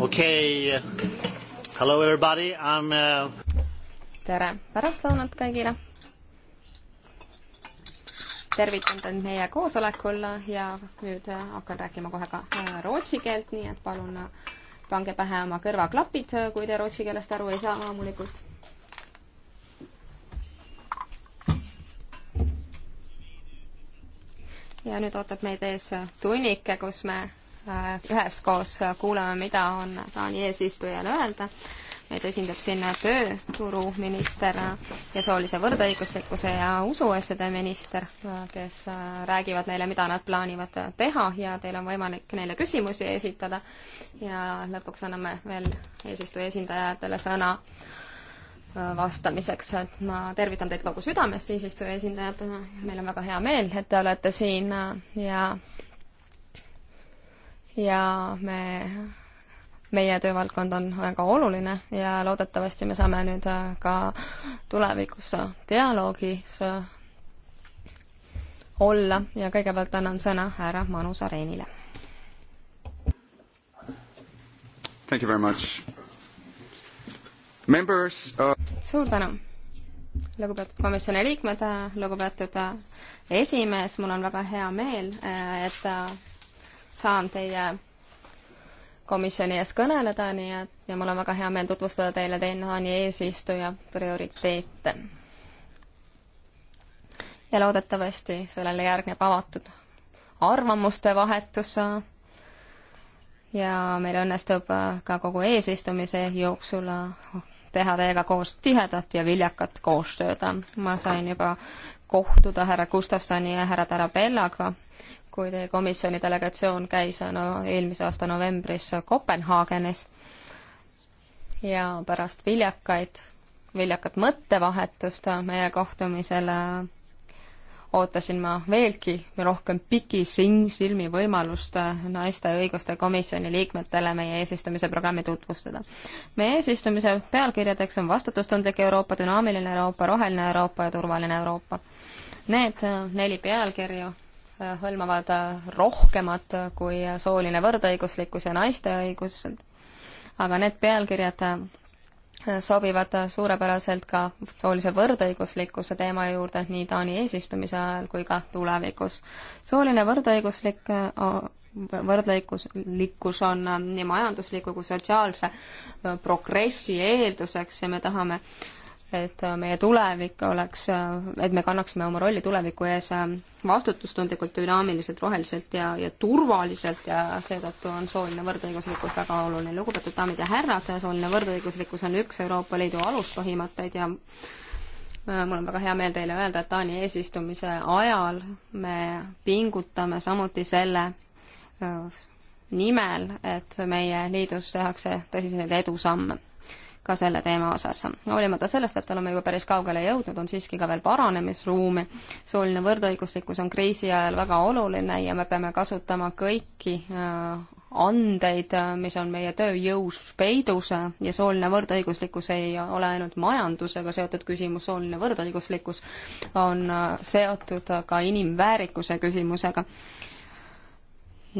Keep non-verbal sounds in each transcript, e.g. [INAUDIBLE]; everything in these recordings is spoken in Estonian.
okei okay., hello everybody, I m uh... tere pärastlõunat kõigile! tervitan teid meie koosolekul ja nüüd äh, hakkan rääkima kohe ka äh, rootsi keelt, nii et palun äh, pange pähe oma kõrvaklapid, kui te rootsi keelest aru ei saa loomulikult. ja nüüd ootab meid ees tunnike, kus me Äh, üheskoos kuulame, mida on Taani eesistujal öelda. meid esindab siin tööturuminister ja soolise võrdõiguslikkuse ja usuasjade minister, kes äh, räägivad neile, mida nad plaanivad teha ja teil on võimalik neile küsimusi esitada. ja lõpuks anname veel eesistuja esindajatele sõna äh, vastamiseks, et ma tervitan teid kogu südamest, eesistuja esindajad, meil on väga hea meel, et te olete siin ja ja me, meie töövaldkond on väga oluline ja loodetavasti me saame nüüd äh, ka tulevikus äh, dialoogis äh, olla ja kõigepealt annan sõna härra Manus Areenile. Thank you very much. Members uh... suur tänu, lugupeetud komisjoni liikmed, lugupeetud esimees, mul on väga hea meel, et saan teie komisjoni ees kõneleda, nii et ja mul on väga hea meel tutvustada teile TNH-ni eesistuja prioriteete. ja loodetavasti sellele järgneb avatud arvamuste vahetus ja meil õnnestub ka kogu eesistumise jooksul teha teiega koos tihedat ja viljakat koostööd. ma sain juba kohtuda härra Gustavsoni ja härra Tarabellaga, kui teie komisjoni delegatsioon käis äh, no, eelmise aasta novembris Kopenhaagenis ja pärast viljakaid, viljakat mõttevahetust äh, meie kohtumisel äh, ootasin ma veelgi rohkem pikisilmi võimalust naiste õiguste komisjoni liikmetele meie eesistumise programmi tutvustada. meie eesistumise pealkirjadeks on vastutustundlik Euroopa, dünaamiline Euroopa, roheline Euroopa ja turvaline Euroopa. Need neli pealkirju hõlmavad rohkemat kui sooline võrdõiguslikkus ja naiste õigused. aga need pealkirjad äh, sobivad suurepäraselt ka soolise võrdõiguslikkuse teema juurde nii Taani eesistumise ajal kui ka tulevikus. sooline võrdõiguslik, äh, võrdõiguslikkus on äh, nii majandusliku kui sotsiaalse progressi eelduseks ja me tahame äh, et äh, meie tulevik oleks, äh, et me kannaksime oma rolli tuleviku ees äh, vastutustundlikult, dünaamiliselt, roheliselt ja, ja turvaliselt ja seetõttu on sooline võrdõiguslikkus väga oluline. lugupeetud daamid ja härrad, sooline võrdõiguslikkus on üks Euroopa Liidu aluspõhimõtteid ja mul on väga hea meel teile öelda, et Taani eesistumise ajal me pingutame samuti selle nimel, et meie liidus tehakse tõsiseid edusamme ka selle teema osas. hoolimata sellest, et oleme juba päris kaugele jõudnud, on siiski ka veel paranemisruumi. sooline võrdõiguslikkus on kriisi ajal väga oluline ja me peame kasutama kõiki äh, andeid, äh, mis on meie tööjõus peidus ja sooline võrdõiguslikkus ei ole ainult majandusega seotud küsimus, sooline võrdõiguslikkus on äh, seotud ka inimväärikuse küsimusega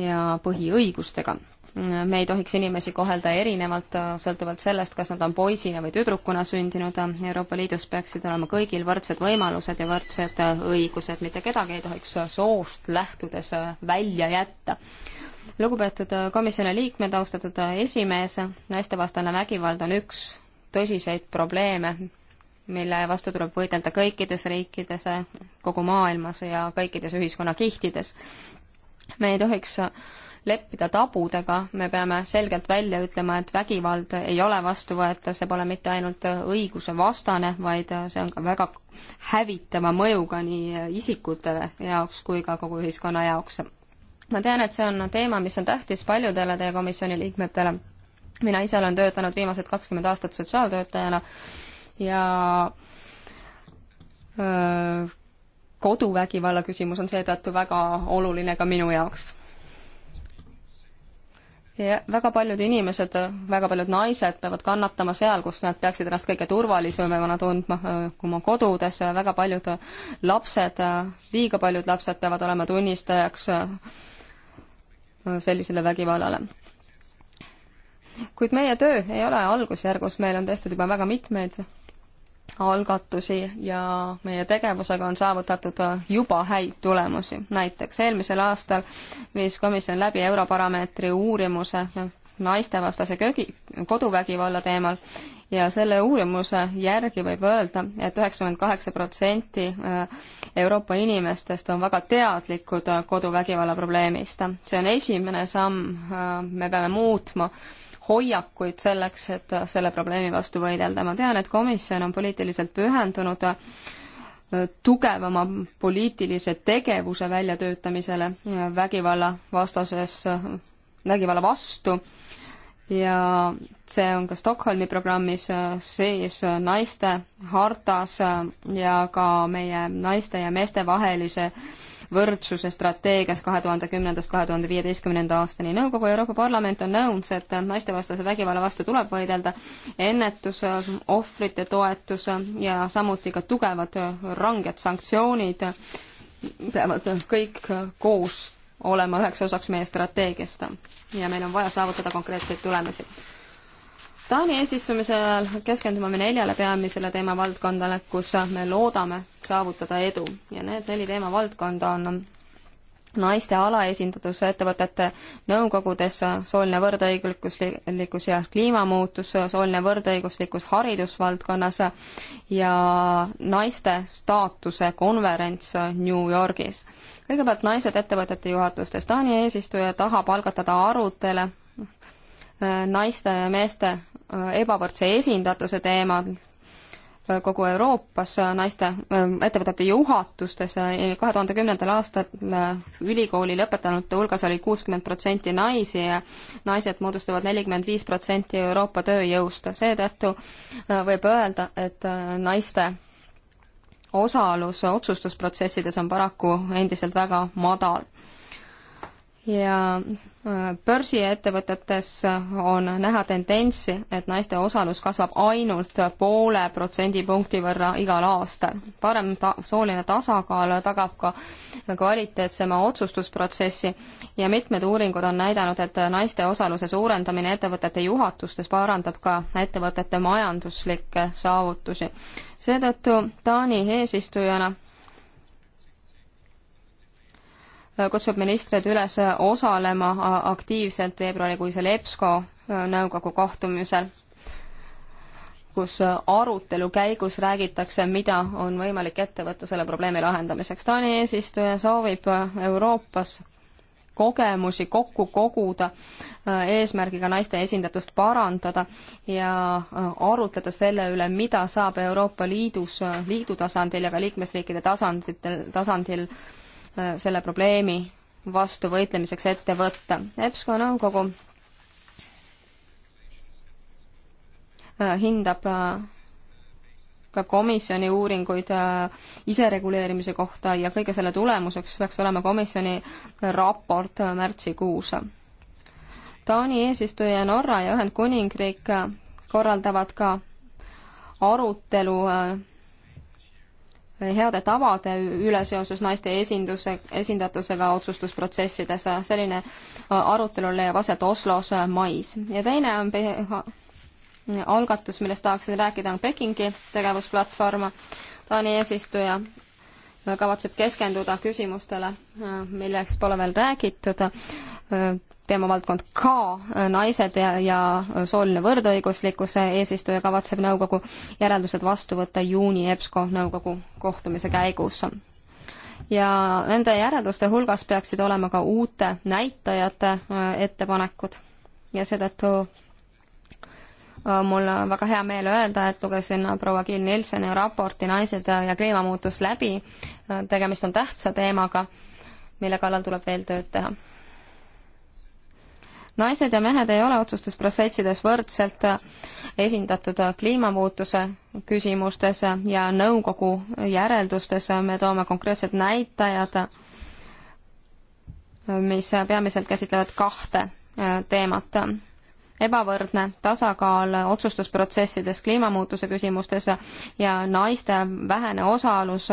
ja põhiõigustega me ei tohiks inimesi kohelda erinevalt, äh, sõltuvalt sellest, kas nad on poisina või tüdrukuna sündinud. Euroopa Liidus peaksid olema kõigil võrdsed võimalused ja võrdsed äh, õigused, mitte kedagi ei tohiks soost lähtudes äh, välja jätta. lugupeetud komisjoni liikmed, austatud esimees, naistevastane vägivald on üks tõsiseid probleeme, mille vastu tuleb võidelda kõikides riikides, kogu maailmas ja kõikides ühiskonnakihtides. me ei tohiks leppida tabudega, me peame selgelt välja ütlema, et vägivald ei ole vastuvõetav, see pole mitte ainult õigusevastane, vaid see on ka väga hävitava mõjuga nii isikute jaoks kui ka kogu ühiskonna jaoks. ma tean, et see on teema, mis on tähtis paljudele teie komisjoni liikmetele. mina ise olen töötanud viimased kakskümmend aastat sotsiaaltöötajana ja öö, koduvägivalla küsimus on seetõttu väga oluline ka minu jaoks ja väga paljud inimesed, väga paljud naised peavad kannatama seal, kus nad peaksid ennast kõige turvalisemana tundma, oma kodudes, väga paljud lapsed, liiga paljud lapsed peavad olema tunnistajaks sellisele vägivallale. kuid meie töö ei ole algusjärgus, meil on tehtud juba väga mitmeid algatusi ja meie tegevusega on saavutatud juba häid tulemusi. näiteks eelmisel aastal viis komisjon läbi Europarameetri uurimuse naistevastase köögi, koduvägivalla teemal ja selle uurimuse järgi võib öelda et, et üheksakümmend kaheksa protsenti äh, Euroopa inimestest on väga teadlikud äh, koduvägivalla probleemist. see on esimene samm, äh, me peame muutma hoiakuid selleks, et selle probleemi vastu võidelda. ma tean, et komisjon on poliitiliselt pühendunud äh, tugevama poliitilise tegevuse väljatöötamisele äh, vägivalla vastases, äh, vägivalla vastu ja see on ka Stockholmi programmis sees naiste hartas ja ka meie naiste ja meeste vahelise äh, võrdsuse strateegias kahe tuhande kümnendast kahe tuhande viieteistkümnenda aastani. nõukogu Euroopa Parlament on nõus, et naistevastase vägivalla vastu tuleb võidelda, ennetus, ohvrite toetus ja samuti ka tugevad ranged sanktsioonid peavad kõik koos olema üheks osaks meie strateegiast ja meil on vaja saavutada konkreetseid tulemusi Taani eesistumise ajal keskendume me neljale peamisele teemavaldkondale, kus me loodame saavutada edu ja need neli teemavaldkonda on naiste alaesindatus ettevõtete nõukogudes, sooline võrdõiguslikkus ja kliimamuutus, sooline võrdõiguslikkus haridusvaldkonnas ja naiste staatuse konverents New Yorgis. kõigepealt naised ettevõtete juhatustes. Taani eesistuja tahab algatada arutele naiste ja meeste äh, ebavõrdse esindatuse teemal äh, kogu Euroopas äh, naiste ettevõtete juhatustes. kahe tuhande kümnendal aastal ülikooli lõpetanute hulgas oli kuuskümmend protsenti naisi ja naised moodustavad nelikümmend viis protsenti Euroopa tööjõust. seetõttu võib öelda, et naiste osalus otsustusprotsessides on paraku endiselt väga madal ja äh, börsiettevõtetes on näha tendentsi, et naiste osalus kasvab ainult poole protsendipunkti võrra igal aastal. parem ta-, sooline tasakaal tagab ka kvaliteetsema otsustusprotsessi ja mitmed uuringud on näidanud, et naiste osaluse suurendamine ettevõtete juhatustes parandab ka ettevõtete majanduslikke saavutusi. seetõttu Taani eesistujana kutsub ministreid üles osalema aktiivselt veebruarikuisel EBSCO äh, nõukogu kohtumisel, kus äh, arutelu käigus räägitakse, mida on võimalik ette võtta selle probleemi lahendamiseks. Taani eesistuja soovib äh, Euroopas kogemusi kokku koguda eesmärgiga naiste esindatust parandada ja arutleda selle üle, mida saab Euroopa Liidus, liidu tasandil ja ka liikmesriikide tasanditel, tasandil, tasandil Äh, selle probleemi vastu võitlemiseks ette võtta. EBSCO nõukogu äh, hindab äh, ka komisjoni uuringuid isereguleerimise kohta ja kõige selle tulemuseks peaks olema komisjoni raport märtsikuus. Taani eesistuja Norra ja Ühendkuningriik korraldavad ka arutelu heade tavade üle seoses naiste esinduse, esindatusega otsustusprotsessides. selline äh, arutelu leiab aset Oslos äh, mais. ja teine on algatus, millest tahaksin rääkida, on Pekingi tegevusplatvorm. Taani eesistuja kavatseb keskenduda küsimustele, äh, millest pole veel räägitud teemavaldkond ka äh, naised ja, ja äh, sooline võrdõiguslikkus, äh, eesistuja kavatseb nõukogu järeldused vastu võtta juuni EBSCO nõukogu kohtumise käigus. ja nende järelduste hulgas peaksid olema ka uute näitajate ettepanekud ja seetõttu mul on väga hea meel öelda, et lugesin proua Kill Nilseni raporti Naised ja kliimamuutus läbi. tegemist on tähtsa teemaga, mille kallal tuleb veel tööd teha naised ja mehed ei ole otsustusprotsessides võrdselt äh, esindatud äh, kliimamuutuse küsimustes äh, ja nõukogu järeldustes me toome konkreetsed näitajad, mis peamiselt käsitlevad kahte teemat. ebavõrdne tasakaal otsustusprotsessides kliimamuutuse küsimustes ja naiste vähene osalus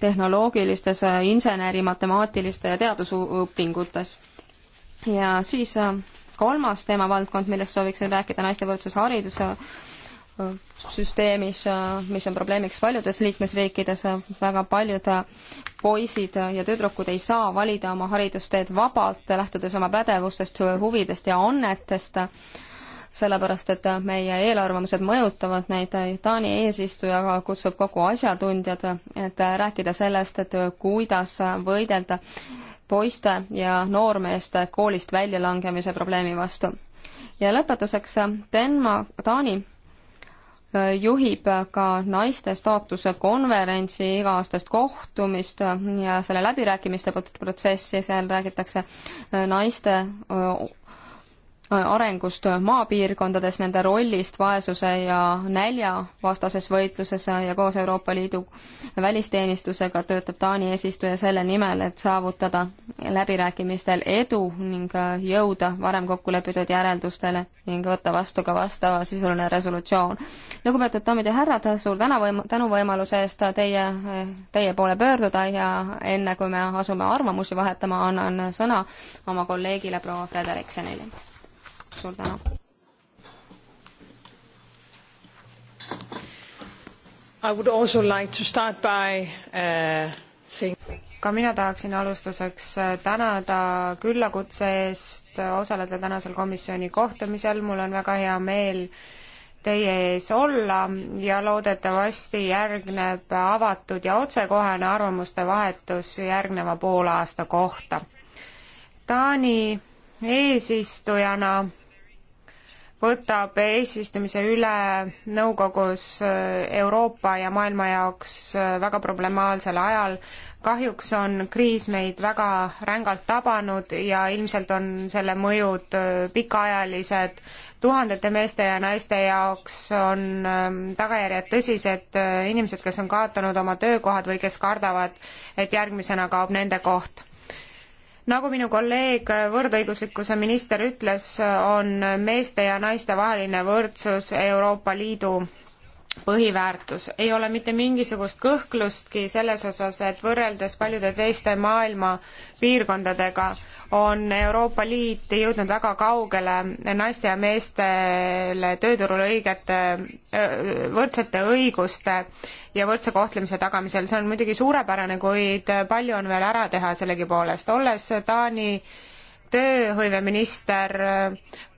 tehnoloogilistes inseneri, matemaatiliste ja teadusõpingutes. ja siis äh, kolmas teemavaldkond, millest sooviksin rääkida, naiste võrdsus hariduse äh, süsteemis, äh, mis on probleemiks paljudes liikmesriikides, väga paljud poisid ja tüdrukud ei saa valida oma haridusteed vabalt, lähtudes oma pädevustest, huvidest ja annetest sellepärast et meie eelarvamused mõjutavad neid. Taani eesistuja kutsub kogu asjatundjad, et rääkida sellest, et kuidas võidelda poiste ja noormeeste koolist väljalangemise probleemi vastu. ja lõpetuseks Denma-, Taani äh, juhib ka naiste staatuse konverentsi iga-aastast kohtumist ja selle läbirääkimiste protsessi, seal räägitakse äh, naiste äh, arengust maapiirkondades, nende rollist vaesuse ja nälja vastases võitluses ja koos Euroopa Liidu välisteenistusega töötab Taani eesistuja selle nimel, et saavutada läbirääkimistel edu ning jõuda varem kokku lepitud järeldustele ning võtta vastu ka vastava sisuline resolutsioon. lugupeetud daamid ja härrad, suur täna võim-, tänu võimaluse eest teie, teie poole pöörduda ja enne, kui me asume arvamusi vahetama, annan sõna oma kolleegile proua Frederiksenile suur tänu! I would also like to start by uh, saying ka mina tahaksin alustuseks äh, tänada küllakutse eest äh, osaleda tänasel komisjoni kohtumisel, mul on väga hea meel teie ees olla ja loodetavasti järgneb avatud ja otsekohene arvamuste vahetus järgneva poolaasta kohta. Taani eesistujana võtab eesistumise üle nõukogus äh, Euroopa ja maailma jaoks äh, väga problemaalsel ajal. kahjuks on kriis meid väga rängalt tabanud ja ilmselt on selle mõjud äh, pikaajalised. tuhandete meeste ja naiste jaoks on ähm, tagajärjed tõsised, inimesed, kes on kaotanud oma töökohad või kes kardavad, et järgmisena kaob nende koht nagu minu kolleeg võrdõiguslikkuse minister ütles, on meeste ja naiste vaheline võrdsus Euroopa Liidu põhiväärtus. ei ole mitte mingisugust kõhklustki selles osas, et võrreldes paljude teiste maailma piirkondadega on Euroopa Liit jõudnud väga kaugele naiste ja meestele tööturul õigete, võrdsete õiguste ja võrdse kohtlemise tagamisel. see on muidugi suurepärane, kuid palju on veel ära teha sellegipoolest. olles Taani tööhõiveminister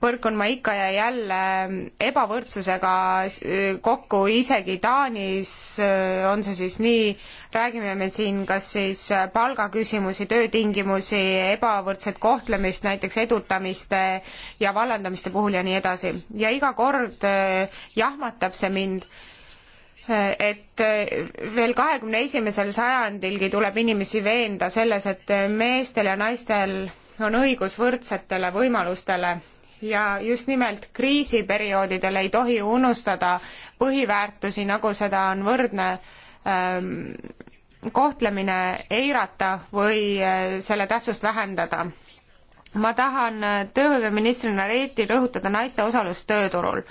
põrkun ma ikka ja jälle ebavõrdsusega kokku, isegi Taanis on see siis nii, räägime me siin kas siis palgaküsimusi, töötingimusi, ebavõrdset kohtlemist, näiteks edutamiste ja vallandamiste puhul ja nii edasi. ja iga kord eh, jahmatab see mind eh, et eh, veel kahekümne esimesel sajandilgi tuleb inimesi veenda selles, et meestel ja naistel on õigus võrdsetele võimalustele ja just nimelt kriisiperioodidel ei tohi unustada põhiväärtusi, nagu seda on võrdne ähm, kohtlemine eirata või äh, selle tähtsust vähendada. ma tahan äh, tööministrina Reeti rõhutada naiste osalust tööturul.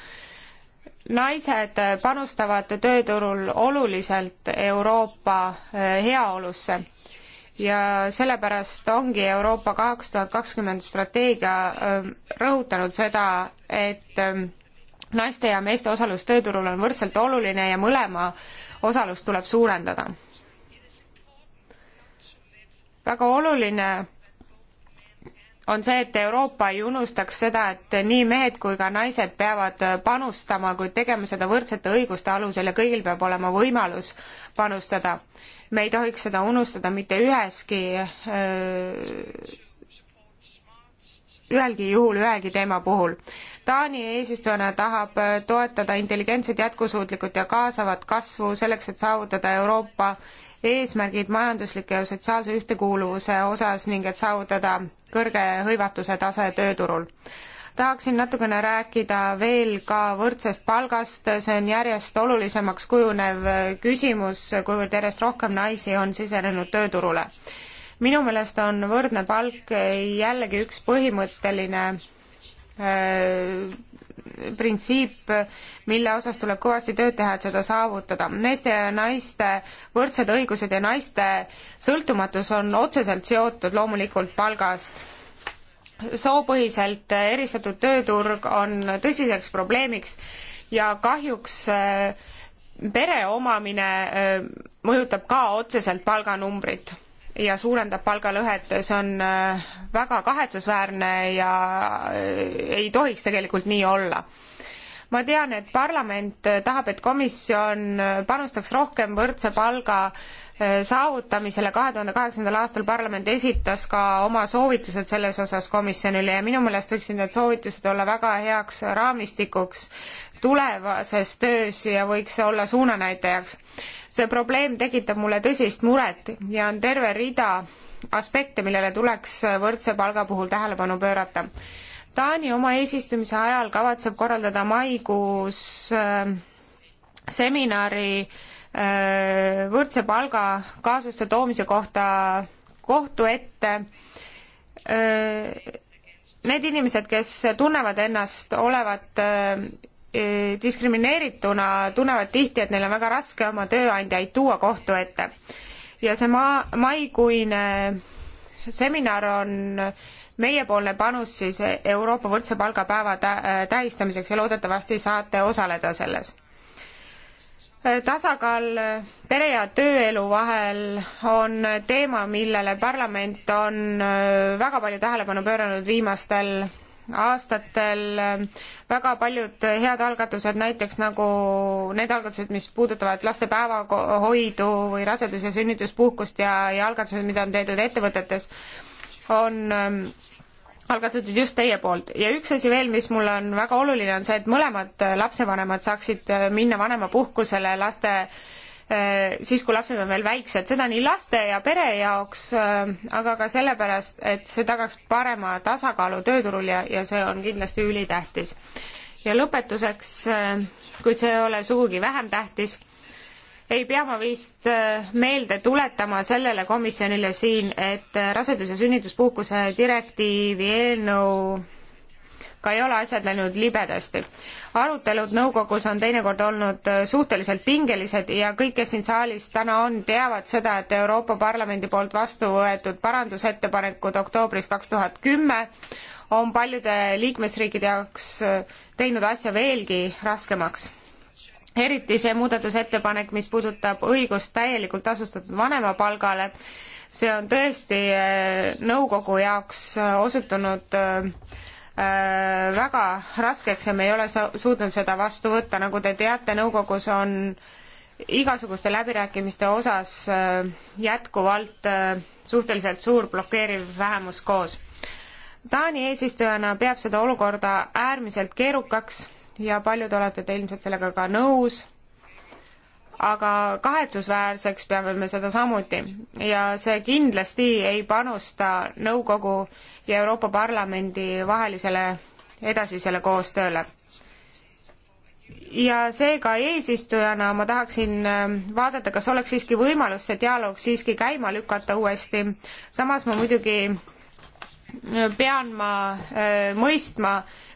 naised äh, panustavad tööturul oluliselt Euroopa heaolusse ja sellepärast ongi Euroopa kaks tuhat kakskümmend strateegia ähm, rõhutanud seda, et ähm, naiste ja meeste osalus tööturul on võrdselt oluline ja mõlema osalust tuleb suurendada. väga oluline on see, et Euroopa ei unustaks seda, et nii mehed kui ka naised peavad panustama, kuid tegema seda võrdsete õiguste alusel ja kõigil peab olema võimalus panustada. me ei tohiks seda unustada mitte üheski, ühelgi juhul, ühegi teema puhul. Taani eesistujana tahab äh, toetada intelligentset, jätkusuutlikut ja kaasavat kasvu selleks, et saavutada Euroopa eesmärgid majanduslike ja sotsiaalse ühtekuuluvuse osas ning et saavutada kõrge hõivatuse tase tööturul. tahaksin natukene rääkida veel ka võrdsest palgast, see on järjest olulisemaks kujunev äh, küsimus, kuivõrd järjest rohkem naisi on sisenenud tööturule. minu meelest on võrdne palk äh, jällegi üks põhimõtteline Äh, printsiip, mille osas tuleb kõvasti tööd teha, et seda saavutada. meeste ja naiste võrdsed õigused ja naiste sõltumatus on otseselt seotud loomulikult palgast. soopõhiselt eristatud tööturg on tõsiseks probleemiks ja kahjuks äh, pere omamine äh, mõjutab ka otseselt palganumbrit ja suurendab palgalõhet, see on äh, väga kahetsusväärne ja äh, ei tohiks tegelikult nii olla ma tean, et parlament äh, tahab, et komisjon panustaks rohkem võrdse palga saavutamisele, kahe tuhande kaheksandal aastal parlament esitas ka oma soovitused selles osas komisjonile ja minu meelest võiksid need soovitused olla väga heaks raamistikuks tulevases töös ja võiks olla suunanäitajaks. see probleem tekitab mulle tõsist muret ja on terve rida aspekte, millele tuleks võrdse palga puhul tähelepanu pöörata. Taani oma eesistumise ajal kavatseb korraldada maikuus äh, seminari äh, võrdse palga kaasuste toomise kohta kohtu ette. Äh, need inimesed, kes tunnevad ennast olevat Äh, diskrimineerituna tunnevad tihti, et neil on väga raske oma tööandjaid tuua kohtu ette. ja see ma-, maikuine seminar on meiepoolne panus siis Euroopa võrdse palgapäeva tä-, äh, tähistamiseks ja loodetavasti saate osaleda selles. Äh, tasakaal pere- ja tööelu vahel on teema, millele parlament on väga palju tähelepanu pööranud viimastel aastatel äh, väga paljud head algatused, näiteks nagu need algatused, mis puudutavad laste päevahoidu või rasedus- ja sünnituspuhkust ja, ja algatused, mida on tehtud ettevõtetes, on ähm, algatatud just teie poolt ja üks asi veel, mis mulle on väga oluline, on see, et mõlemad lapsevanemad saaksid äh, minna vanemapuhkusele laste Äh, siis, kui lapsed on veel väiksed, seda nii laste ja pere jaoks, äh, aga ka sellepärast, et see tagaks parema tasakaalu tööturul ja, ja see on kindlasti ülitähtis. ja lõpetuseks, äh, kuid see ei ole sugugi vähem tähtis, ei pea ma vist meelde tuletama sellele komisjonile siin, et rasedus- ja sünnituspuhkuse direktiivi eelnõu seega ei ole asjad läinud libedasti. arutelud nõukogus on teinekord olnud äh, suhteliselt pingelised ja kõik, kes siin saalis täna on, teavad seda, et Euroopa Parlamendi poolt vastu võetud parandusettepanekud oktoobris kaks tuhat kümme on paljude liikmesriikide jaoks äh, teinud asja veelgi raskemaks eriti see muudatusettepanek, mis puudutab õigust täielikult tasustatud vanemapalgale, see on tõesti äh, nõukogu jaoks osutunud Äh, väga raskeks ja me ei ole suutnud seda vastu võtta, nagu te teate, nõukogus on igasuguste läbirääkimiste osas äh, jätkuvalt äh, suhteliselt suur blokeeriv vähemus koos. Taani eesistujana peab seda olukorda äärmiselt keerukaks ja paljud olete te ilmselt sellega ka nõus aga kahetsusväärseks peame me seda samuti ja see kindlasti ei panusta Nõukogu ja Euroopa Parlamendi vahelisele edasisele koostööle. ja seega eesistujana ma tahaksin ähm, vaadata, kas oleks siiski võimalus see dialoog siiski käima lükata uuesti, samas ma muidugi pean ma äh, mõistma,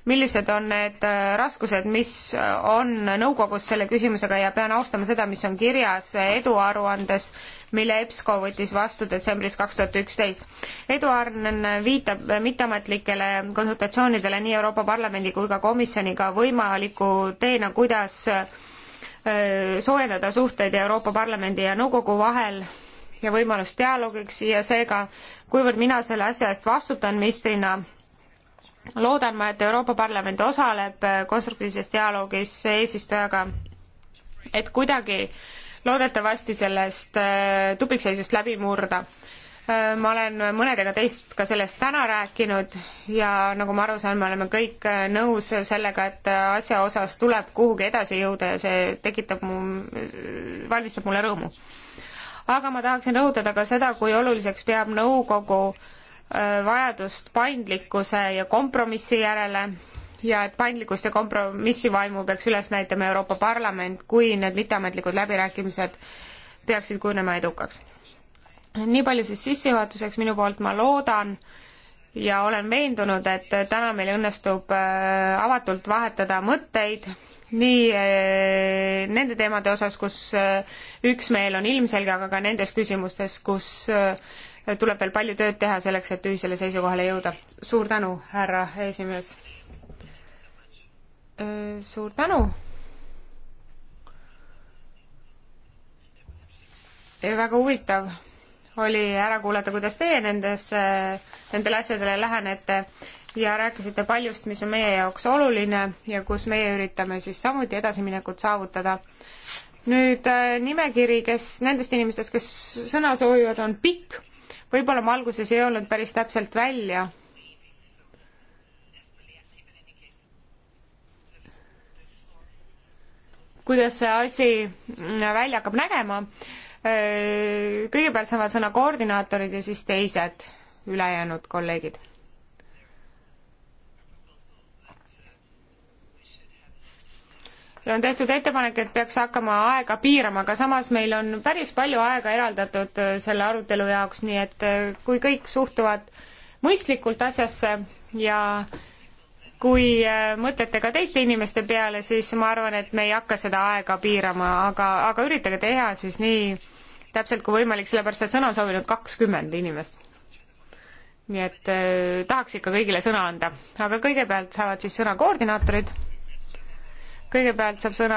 millised on need äh, raskused, mis on nõukogus selle küsimusega ja pean austama seda, mis on kirjas eduaruandes, mille EBSCO võttis vastu detsembris kaks tuhat üksteist. eduaruanne viitab mitteametlikele konsultatsioonidele nii Euroopa Parlamendi kui ka komisjoniga võimaliku teena, kuidas äh, soojendada suhteid Euroopa Parlamendi ja nõukogu vahel ja võimalust dialoogiks ja seega, kuivõrd mina selle asja eest vastutan ministrina, loodan ma, et Euroopa Parlament osaleb konstruktiivses dialoogis eesistujaga, et kuidagi loodetavasti sellest äh, tupikseisust läbi murda. Äh, ma olen mõnedega teist ka sellest täna rääkinud ja nagu ma aru saan, me oleme kõik äh, nõus sellega, et asja osas tuleb kuhugi edasi jõuda ja see tekitab mu, valmistab mulle rõõmu aga ma tahaksin rõhutada ka seda, kui oluliseks peab nõukogu äh, vajadust paindlikkuse ja kompromissi järele ja et paindlikkust ja kompromissivaimu peaks üles näitama Euroopa Parlament, kui need mitteametlikud läbirääkimised peaksid kujunema edukaks. nii palju siis sissejuhatuseks minu poolt, ma loodan ja olen veendunud, et täna meil õnnestub äh, avatult vahetada mõtteid nii eh, nende teemade osas, kus eh, üksmeel on ilmselge, aga ka nendes küsimustes, kus eh, tuleb veel palju tööd teha selleks, et ühisele seisukohale jõuda. suur tänu, härra esimees. suur tänu. väga huvitav oli ära kuulata, kuidas teie nendesse, nendele asjadele lähenete ja rääkisite paljust, mis on meie jaoks oluline ja kus meie üritame siis samuti edasiminekut saavutada. nüüd äh, nimekiri, kes nendest inimestest, kes sõna soovivad, on pikk. võib-olla ma alguses ei olnud päris täpselt välja. kuidas see asi mm, välja hakkab nägema? Äh, kõigepealt saavad sõna koordinaatorid ja siis teised ülejäänud kolleegid ja on tehtud ettepanek, et peaks hakkama aega piirama, aga samas meil on päris palju aega eraldatud äh, selle arutelu jaoks, nii et äh, kui kõik suhtuvad mõistlikult asjasse ja kui äh, mõtlete ka teiste inimeste peale, siis ma arvan, et me ei hakka seda aega piirama, aga, aga üritage teha siis nii täpselt kui võimalik, sellepärast et sõna on soovinud kakskümmend inimest. nii et äh, tahaks ikka kõigile sõna anda, aga kõigepealt saavad siis sõna koordinaatorid kõigepealt saab sõna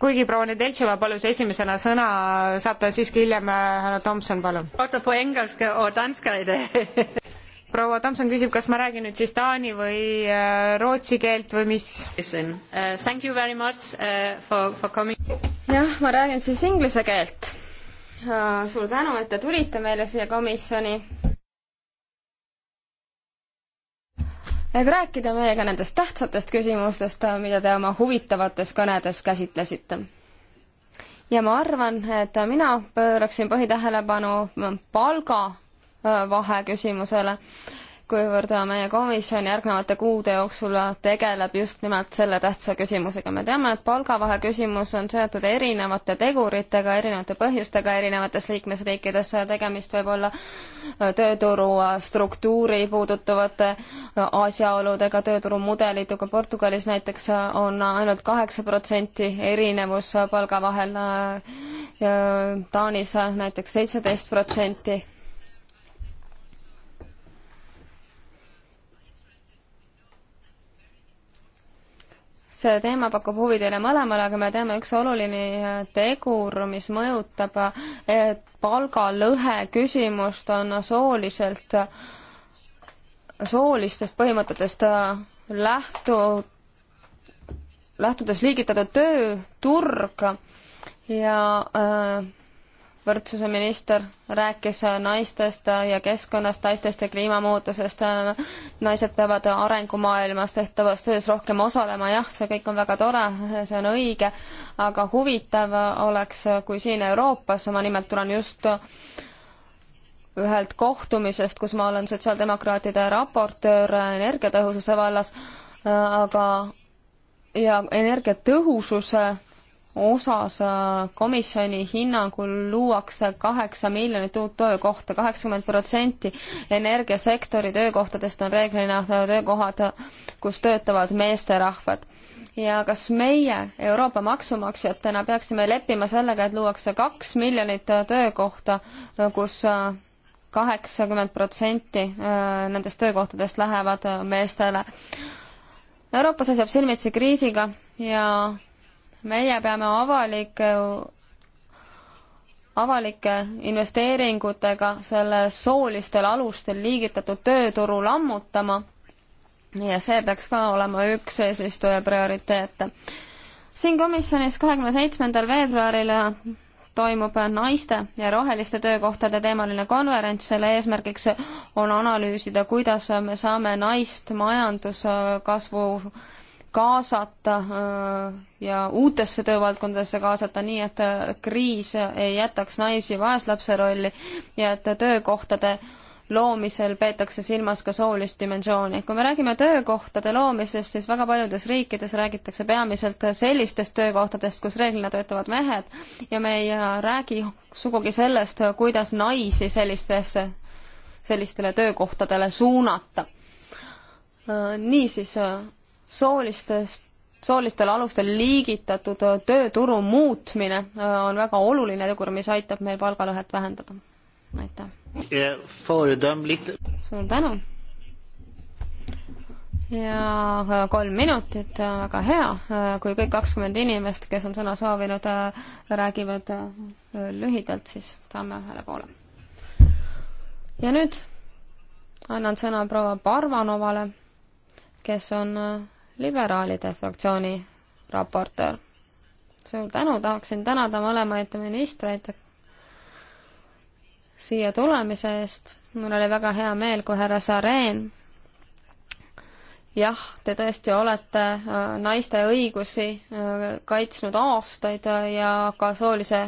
kuigi proua Nedeltševa palus esimesena sõna, saab ta siiski hiljem, härra Tomson, palun. proua Tomson küsib, kas ma räägin nüüd siis taani või äh, rootsi keelt või mis? Uh, uh, jah, ma räägin siis inglise keelt. Uh, suur tänu, et te tulite meile siia komisjoni et rääkida meiega nendest tähtsatest küsimustest, mida te oma huvitavates kõnedes käsitlesite. ja ma arvan, et mina pööraksin põhitähelepanu palgavahe äh, küsimusele kuivõrd äh, meie komisjon järgnevate kuude jooksul äh, tegeleb just nimelt selle tähtsa küsimusega. me teame, et palgavahe küsimus on seotud erinevate teguritega, erinevate põhjustega erinevates liikmesriikides, tegemist võib olla äh, tööturu struktuuri puudutavate asjaoludega, tööturumudelitega, Portugalis näiteks on ainult kaheksa protsenti erinevus palga vahel, Taanis näiteks seitseteist protsenti see teema pakub huvi teile mõlemale, aga me teame üks oluline äh, tegur, mis mõjutab palgalõhe küsimust, on sooliselt, soolistest põhimõtetest äh, lähtu, lähtudes liigitatud tööturg ja äh, võrdsuse minister rääkis naistest ja keskkonnast, naistest ja kliimamuutusest. naised peavad arengumaailmas tehtavas töös rohkem osalema, jah, see kõik on väga tore, see on õige, aga huvitav oleks, kui siin Euroopas, ma nimelt tulen just ühelt kohtumisest, kus ma olen sotsiaaldemokraatide raportöör energiatõhususe vallas, aga ja energiatõhususe osas äh, komisjoni hinnangul luuakse kaheksa miljonit uut töökohta, kaheksakümmend protsenti energiasektori töökohtadest on reeglina töökohad, kus töötavad meesterahvad. ja kas meie Euroopa maksumaksjatena peaksime leppima sellega, et luuakse kaks miljonit töökohta, kus äh, kaheksakümmend protsenti äh, nendest töökohtadest lähevad meestele. Euroopa seisab silmitsi kriisiga ja meie peame avalike, avalike investeeringutega selle soolistel alustel liigitatud tööturu lammutama ja see peaks ka olema üks eesistuja prioriteete. siin komisjonis kahekümne seitsmendal veebruaril toimub naiste ja roheliste töökohtade teemaline konverents, selle eesmärgiks on analüüsida, kuidas me saame naist majanduskasvu kaasata äh, ja uutesse töövaldkondadesse kaasata, nii et äh, kriis ei jätaks naisi vaeslapse rolli ja et töökohtade loomisel peetakse silmas ka soolist dimensiooni. kui me räägime töökohtade loomisest, siis väga paljudes riikides räägitakse peamiselt sellistest töökohtadest, kus reeglina töötavad mehed ja me ei äh, räägi sugugi sellest, kuidas naisi sellistesse, sellistele töökohtadele suunata. niisiis soolistest soolistel alustel liigitatud tööturu muutmine on väga oluline tegur, mis aitab meil palgalõhet vähendada. aitäh. suur tänu. ja kolm minutit, väga hea, kui kõik kakskümmend inimest, kes on sõna soovinud, räägivad lühidalt, siis saame ühele poole. ja nüüd annan sõna proua Parvanovale, kes on liberaalide fraktsiooni raportöör. suur tänu, tahaksin tänada mõlemaid ministreid siia tulemise eest. mul oli väga hea meel, kui härra Sareen jah, te tõesti olete äh, naiste õigusi äh, kaitsnud aastaid äh, ja ka soolise,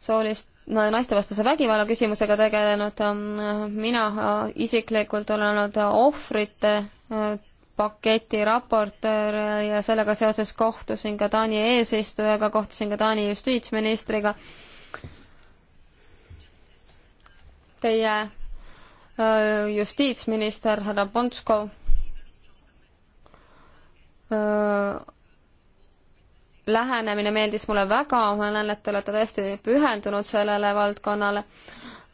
soolist no, naistevastase vägivalla küsimusega tegelenud. Ähm, mina isiklikult olen olnud ohvrite paketi raportöör ja sellega seoses kohtusin ka Taani eesistujaga, kohtusin ka Taani justiitsministriga. Teie justiitsminister härra Ponsko lähenemine meeldis mulle väga, ma näen, et te olete tõesti pühendunud sellele valdkonnale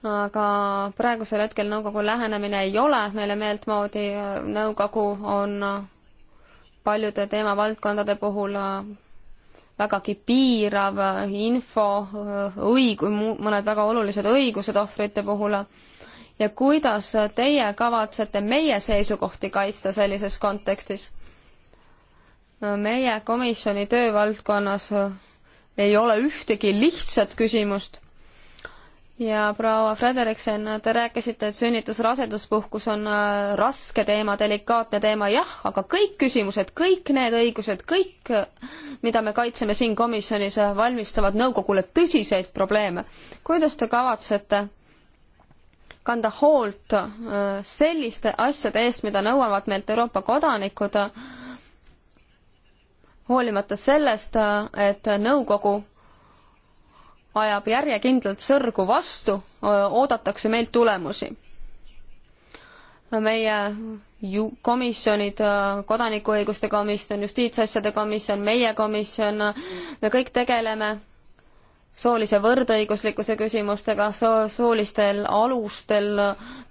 aga praegusel hetkel nõukogu lähenemine ei ole meile meeltmoodi, nõukogu on paljude teemavaldkondade puhul vägagi piirav info, õig-, mõned väga olulised õigused ohvrite puhul ja kuidas teie kavatsete meie seisukohti kaitsta sellises kontekstis? meie komisjoni töövaldkonnas ei ole ühtegi lihtsat küsimust ja proua Frederiksen, te rääkisite, et sünnitus-raseduspuhkus on äh, raske teema, delikaatne teema, jah, aga kõik küsimused, kõik need õigused, kõik, mida me kaitseme siin komisjonis, äh, valmistavad nõukogule tõsiseid probleeme. kuidas te kavatsete kanda hoolt äh, selliste asjade eest, mida nõuavad meilt Euroopa kodanikud, hoolimata sellest, et nõukogu ajab järjekindlalt sõrgu vastu, oodatakse meilt tulemusi. meie ju-, komisjonid, kodanikuõiguste komisjon, justiitsasjade komisjon, meie komisjon, me kõik tegeleme soolise võrdõiguslikkuse küsimustega, soolistel alustel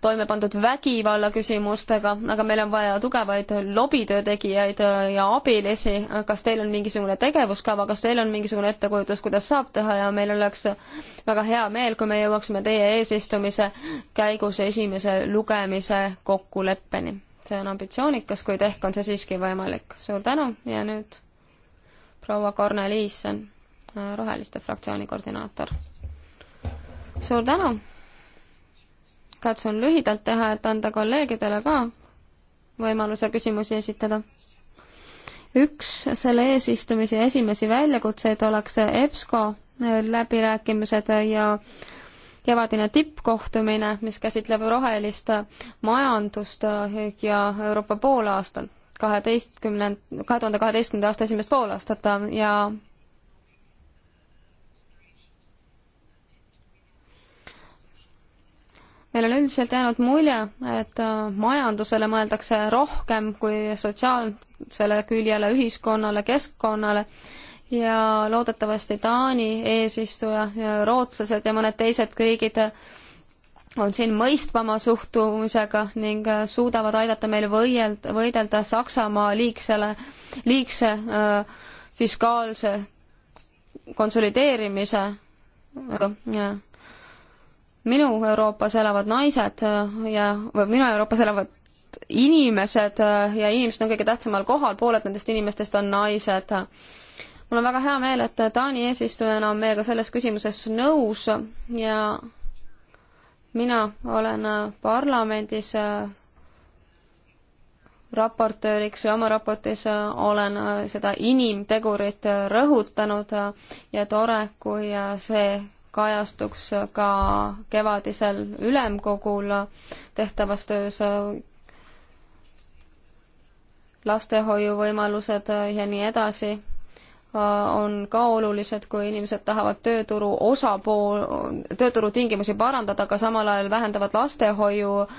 toime pandud vägivalla küsimustega, aga meil on vaja tugevaid lobitöö tegijaid ja abilisi. kas teil on mingisugune tegevuskava, kas teil on mingisugune ettekujutus, kuidas saab teha ja meil oleks väga hea meel, kui me jõuaksime teie eesistumise käigus esimese lugemise kokkuleppeni. see on ambitsioonikas, kuid ehk on see siiski võimalik. suur tänu ja nüüd proua Korneliisson Äh, roheliste fraktsiooni koordinaator. suur tänu! katsun lühidalt teha, et anda kolleegidele ka võimaluse küsimusi esitada. üks selle eesistumise esimesi väljakutseid oleks EBSCO läbirääkimised ja kevadine tippkohtumine, mis käsitleb rohelist majandust ja Euroopa poolaastal kaheteistkümnend, kahe tuhande kaheteistkümnenda aasta esimest poolaastat ja meil on üldiselt jäänud mulje, et äh, majandusele mõeldakse rohkem kui sotsiaalsele küljele, ühiskonnale, keskkonnale ja loodetavasti Taani eesistuja ja rootslased ja mõned teised riigid on siin mõistvama suhtumisega ning äh, suudavad aidata meil võidelda, võidelda Saksamaa liigsele, liigse äh, fiskaalse konsolideerimise äh, minu Euroopas elavad naised äh, ja, või minu Euroopas elavad inimesed äh, ja inimesed on kõige tähtsamal kohal, pooled nendest inimestest on naised. mul on väga hea meel, et Taani eesistujana on meiega selles küsimuses nõus ja mina olen äh, parlamendis raportööriks ja oma raportis olen seda inimtegurit rõhutanud ja tore, kui see kajastuks ka kevadisel ülemkogul tehtavas töös lastehoiuvõimalused ja nii edasi äh, on ka olulised, kui inimesed tahavad tööturu osapool, tööturutingimusi parandada, aga samal ajal vähendavad lastehoiu äh,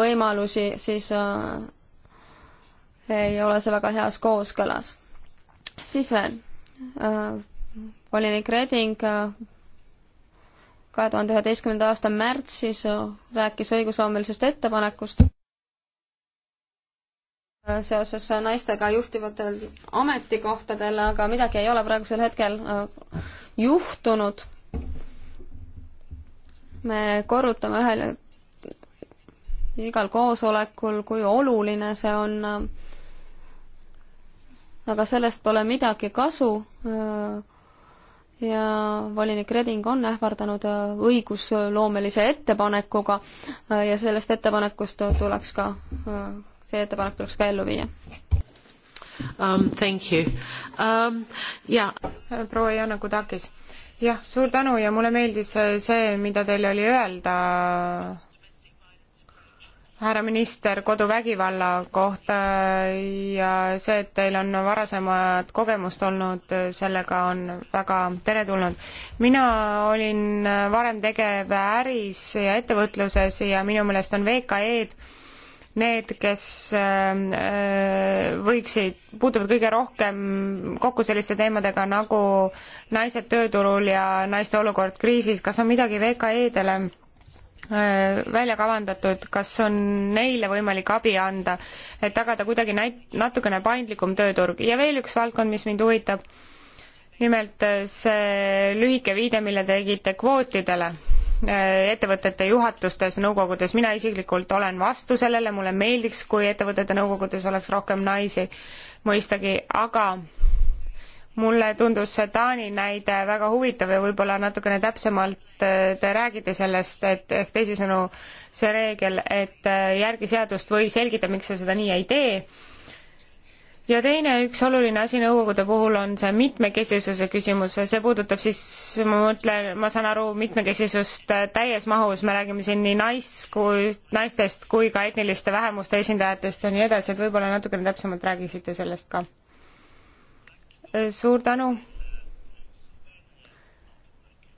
võimalusi, siis äh, ei ole see väga heas kooskõlas. siis veel, volinik Reding kahe tuhande üheteistkümnenda aasta märtsis rääkis õigusloomelisest ettepanekust seoses naistega juhtivatel ametikohtadel, aga midagi ei ole praegusel hetkel äh, juhtunud. me korrutame ühel igal koosolekul, kui oluline see on. Äh, aga sellest pole midagi kasu äh, ja volinik Reding on ähvardanud äh, õigusloomelise ettepanekuga äh, ja sellest ettepanekust tuleks ka, äh, see ettepanek tuleks ka ellu viia. Um, thank you um,. Yeah. proua Jana Kudakis. jah, suur tänu ja mulle meeldis see, mida teil oli öelda härra minister, koduvägivalla kohta ja see, et teil on varasemat kogemust olnud, sellega on väga teretulnud. mina olin varem tegev äris ja ettevõtluses ja minu meelest on VKE-d need, kes äh, võiksid, puutuvad kõige rohkem kokku selliste teemadega nagu naised tööturul ja naiste olukord kriisis, kas on midagi VKE-dele? Äh, välja kavandatud, kas on neile võimalik abi anda, et tagada kuidagi näit-, natukene paindlikum tööturg ja veel üks valdkond, mis mind huvitab, nimelt äh, see lühike viide, mille tegite kvootidele äh, ettevõtete juhatustes, nõukogudes, mina isiklikult olen vastu sellele, mulle meeldiks, kui ettevõtete nõukogudes oleks rohkem naisi mõistagi, aga mulle tundus see Taani näide väga huvitav ja võib-olla natukene täpsemalt äh, te räägite sellest, et ehk teisisõnu see reegel, et äh, järgi seadust või selgita, miks sa seda nii ei tee. ja teine üks oluline asi nõukogude puhul on see mitmekesisuse küsimus, see puudutab siis, ma mõtlen, ma saan aru, mitmekesisust äh, täies mahus, me räägime siin nii naist kui, naistest kui ka etniliste vähemuste esindajatest ja nii edasi, et võib-olla natukene täpsemalt räägiksite sellest ka Äh, suur tänu.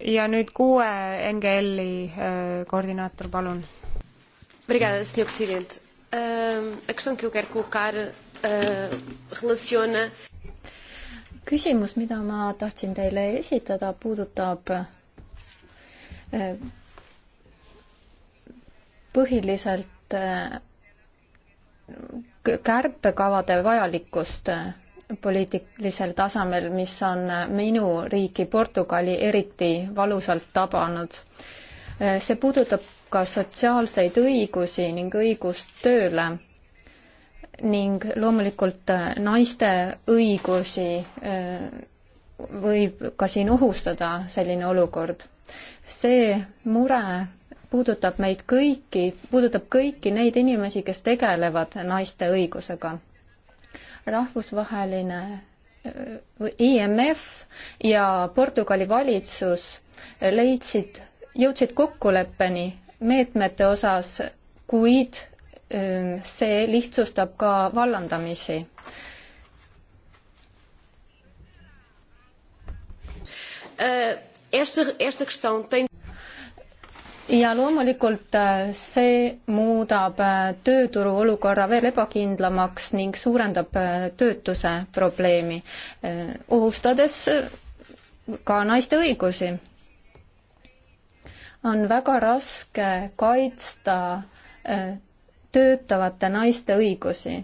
ja nüüd kuue NGL-i äh, koordinaator, palun. Obrigada, senhor presidente. Uh, a questão que eu quero colocar uh, relaciona küsimus, mida ma tahtsin teile esitada, puudutab eh, põhiliselt eh, kärpekavade vajalikkust eh, poliitilisel tasemel, mis on minu riiki, Portugali, eriti valusalt tabanud. see puudutab ka sotsiaalseid õigusi ning õigust tööle ning loomulikult äh, naiste õigusi äh, võib ka siin ohustada selline olukord. see mure puudutab meid kõiki, puudutab kõiki neid inimesi, kes tegelevad naiste õigusega rahvusvaheline äh, IMF ja Portugali valitsus leidsid, jõudsid kokkuleppeni meetmete osas, kuid ähm, see lihtsustab ka vallandamisi äh, esta, esta questão tem ja loomulikult äh, see muudab äh, tööturu olukorra veel ebakindlamaks ning suurendab äh, töötuse probleemi, ohustades ka naiste õigusi. on väga raske kaitsta töötavate naiste õigusi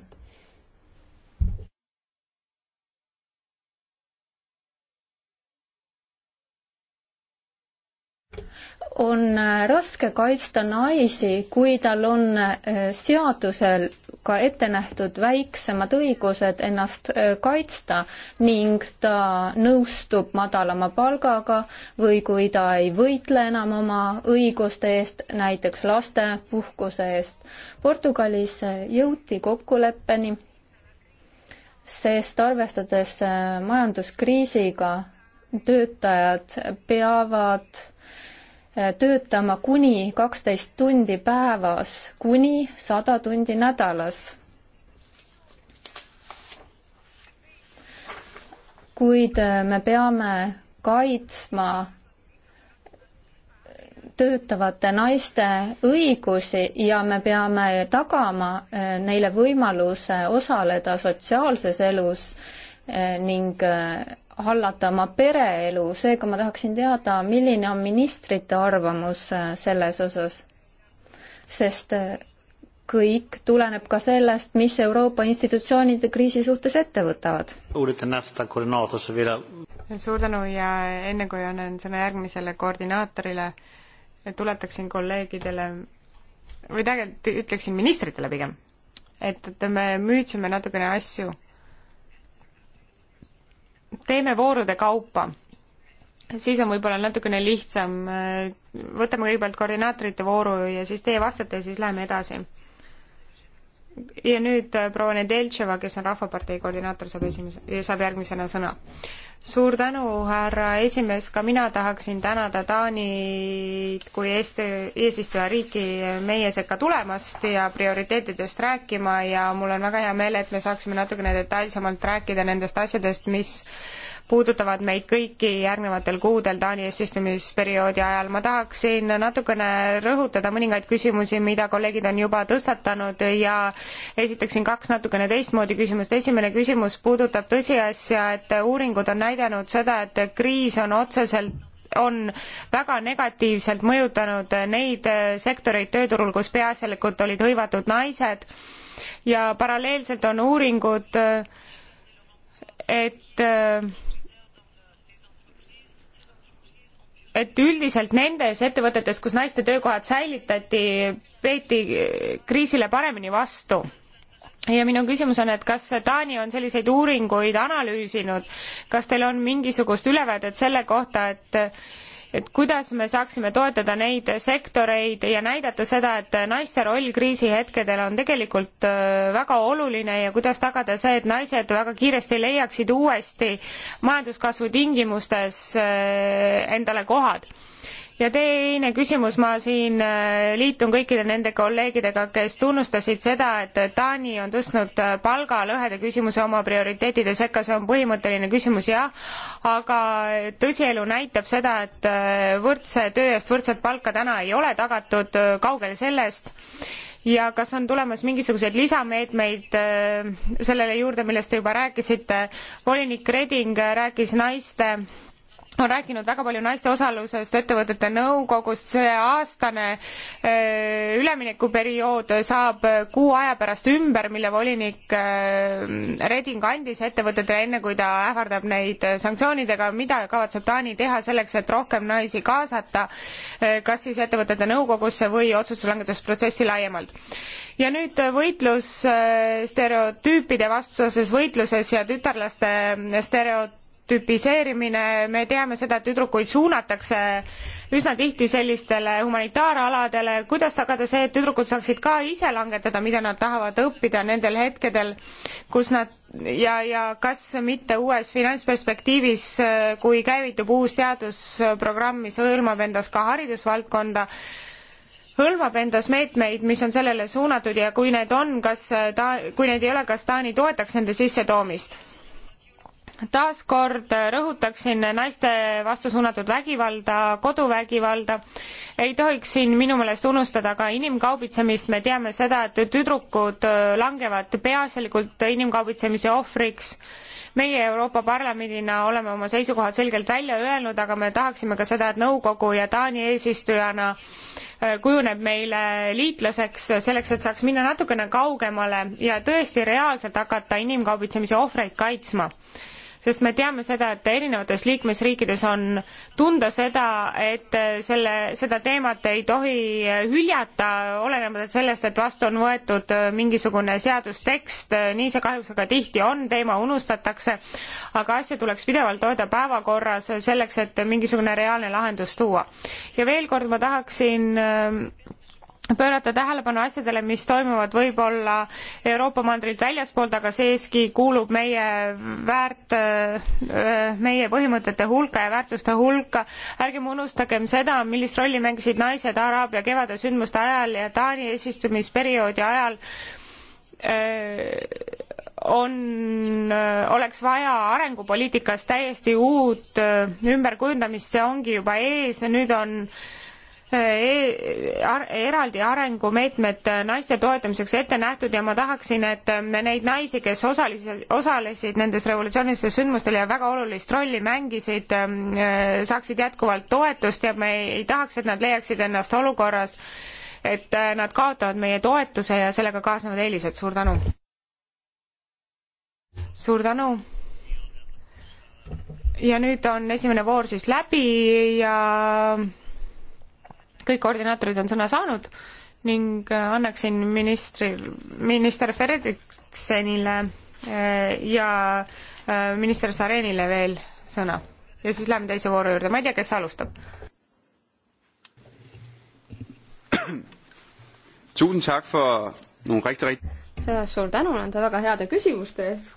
on äh, raske kaitsta naisi, kui tal on äh, seadusel ka ette nähtud väiksemad õigused ennast äh, kaitsta ning ta nõustub madalama palgaga või kui ta ei võitle enam oma õiguste eest, näiteks lastepuhkuse eest. Portugalis jõuti kokkuleppeni, sest arvestades majanduskriisiga, töötajad peavad töötama kuni kaksteist tundi päevas, kuni sada tundi nädalas. kuid äh, me peame kaitsma töötavate naiste õigusi ja me peame tagama äh, neile võimaluse osaleda sotsiaalses elus äh, ning hallata oma pereelu, seega ma tahaksin teada, milline on ministrite arvamus äh, selles osas. sest äh, kõik tuleneb ka sellest, mis Euroopa institutsioonid kriisi suhtes ette võtavad. suur tänu ja enne kui annan sõna järgmisele koordinaatorile, tuletaksin kolleegidele või tegelikult ütleksin ministritele pigem, et, et me müütsime natukene asju teeme voorude kaupa, siis on võib-olla natukene lihtsam. võtame kõigepealt koordinaatorite vooru ja siis teie vastate ja siis läheme edasi. ja nüüd proua Nedeltševa, kes on Rahvapartei koordinaator, saab esimese, saab järgmisena sõna suur tänu, härra esimees, ka mina tahaksin tänada Taanit kui Eesti eesistujariiki meie sekka tulemast ja prioriteetidest rääkima ja mul on väga hea meel, et me saaksime natukene detailsemalt rääkida nendest asjadest, mis puudutavad meid kõiki järgnevatel kuudel Taani eesistumisperioodi ajal. ma tahaksin natukene rõhutada mõningaid küsimusi, mida kolleegid on juba tõstatanud ja esitaksin kaks natukene teistmoodi küsimust. esimene küsimus puudutab tõsiasja, et uuringud on näidanud, näidanud seda, et kriis on otseselt on väga negatiivselt mõjutanud neid sektoreid tööturul, kus peaasjalikult olid hõivatud naised ja paralleelselt on uuringud, et et üldiselt nendes ettevõtetes, kus naiste töökohad säilitati, peeti kriisile paremini vastu ja minu küsimus on, et kas Taani on selliseid uuringuid analüüsinud, kas teil on mingisugust ülevaadet selle kohta, et et kuidas me saaksime toetada neid sektoreid ja näidata seda, et naiste roll kriisihetkedel on tegelikult äh, väga oluline ja kuidas tagada see, et naised väga kiiresti leiaksid uuesti majanduskasvu tingimustes äh, endale kohad ja teine küsimus, ma siin äh, liitun kõikide nende kolleegidega, kes tunnustasid seda, et Taani on tõstnud äh, palgalõhede küsimuse oma prioriteetide sekka, see on põhimõtteline küsimus jah, aga tõsielu näitab seda, et äh, võrdse töö eest võrdset palka täna ei ole tagatud, kaugel sellest ja kas on tulemas mingisuguseid lisameetmeid sellele juurde, millest te juba rääkisite, volinik Reding rääkis naiste on rääkinud väga palju naiste osalusest ettevõtete nõukogust, see aastane eh, üleminekuperiood saab kuu aja pärast ümber, mille volinik eh, Reding andis ettevõtetele, enne kui ta ähvardab neid sanktsioonidega, mida kavatseb Taani teha selleks, et rohkem naisi kaasata, eh, kas siis ettevõtete nõukogusse või otsustuslangetusprotsessi laiemalt. ja nüüd võitlus stereotüüpide vastuses võitluses ja tütarlaste stereotüüpide tüüpiseerimine, me teame seda, et tüdrukuid suunatakse üsna tihti sellistele humanitaaraladele, kuidas tagada see, et tüdrukud saaksid ka ise langetada, mida nad tahavad õppida nendel hetkedel, kus nad ja, ja kas mitte uues finantsperspektiivis, kui käivitub uus teadusprogramm, mis hõlmab endas ka haridusvaldkonda, hõlmab endas meetmeid, mis on sellele suunatud ja kui need on, kas ta, kui neid ei ole, kas Taani toetaks nende sissetoomist? taaskord äh, rõhutaksin naiste vastu suunatud vägivalda, koduvägivalda. ei tohiks siin minu meelest unustada ka inimkaubitsemist, me teame seda, et tüdrukud äh, langevad peaasjalikult inimkaubitsemise ohvriks. meie Euroopa Parlamendina oleme oma seisukohad selgelt välja öelnud, aga me tahaksime ka seda, et nõukogu ja Taani eesistujana äh, kujuneb meile liitlaseks selleks, et saaks minna natukene kaugemale ja tõesti reaalselt hakata inimkaubitsemise ohvreid kaitsma sest me teame seda, et erinevates liikmesriikides on tunda seda, et selle, seda teemat ei tohi hüljata, olenemata sellest, et vastu on võetud mingisugune seadustekst, nii see kahjuks aga tihti on, teema unustatakse, aga asja tuleks pidevalt hoida päevakorras selleks, et mingisugune reaalne lahendus tuua. ja veel kord ma tahaksin ähm, pöörata tähelepanu asjadele, mis toimuvad võib-olla Euroopa mandrilt väljaspoolt, aga seeski kuulub meie väärt, äh, meie põhimõtete hulka ja väärtuste hulka. ärgem unustagem seda, millist rolli mängisid naised Araabia kevade sündmuste ajal ja Taani eesistumisperioodi ajal äh, on, äh, oleks vaja arengupoliitikas täiesti uut ümberkujundamist, see ongi juba ees ja nüüd on eraldi arengumeetmed naiste toetamiseks ette nähtud ja ma tahaksin, et neid naisi, kes osaliselt, osalesid nendes revolutsioonilistel sündmustel ja väga olulist rolli mängisid, ähm, äh, saaksid jätkuvalt toetust ja me ei tahaks, et nad leiaksid ennast olukorras, et äh, nad kaotavad meie toetuse ja sellega kaasnevad eelised. suur tänu! suur tänu! ja nüüd on esimene voor siis läbi ja kõik koordinaatorid on sõna saanud ning äh, annaksin ministril, minister Fredriksenile äh, ja äh, minister Sarenile veel sõna ja siis läheme teise vooru juurde, ma ei tea, kes alustab. [CLEARS THROAT] suur tänu nende väga heade küsimuste eest.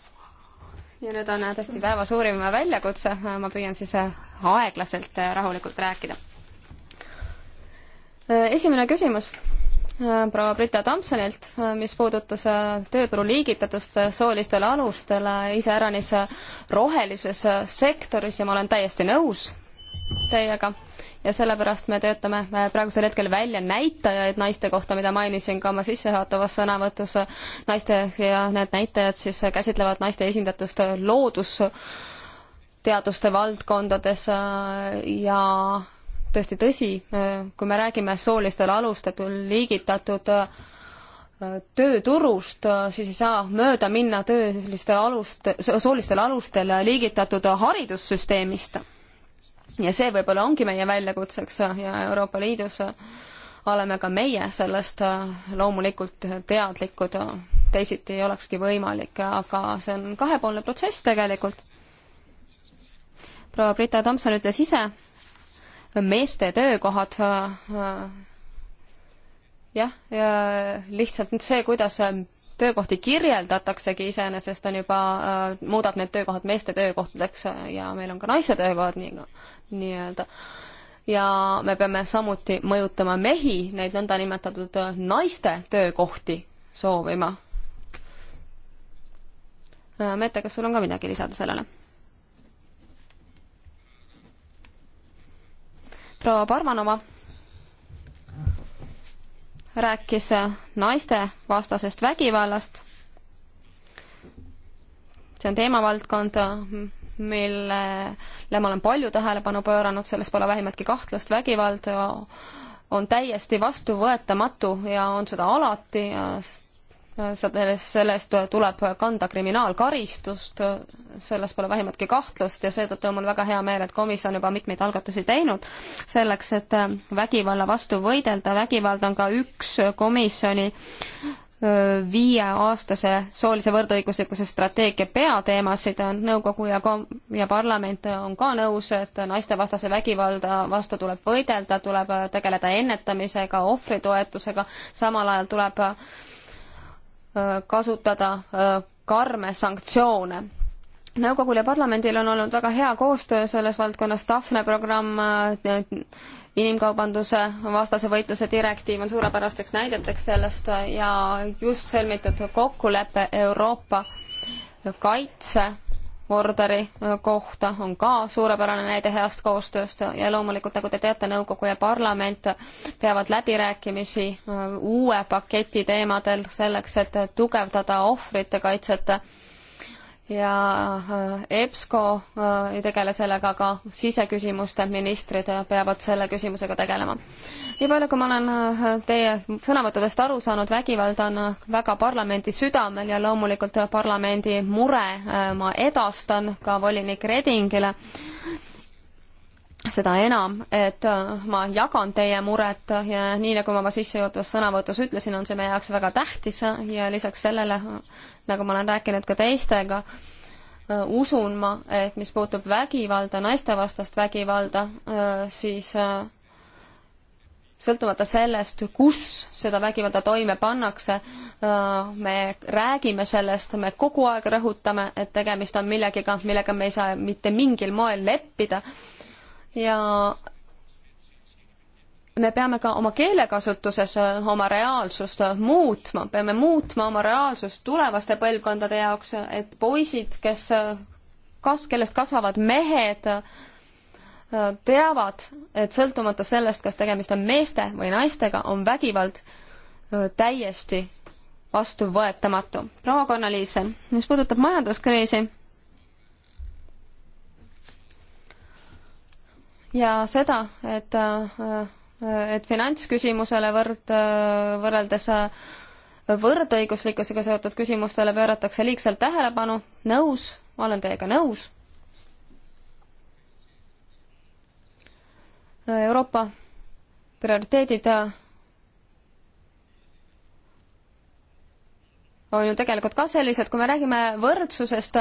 ja nüüd on tõesti päeva suurim väljakutse, ma püüan siis aeglaselt rahulikult rääkida Äh, esimene küsimus äh, proua Brita Tomsonilt, äh, mis puudutas tööturu liigitatust soolistel alustel iseäranis rohelises sektoris ja ma olen täiesti nõus teiega ja sellepärast me töötame praegusel hetkel välja näitajaid naiste kohta, mida mainisin ka oma sissejuhatavas sõnavõtus. naiste ja need näitajad siis käsitlevad naiste esindatust loodus teaduste valdkondades ja tõesti tõsi, kui me räägime soolistel alustatud liigitatud äh, tööturust, äh, siis ei saa mööda minna töölistel alust, soolistel alustel liigitatud haridussüsteemist. ja see võib-olla ongi meie väljakutseks äh, ja Euroopa Liidus oleme ka meie sellest loomulikult teadlikud, teisiti ei olekski võimalik, aga see on kahepoolne protsess tegelikult. proua Brita Tomson ütles ise, meeste töökohad äh, jah, ja lihtsalt see, kuidas töökohti kirjeldataksegi iseenesest on juba, äh, muudab need töökohad meeste töökohtadeks äh, ja meil on ka naiste töökohad nii, nii-öelda. ja me peame samuti mõjutama mehi neid nõndanimetatud naiste töökohti soovima. Mette, kas sul on ka midagi lisada sellele? proua Parmanova rääkis naiste vastasest vägivallast. see on teemavaldkond, millele ma olen palju tähelepanu pööranud, selles pole vähimatki kahtlust, vägivald on täiesti vastuvõetamatu ja on seda alati, sellest tuleb kanda kriminaalkaristust, selles pole vähimatki kahtlust ja seetõttu on mul väga hea meel, et komisjon juba mitmeid algatusi teinud selleks, et vägivalla vastu võidelda. vägivald on ka üks komisjoni viieaastase soolise võrdõiguslikkuse strateegia peateemasid nõukogu ja kom- ja parlament on ka nõus, et naistevastase vägivalda vastu tuleb võidelda, tuleb tegeleda ennetamisega, ohvritoetusega, samal ajal tuleb kasutada äh, karme sanktsioone. nõukogul ja parlamendil on olnud väga hea koostöö selles valdkonnas, Tafne programm, äh, inimkaubanduse vastase võitluse direktiiv on suurepärasteks näideteks sellest ja just sõlmitud kokkulepe Euroopa kaitse Mordori äh, kohta on ka suurepärane näide heast koostööst ja loomulikult, nagu te teate, nõukogu ja parlament peavad läbirääkimisi äh, uue paketi teemadel selleks, et tugevdada ohvrite kaitset ja äh, EBSCO äh, ei tegele sellega, aga siseküsimuste ministrid äh, peavad selle küsimusega tegelema. nii palju, kui ma olen teie sõnavõttudest aru saanud, vägivald on väga parlamendi südamel ja loomulikult parlamendi mure ma edastan ka volinik Redingile seda enam, et äh, ma jagan teie muret ja nii, nagu ma oma sissejuhatavas sõnavõtus ütlesin, on see meie jaoks väga tähtis ja lisaks sellele, nagu ma olen rääkinud ka teistega, äh, usun ma, et mis puutub vägivalda, naistevastast vägivalda, äh, siis sõltumata sellest, kus seda vägivalda toime pannakse, me räägime sellest, me kogu aeg rõhutame, et tegemist on millegiga, millega me ei saa mitte mingil moel leppida ja me peame ka oma keelekasutuses oma reaalsust muutma, peame muutma oma reaalsust tulevaste põlvkondade jaoks, et poisid, kes kas-, kellest kasvavad mehed, teavad, et sõltumata sellest, kas tegemist on meeste või naistega, on vägivald täiesti vastuvõetamatu. proua Konnaliis, mis puudutab majanduskriisi, ja seda, et, äh, et finantsküsimusele võrd, võrreldes äh, võrdõiguslikkusega seotud küsimustele pööratakse liigselt tähelepanu, nõus, ma olen teiega nõus. Euroopa prioriteedid äh, on ju tegelikult ka sellised, kui me räägime võrdsusest,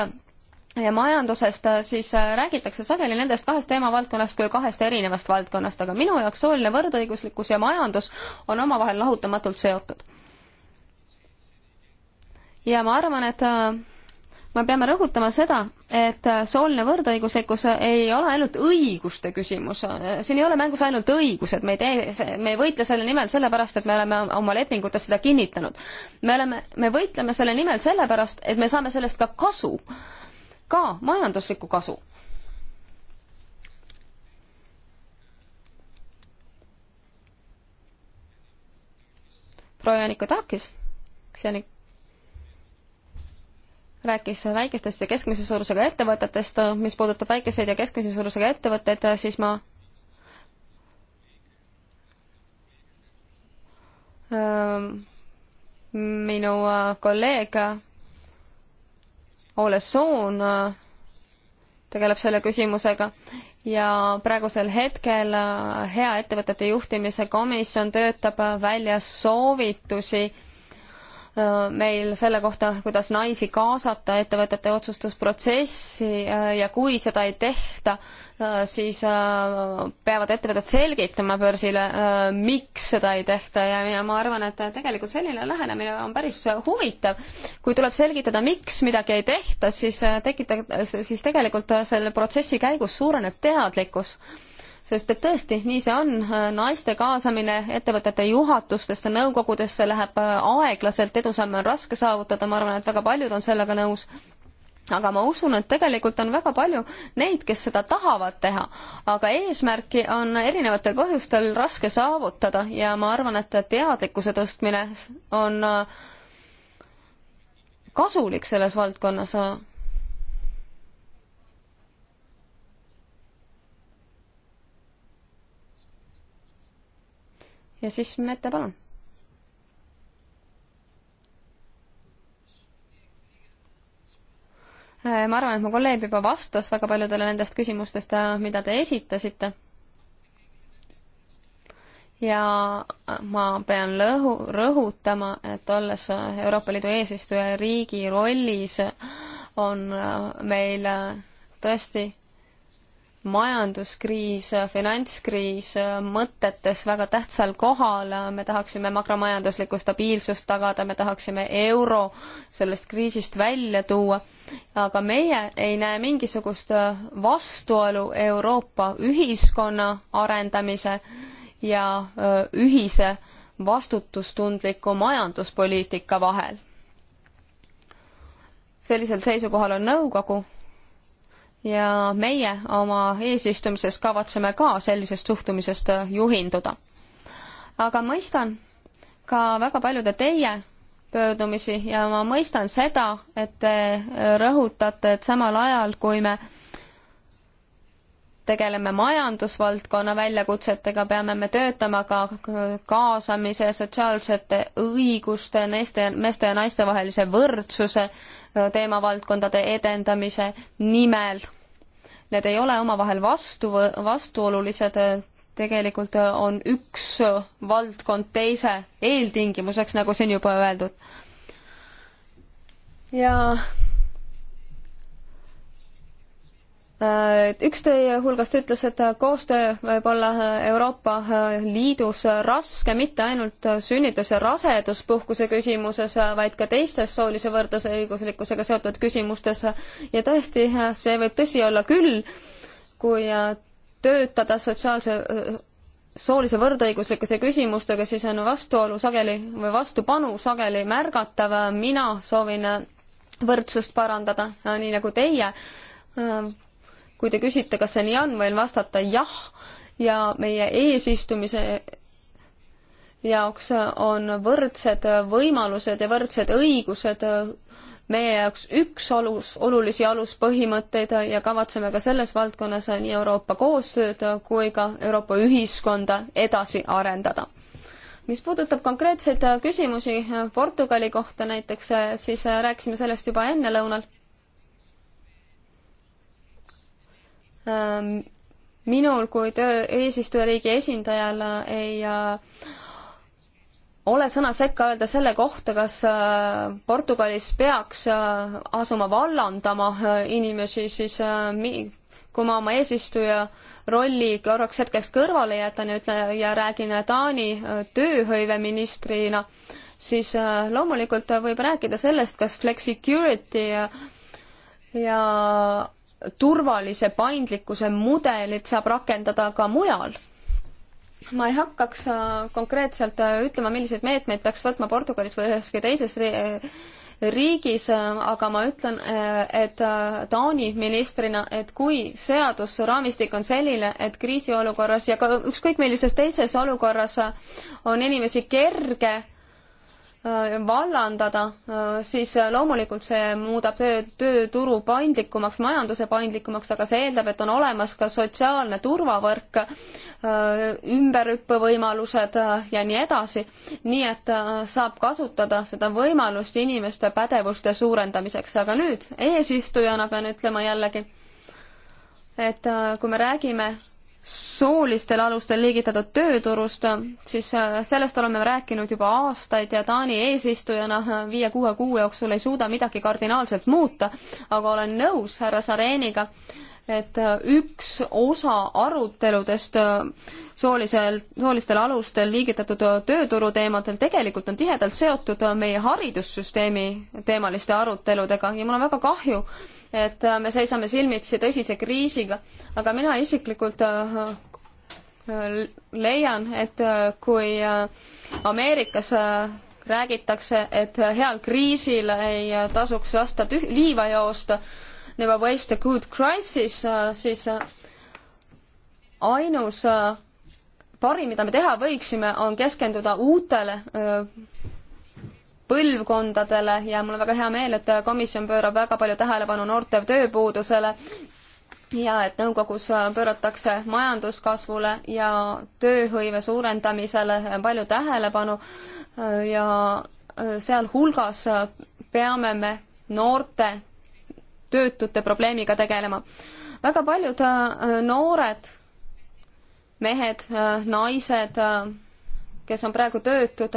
ja majandusest, äh, siis äh, räägitakse sageli nendest kahest teemavaldkonnast kui kahest erinevast valdkonnast, aga minu jaoks sooline võrdõiguslikkus ja majandus on omavahel lahutamatult seotud. ja ma arvan, et äh, me peame rõhutama seda, et sooline võrdõiguslikkus ei ole ainult õiguste küsimus, siin ei ole mängus ainult õigused, me ei tee, me ei võitle selle nimel sellepärast, et me oleme oma lepingutes seda kinnitanud. me oleme, me võitleme selle nimel sellepärast, et me saame sellest ka kasu ka majanduslikku kasu. proua Janikotakis, Janik rääkis väikestest ja keskmise suurusega ettevõtetest, mis puudutab väikeseid ja keskmise suurusega ettevõtteid, siis ma ähm, minu äh, kolleeg Ole Soon äh, tegeleb selle küsimusega ja praegusel hetkel äh, hea ettevõtete juhtimise komisjon töötab äh, välja soovitusi Äh, meil selle kohta, kuidas naisi kaasata ettevõtete otsustusprotsessi äh, ja kui seda ei tehta, äh, siis peavad ettevõtted selgitama börsile, miks seda ei tehta ja, ja ma arvan, et tegelikult selline lähenemine on päris huvitav. kui tuleb selgitada, miks midagi ei tehta, siis tekitab, siis tegelikult selle protsessi käigus suureneb teadlikkus sest et tõesti, nii see on, naiste kaasamine ettevõtete juhatustesse, nõukogudesse läheb äh, aeglaselt, edusamme on raske saavutada, ma arvan, et väga paljud on sellega nõus aga ma usun, et tegelikult on väga palju neid, kes seda tahavad teha, aga eesmärki on erinevatel põhjustel raske saavutada ja ma arvan, et teadlikkuse tõstmine on äh, kasulik selles valdkonnas ja siis Mette, palun. Äh, ma arvan, et mu kolleeg juba vastas väga paljudele nendest küsimustest, äh, mida te esitasite. ja äh, ma pean lõhu, rõhutama, et olles Euroopa Liidu eesistuja riigi rollis, on meil tõesti majanduskriis, finantskriis mõtetes väga tähtsal kohal, me tahaksime makromajanduslikku stabiilsust tagada, me tahaksime euro sellest kriisist välja tuua, aga meie ei näe mingisugust vastuolu Euroopa ühiskonna arendamise ja ühise vastutustundliku majanduspoliitika vahel. sellisel seisukohal on nõukogu ja meie oma eesistumises kavatseme ka sellisest suhtumisest äh, juhinduda. aga mõistan ka väga paljude teie pöördumisi ja ma mõistan seda, et te äh, rõhutate, et samal ajal, kui me tegeleme majandusvaldkonna väljakutsetega, peame me töötama ka kaasamise, sotsiaalsete õiguste, meeste, meeste ja naiste vahelise võrdsuse teemavaldkondade edendamise nimel. Need ei ole omavahel vastu, vastuolulised, tegelikult on üks valdkond teise eeltingimuseks, nagu siin juba öeldud. ja Äh, üks teie hulgast ütles, et koostöö võib olla Euroopa äh, Liidus raske mitte ainult sünnitus- ja raseduspuhkuse küsimuses, äh, vaid ka teistes soolise võrdluse õiguslikkusega seotud küsimustes. ja tõesti, see võib tõsi olla küll, kui töötada sotsiaalse soolise võrdõiguslikkuse küsimustega, siis on vastuolu sageli või vastupanu sageli märgatav. mina soovin võrdsust parandada, nii nagu teie kui te küsite, kas see nii on, võin vastata jah ja meie eesistumise jaoks on võrdsed võimalused ja võrdsed õigused meie jaoks üks alus, olulisi aluspõhimõtteid ja kavatseme ka selles valdkonnas nii Euroopa koostööd kui ka Euroopa ühiskonda edasi arendada. mis puudutab konkreetseid küsimusi Portugali kohta näiteks, siis rääkisime sellest juba enne lõunal Ähm, minul kui töö, eesistujariigi esindajal ei äh, ole sõna sekka öelda selle kohta, kas äh, Portugalis peaks äh, asuma vallandama inimesi, siis kui ma oma eesistuja rolli korraks hetkeks kõrvale jätan ja ütlen ja räägin Taani tööhõiveministrina, siis loomulikult võib rääkida sellest, kas flexicurity ja, ja turvalise paindlikkuse mudelit saab rakendada ka mujal. ma ei hakkaks äh, konkreetselt äh, ütlema, milliseid meetmeid peaks võtma Portugalis või üheski teises riigis, äh, aga ma ütlen, et Taani ministrina, et kui seadusraamistik on selline, et kriisiolukorras ja ka ükskõik millises teises olukorras on inimesi kerge Äh, vallandada, äh, siis loomulikult see muudab töö, tööturu paindlikumaks, majanduse paindlikumaks, aga see eeldab, et on olemas ka sotsiaalne turvavõrk, äh, ümberõppevõimalused ja nii edasi. nii et saab kasutada seda võimalust inimeste pädevuste suurendamiseks, aga nüüd eesistujana pean ütlema jällegi, et kui me räägime soolistel alustel liigitatud tööturust, siis äh, sellest oleme rääkinud juba aastaid ja Taani eesistujana äh, viie-kuue kuu jooksul ei suuda midagi kardinaalselt muuta, aga olen nõus härra Sareeniga, et äh, üks osa aruteludest äh, soolisel, soolistel alustel liigitatud äh, tööturu teemadel tegelikult on tihedalt seotud meie haridussüsteemi teemaliste aruteludega ja mul on väga kahju, et me seisame silmitsi tõsise kriisiga, aga mina isiklikult leian, et kui Ameerikas räägitakse, et heal kriisil ei tasuks lasta tüh-, liiva joosta, Never waste a good crisis, äh, siis äh, ainus äh, parim, mida me teha võiksime, on keskenduda uutele põlvkondadele ja mul on väga hea meel, et komisjon pöörab väga palju tähelepanu noorte tööpuudusele ja et nõukogus pööratakse majanduskasvule ja tööhõive suurendamisele palju tähelepanu ja sealhulgas peame me noorte töötute probleemiga tegelema. väga paljud äh, noored mehed, äh, naised, äh, kes on praegu töötud,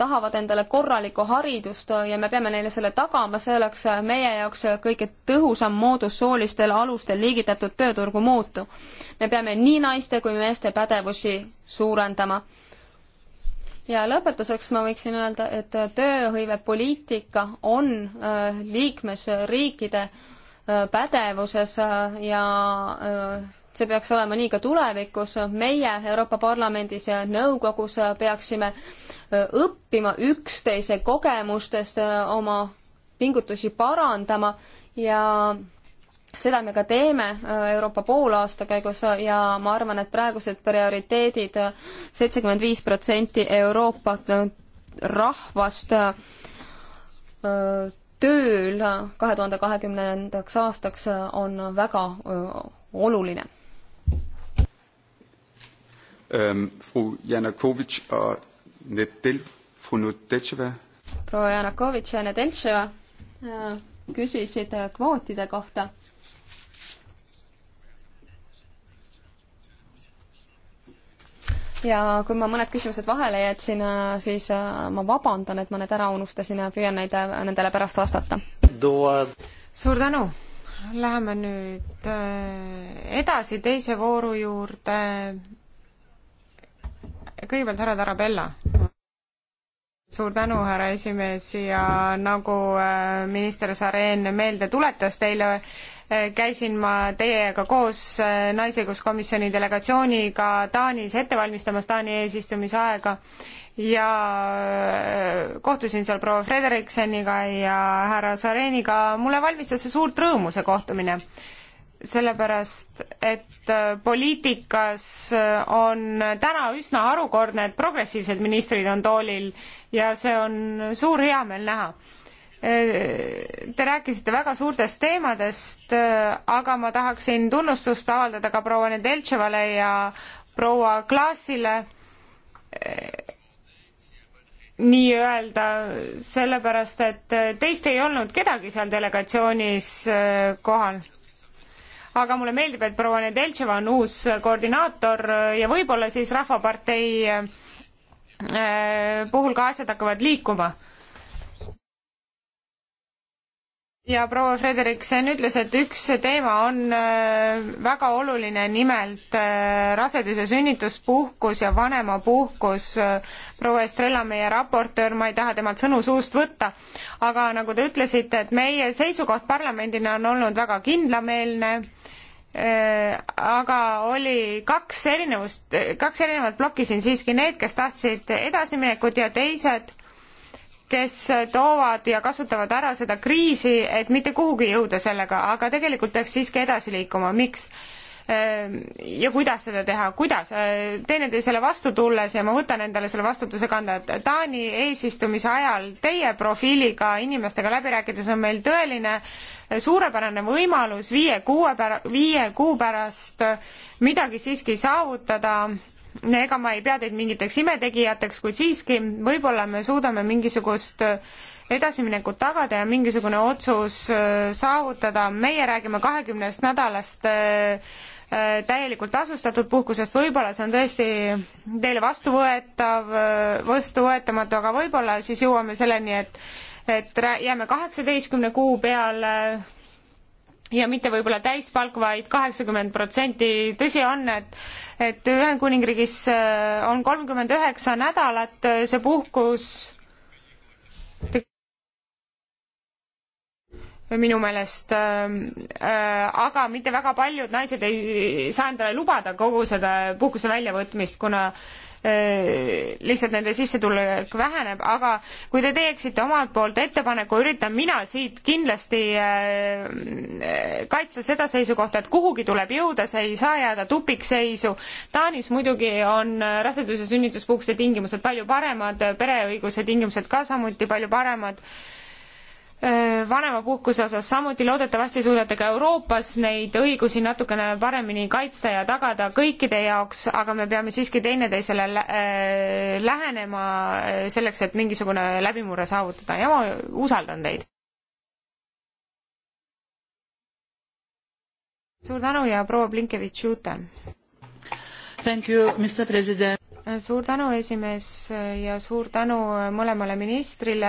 tahavad endale korralikku haridust ja me peame neile selle tagama, see oleks meie jaoks kõige tõhusam moodus soolistel alustel liigitatud tööturgu muutu. me peame nii naiste kui meeste pädevusi suurendama ja lõpetuseks ma võiksin öelda, et tööhõivepoliitika on äh, liikmesriikide äh, pädevuses äh, ja see peaks olema nii ka tulevikus. meie Euroopa Parlamendis ja nõukogus peaksime õppima üksteise kogemustest, oma pingutusi parandama ja seda me ka teeme äh, Euroopa poolaasta käigus äh, ja ma arvan, et praegused prioriteedid, äh, seitsekümmend viis protsenti Euroopa rahvast tööl kahe tuhande kahekümnendaks aastaks on väga oluline ähm,. Fru Janakovitš ja Nedel-, Fru Nedeltševa. proua Janakovitš ja Nedeltševa küsisid kvootide kohta ja kui ma mõned küsimused vahele jätsin, äh, siis äh, ma vabandan, et ma need ära unustasin ja püüan neid, äh, nendele pärast vastata. suur tänu! Läheme nüüd edasi teise vooru juurde. kõigepealt härra Tarabella suur tänu, härra esimees ja nagu äh, minister Sareen meelde tuletas teile, äh, käisin ma teiega koos äh, Naisõiguskomisjoni delegatsiooniga Taanis ette valmistamas Taani eesistumise aega ja kohtusin seal proua Frederiksoniga ja härra Sareeniga, mulle valmistas see suurt rõõmu, see kohtumine sellepärast et äh, poliitikas äh, on täna üsna harukordne, et progressiivsed ministrid on toolil ja see on suur heameel näha. Äh, te rääkisite väga suurtest teemadest, aga ma tahaksin tunnustust avaldada ka proua Nedeltševale ja proua Klaasile nii-öelda sellepärast, et teist ei olnud kedagi seal delegatsioonis kohal aga mulle meeldib, et proua Nedeltševa on uus koordinaator ja võib-olla siis Rahvapartei äh, puhul ka asjad hakkavad liikuma ja proua Frederiksen ütles, et üks teema on äh, väga oluline, nimelt äh, rasedus- ja sünnituspuhkus ja vanemapuhkus. proua Estrella, meie raportöör, ma ei taha temalt sõnu suust võtta, aga nagu te ütlesite, et meie seisukoht parlamendina on olnud väga kindlameelne äh, aga oli kaks erinevust, kaks erinevat plokki siin siiski, need, kes tahtsid edasiminekut ja teised, kes toovad ja kasutavad ära seda kriisi, et mitte kuhugi jõuda sellega, aga tegelikult peaks siiski edasi liikuma, miks? Ehm, ja kuidas seda teha, kuidas ehm, teineteisele vastu tulles ja ma võtan endale selle vastutuse kanda, et Taani eesistumise ajal teie profiiliga inimestega läbi rääkides on meil tõeline eh, suurepärane võimalus viie-kuue pära-, viie kuu pärast midagi siiski saavutada ega ma ei pea teid mingiteks imetegijateks, kuid siiski võib-olla me suudame mingisugust äh, edasiminekut tagada ja mingisugune otsus äh, saavutada. meie räägime kahekümnest nädalast äh, täielikult tasustatud puhkusest, võib-olla see on tõesti teile vastuvõetav, vastuvõetamatu, aga võib-olla siis jõuame selleni, et et jääme kaheksateistkümne kuu peale ja mitte võib-olla täispalk vaid, vaid kaheksakümmend protsenti. tõsi on, et, et Ühendkuningriigis äh, on kolmkümmend üheksa nädalat äh, see puhkus minu meelest ähm, äh,, aga mitte väga paljud naised ei saa endale lubada kogu seda puhkuse väljavõtmist, kuna Äh, lihtsalt nende sissetulek väheneb, aga kui te teeksite omalt poolt ettepaneku, üritan mina siit kindlasti äh, äh, kaitsta seda seisukohta, et kuhugi tuleb jõuda, see ei saa jääda tupikseisu. Taanis muidugi on rasedus- ja sünnituspuhkuse tingimused palju paremad, pereõiguse tingimused ka samuti palju paremad vanemapuhkuse osas samuti loodetavasti suudate ka Euroopas neid õigusi natukene paremini kaitsta ja tagada kõikide jaoks, aga me peame siiski teineteisele lä lähenema selleks, et mingisugune läbimurre saavutada ja ma usaldan teid. suur tänu ja proua Blinkevitš-Jute. Thank you, Mr President. suur tänu, esimees ja suur tänu mõlemale ministrile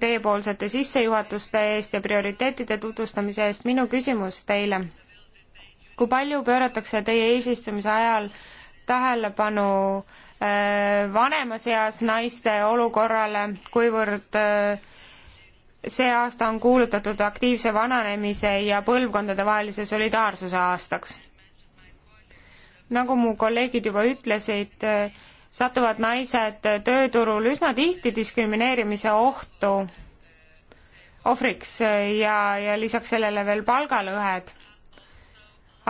teiepoolsete sissejuhatuste eest ja prioriteetide tutvustamise eest. minu küsimus teile. kui palju pööratakse teie eesistumise ajal tähelepanu äh, vanemas eas naiste olukorrale, kuivõrd äh, see aasta on kuulutatud aktiivse vananemise ja põlvkondadevahelise solidaarsuse aastaks? nagu mu kolleegid juba ütlesid, äh, satuvad naised tööturul üsna tihti diskrimineerimise ohtu ohvriks ja, ja lisaks sellele veel palgalõhed.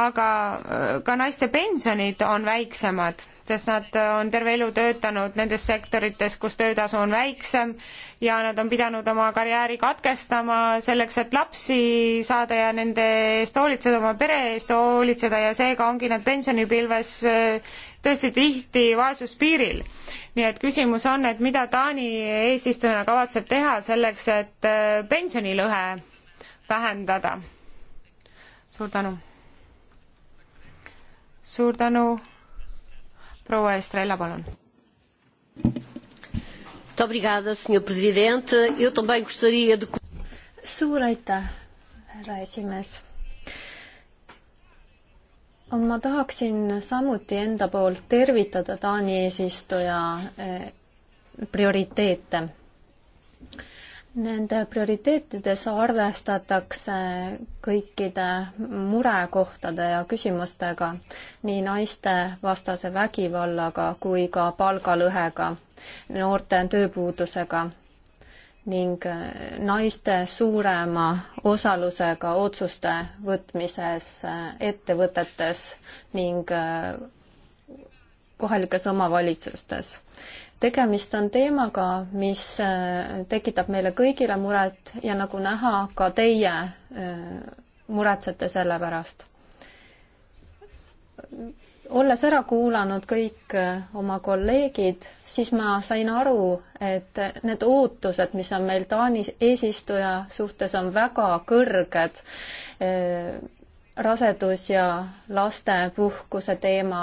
aga äh, ka naiste pensionid on väiksemad sest nad äh, on terve elu töötanud nendes sektorites, kus töötasu on väiksem ja nad on pidanud oma karjääri katkestama selleks, et lapsi saada ja nende eest hoolitseda, oma pere eest hoolitseda ja seega ongi nad pensionipilves äh, tõesti tihti vaesuspiiril. nii et küsimus on, et mida Taani eesistujana kavatseb teha selleks, et äh, pensionilõhe vähendada? suur tänu! suur tänu! proua Estrella, palun. suur aitäh, härra esimees. ma tahaksin samuti enda poolt tervitada Taani eesistuja eh, prioriteete nende prioriteetides arvestatakse kõikide murekohtade ja küsimustega, nii naistevastase vägivallaga kui ka palgalõhega, noorte tööpuudusega ning äh, naiste suurema osalusega otsuste võtmises äh, ettevõtetes ning äh, kohalikes omavalitsustes tegemist on teemaga, mis äh, tekitab meile kõigile muret ja nagu näha, ka teie äh, muretsete selle pärast. olles ära kuulanud kõik äh, oma kolleegid, siis ma sain aru, et need ootused, mis on meil Taani eesistuja suhtes, on väga kõrged. rasedus ja lastepuhkuse teema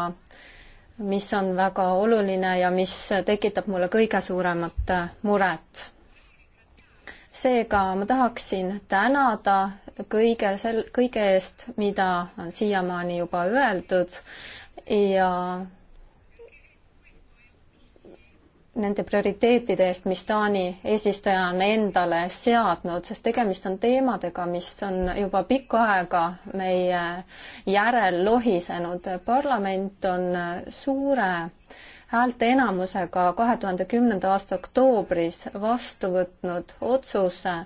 mis on väga oluline ja mis tekitab mulle kõige suuremat äh, muret. seega ma tahaksin tänada kõige sel-, kõige eest, mida on siiamaani juba öeldud ja nende prioriteetide eest, mis Taani eesistuja on endale seadnud, sest tegemist on teemadega, mis on juba pikka aega meie järel lohisenud. parlament on suure häälteenamusega kahe tuhande kümnenda aasta oktoobris vastu võtnud otsuse,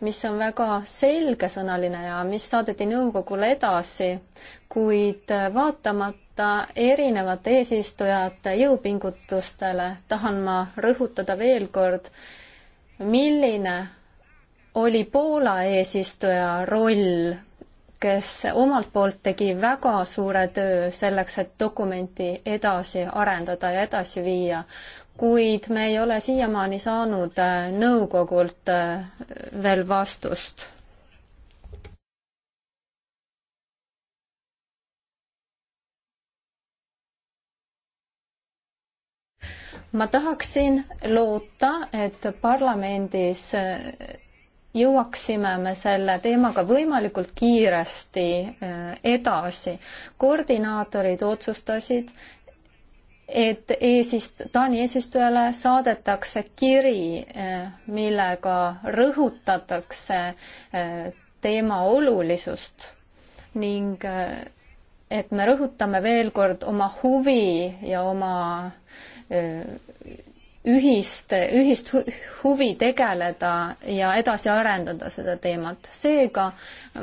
mis on väga selgesõnaline ja mis saadeti nõukogule edasi, kuid vaatamata vaatamata erinevate eesistujate jõupingutustele tahan ma rõhutada veel kord, milline oli Poola eesistuja roll, kes omalt poolt tegi väga suure töö selleks, et dokumenti edasi arendada ja edasi viia, kuid me ei ole siiamaani saanud äh, nõukogult äh, veel vastust ma tahaksin loota, et parlamendis äh, jõuaksime me selle teemaga võimalikult kiiresti äh, edasi. koordinaatorid otsustasid, et eesist-, Taani eesistujale saadetakse kiri, äh, millega rõhutatakse teema olulisust ning et me rõhutame veel kord oma huvi ja oma äh, Äh, ühist, ühist huvi tegeleda ja edasi arendada seda teemat. seega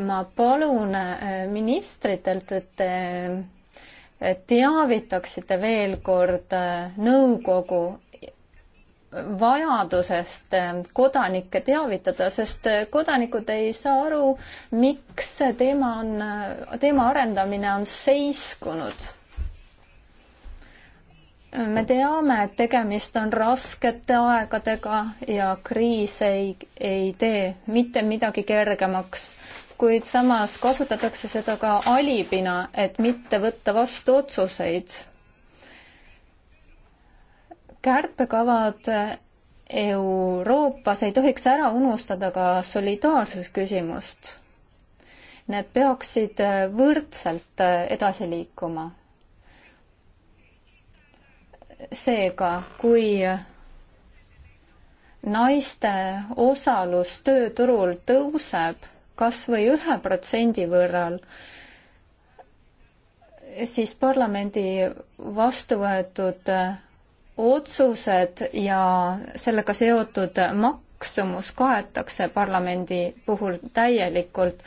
ma palun äh, ministritelt, et äh, te teavitaksite veel kord nõukogu vajadusest kodanikke teavitada, sest kodanikud ei saa aru, miks see teema on, teema arendamine on seiskunud me teame, et tegemist on raskete aegadega ja kriis ei, ei tee mitte midagi kergemaks, kuid samas kasutatakse seda ka alibina, et mitte võtta vastu otsuseid. kärpekavad Euroopas ei tohiks ära unustada ka solidaarsusküsimust. Need peaksid võrdselt edasi liikuma seega, kui naiste osalus tööturul tõuseb kas või ühe protsendi võrral, siis parlamendi vastu võetud otsused ja sellega seotud maksumus kaetakse parlamendi puhul täielikult.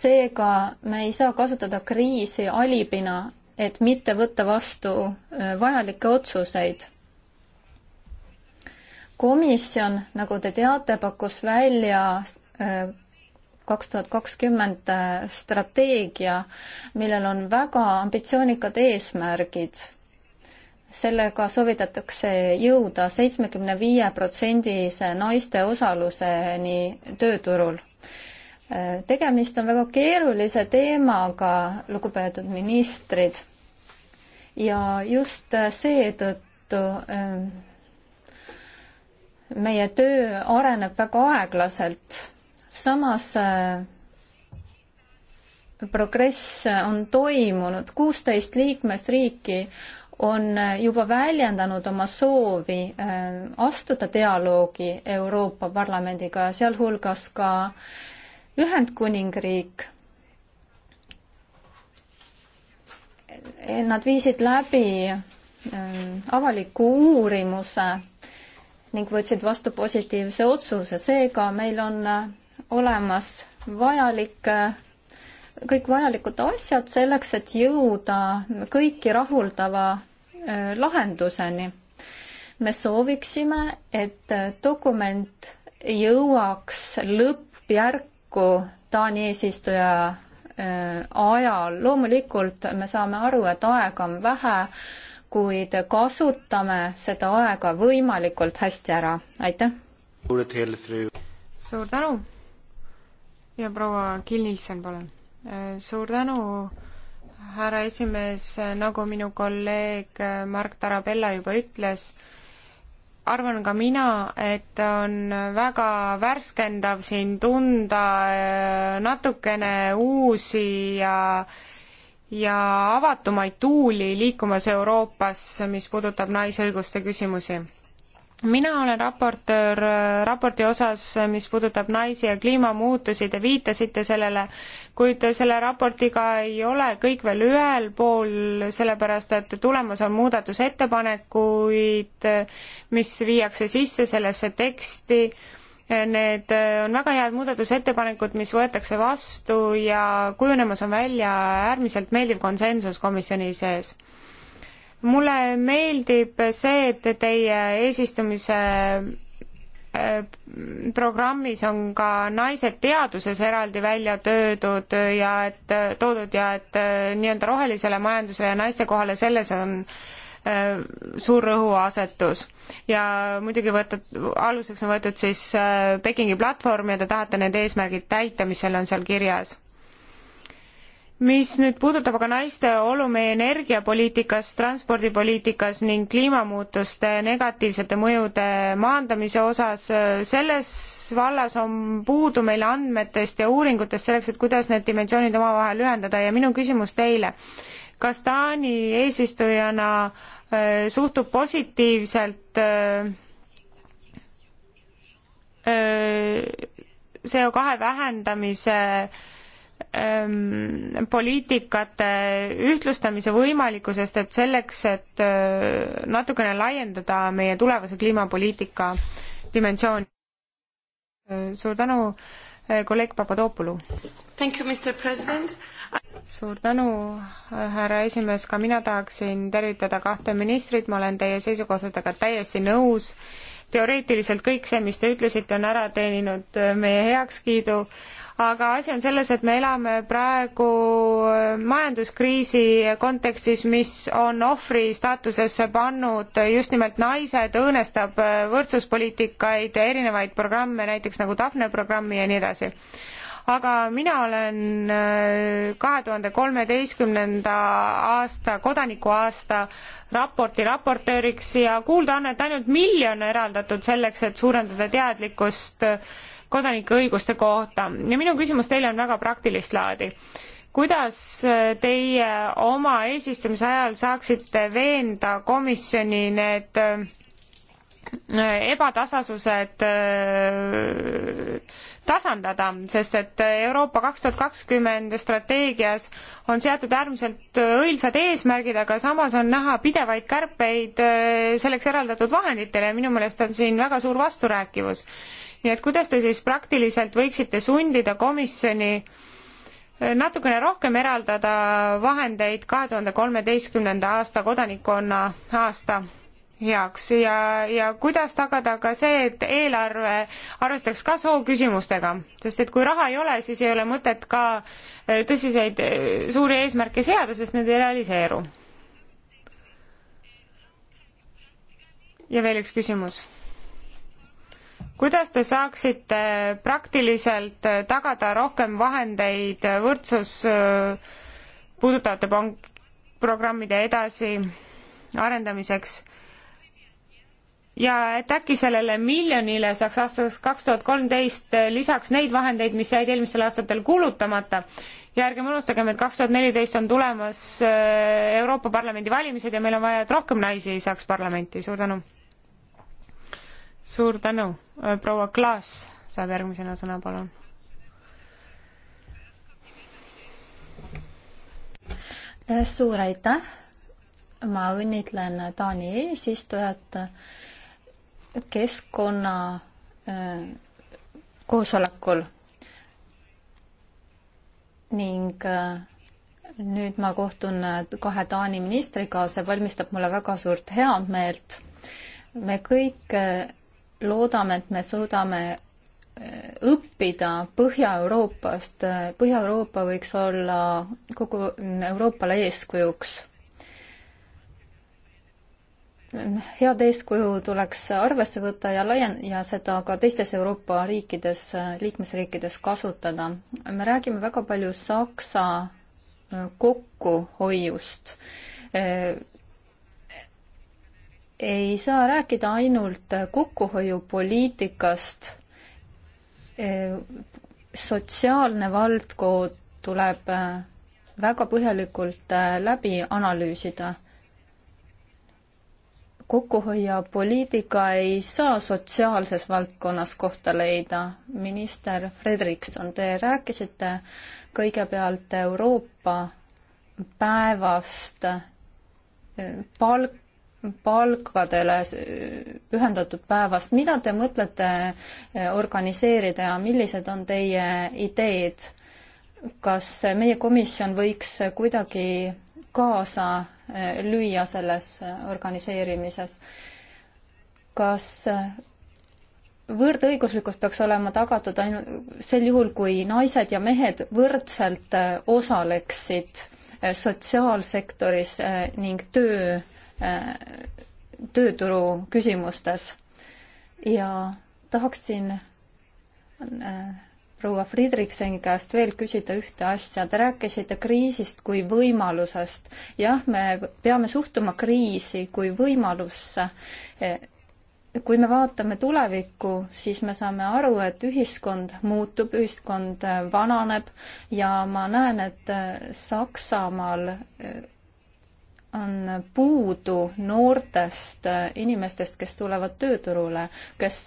seega me ei saa kasutada kriisi alibina et mitte võtta vastu äh, vajalikke otsuseid. komisjon, nagu te teate, pakkus välja äh, kaks tuhat kakskümmend äh, strateegia, millel on väga ambitsioonikad eesmärgid. sellega soovitatakse jõuda seitsmekümne viie protsendise naiste osaluseni tööturul tegemist on väga keerulise teemaga, lugupeetud ministrid. ja just seetõttu ähm, meie töö areneb väga aeglaselt. samas äh, progress on toimunud, kuusteist liikmesriiki on äh, juba väljendanud oma soovi äh, astuda dialoogi Euroopa Parlamendiga, sealhulgas ka äh, Ühendkuningriik, nad viisid läbi ähm, avaliku uurimuse ning võtsid vastu positiivse otsuse, seega meil on äh, olemas vajalik, äh, kõik vajalikud asjad selleks, et jõuda kõiki rahuldava äh, lahenduseni. me sooviksime, et dokument jõuaks lõppjärk kokku Taani eesistuja äh, ajal. loomulikult me saame aru, et aega on vähe, kuid kasutame seda aega võimalikult hästi ära. aitäh! suur tänu! ja proua Kill-Nielsen, palun! Äh, suur tänu! härra esimees, nagu minu kolleeg äh, Mark Tarabella juba ütles, arvan ka mina, et on väga värskendav siin tunda äh, natukene uusi ja ja avatumaid tuuli liikumas Euroopas, mis puudutab naisõiguste küsimusi mina olen raportöör äh, raporti osas, äh, mis puudutab naisi ja kliimamuutusi, te viitasite sellele, kuid selle raportiga ei ole kõik veel ühel pool, sellepärast et tulemas on muudatusettepanekuid, mis viiakse sisse sellesse teksti. Äh, need on väga head muudatusettepanekud, mis võetakse vastu ja kujunemas on välja äärmiselt meeldiv konsensus komisjoni sees mulle meeldib see, et teie eesistumise äh, programmis on ka naised teaduses eraldi välja töödud ja et, toodud ja et äh, nii-öelda rohelisele majandusele ja naiste kohale selles on äh, suur rõhuasetus. ja muidugi võtad, aluseks on võetud siis Pekingi platvorm ja te tahate need eesmärgid täita, mis seal on seal kirjas mis nüüd puudutab aga naiste olu meie energiapoliitikas, transpordipoliitikas ning kliimamuutuste negatiivsete mõjude maandamise osas, selles vallas on puudu meil andmetest ja uuringutest selleks, et kuidas need dimensioonid omavahel ühendada ja minu küsimus teile, kas Taani eesistujana äh, suhtub positiivselt äh, äh, CO kahe vähendamise äh, ähm, poliitikate ühtlustamise võimalikkusest, et selleks, et äh, natukene laiendada meie tulevase kliimapoliitika dimensiooni äh,. suur tänu äh,, kolleeg Papadopoulou! suur tänu, härra esimees, ka mina tahaksin tervitada kahte ministrit, ma olen teie seisukohtadega täiesti nõus teoreetiliselt kõik see, mis te ütlesite, on ära teeninud äh, meie heakskiidu, aga asi on selles, et me elame praegu äh, majanduskriisi kontekstis, mis on ohvri staatusesse pannud just nimelt naised, õõnestab äh, võrdsuspoliitikaid, erinevaid programme, näiteks nagu Daphne programmi ja nii edasi aga mina olen äh, kahe tuhande kolmeteistkümnenda aasta kodanikuaasta raporti raportööriks ja kuulda on, et ainult miljon eraldatud selleks, et suurendada teadlikkust äh, kodanikuõiguste kohta ja minu küsimus teile on väga praktilist laadi kuidas teie oma eesistumise ajal saaksite veenda komisjoni need äh, ebatasasused äh, tasandada, sest et Euroopa kaks tuhat kakskümmend strateegias on seatud äärmiselt õilsad eesmärgid, aga samas on näha pidevaid kärpeid äh, selleks eraldatud vahenditele ja minu meelest on siin väga suur vasturääkivus. nii et kuidas te siis praktiliselt võiksite sundida komisjoni äh, natukene rohkem eraldada vahendeid kahe tuhande kolmeteistkümnenda aasta kodanikkonna aasta heaks ja, ja kuidas tagada ka see, et eelarve arvestaks ka sooküsimustega, sest et kui raha ei ole, siis ei ole mõtet ka äh, tõsiseid äh, suuri eesmärke seada, sest need ei realiseeru. ja veel üks küsimus. kuidas te saaksite praktiliselt äh, tagada rohkem vahendeid võrdsus puudutavate pank-, programmide edasi arendamiseks ja et äkki sellele miljonile saaks aastaks kaks tuhat kolmteist lisaks neid vahendeid, mis jäid eelmistel aastatel kulutamata. ja ärgem unustagem, et kaks tuhat neliteist on tulemas äh, Euroopa Parlamendi valimised ja meil on vaja, et rohkem naisi saaks parlamenti, suur tänu. suur tänu, äh, proua Klaas saab järgmisena sõna, palun. Äh, suur aitäh, ma õnnitlen Taani eesistujat keskkonna äh, koosolekul ning äh, nüüd ma kohtun äh, kahe Taani ministriga, see valmistab mulle väga suurt heameelt. me kõik loodame, et me suudame õppida Põhja-Euroopast. Põhja-Euroopa võiks olla kogu Euroopale eeskujuks head eeskuju tuleks arvesse võtta ja laien- ja seda ka teistes Euroopa riikides, liikmesriikides kasutada. me räägime väga palju Saksa äh, kokkuhoiust. Äh, ei saa rääkida ainult kokkuhoiupoliitikast, äh, sotsiaalne valdkond tuleb väga põhjalikult läbi analüüsida kokkuhoiupoliitika ei saa sotsiaalses valdkonnas kohta leida. minister Fredrikson, te rääkisite kõigepealt Euroopa päevast eh, palk, palkadele pühendatud päevast, mida te mõtlete eh, organiseerida ja millised on teie ideed? kas meie komisjon võiks kuidagi kaasa lüüa selles organiseerimises. kas võrdõiguslikkus peaks olema tagatud ainult sel juhul, kui naised ja mehed võrdselt osaleksid sotsiaalsektoris eh, ning töö, eh, tööturu küsimustes. ja tahaksin eh, proua Friedrichseni käest veel küsida ühte asja. Te rääkisite kriisist kui võimalusest. jah, me peame suhtuma kriisi kui võimalusse. E, kui me vaatame tulevikku, siis me saame aru, et ühiskond muutub, ühiskond vananeb ja ma näen, et Saksamaal e, on puudu noortest e, inimestest, kes tulevad tööturule, kes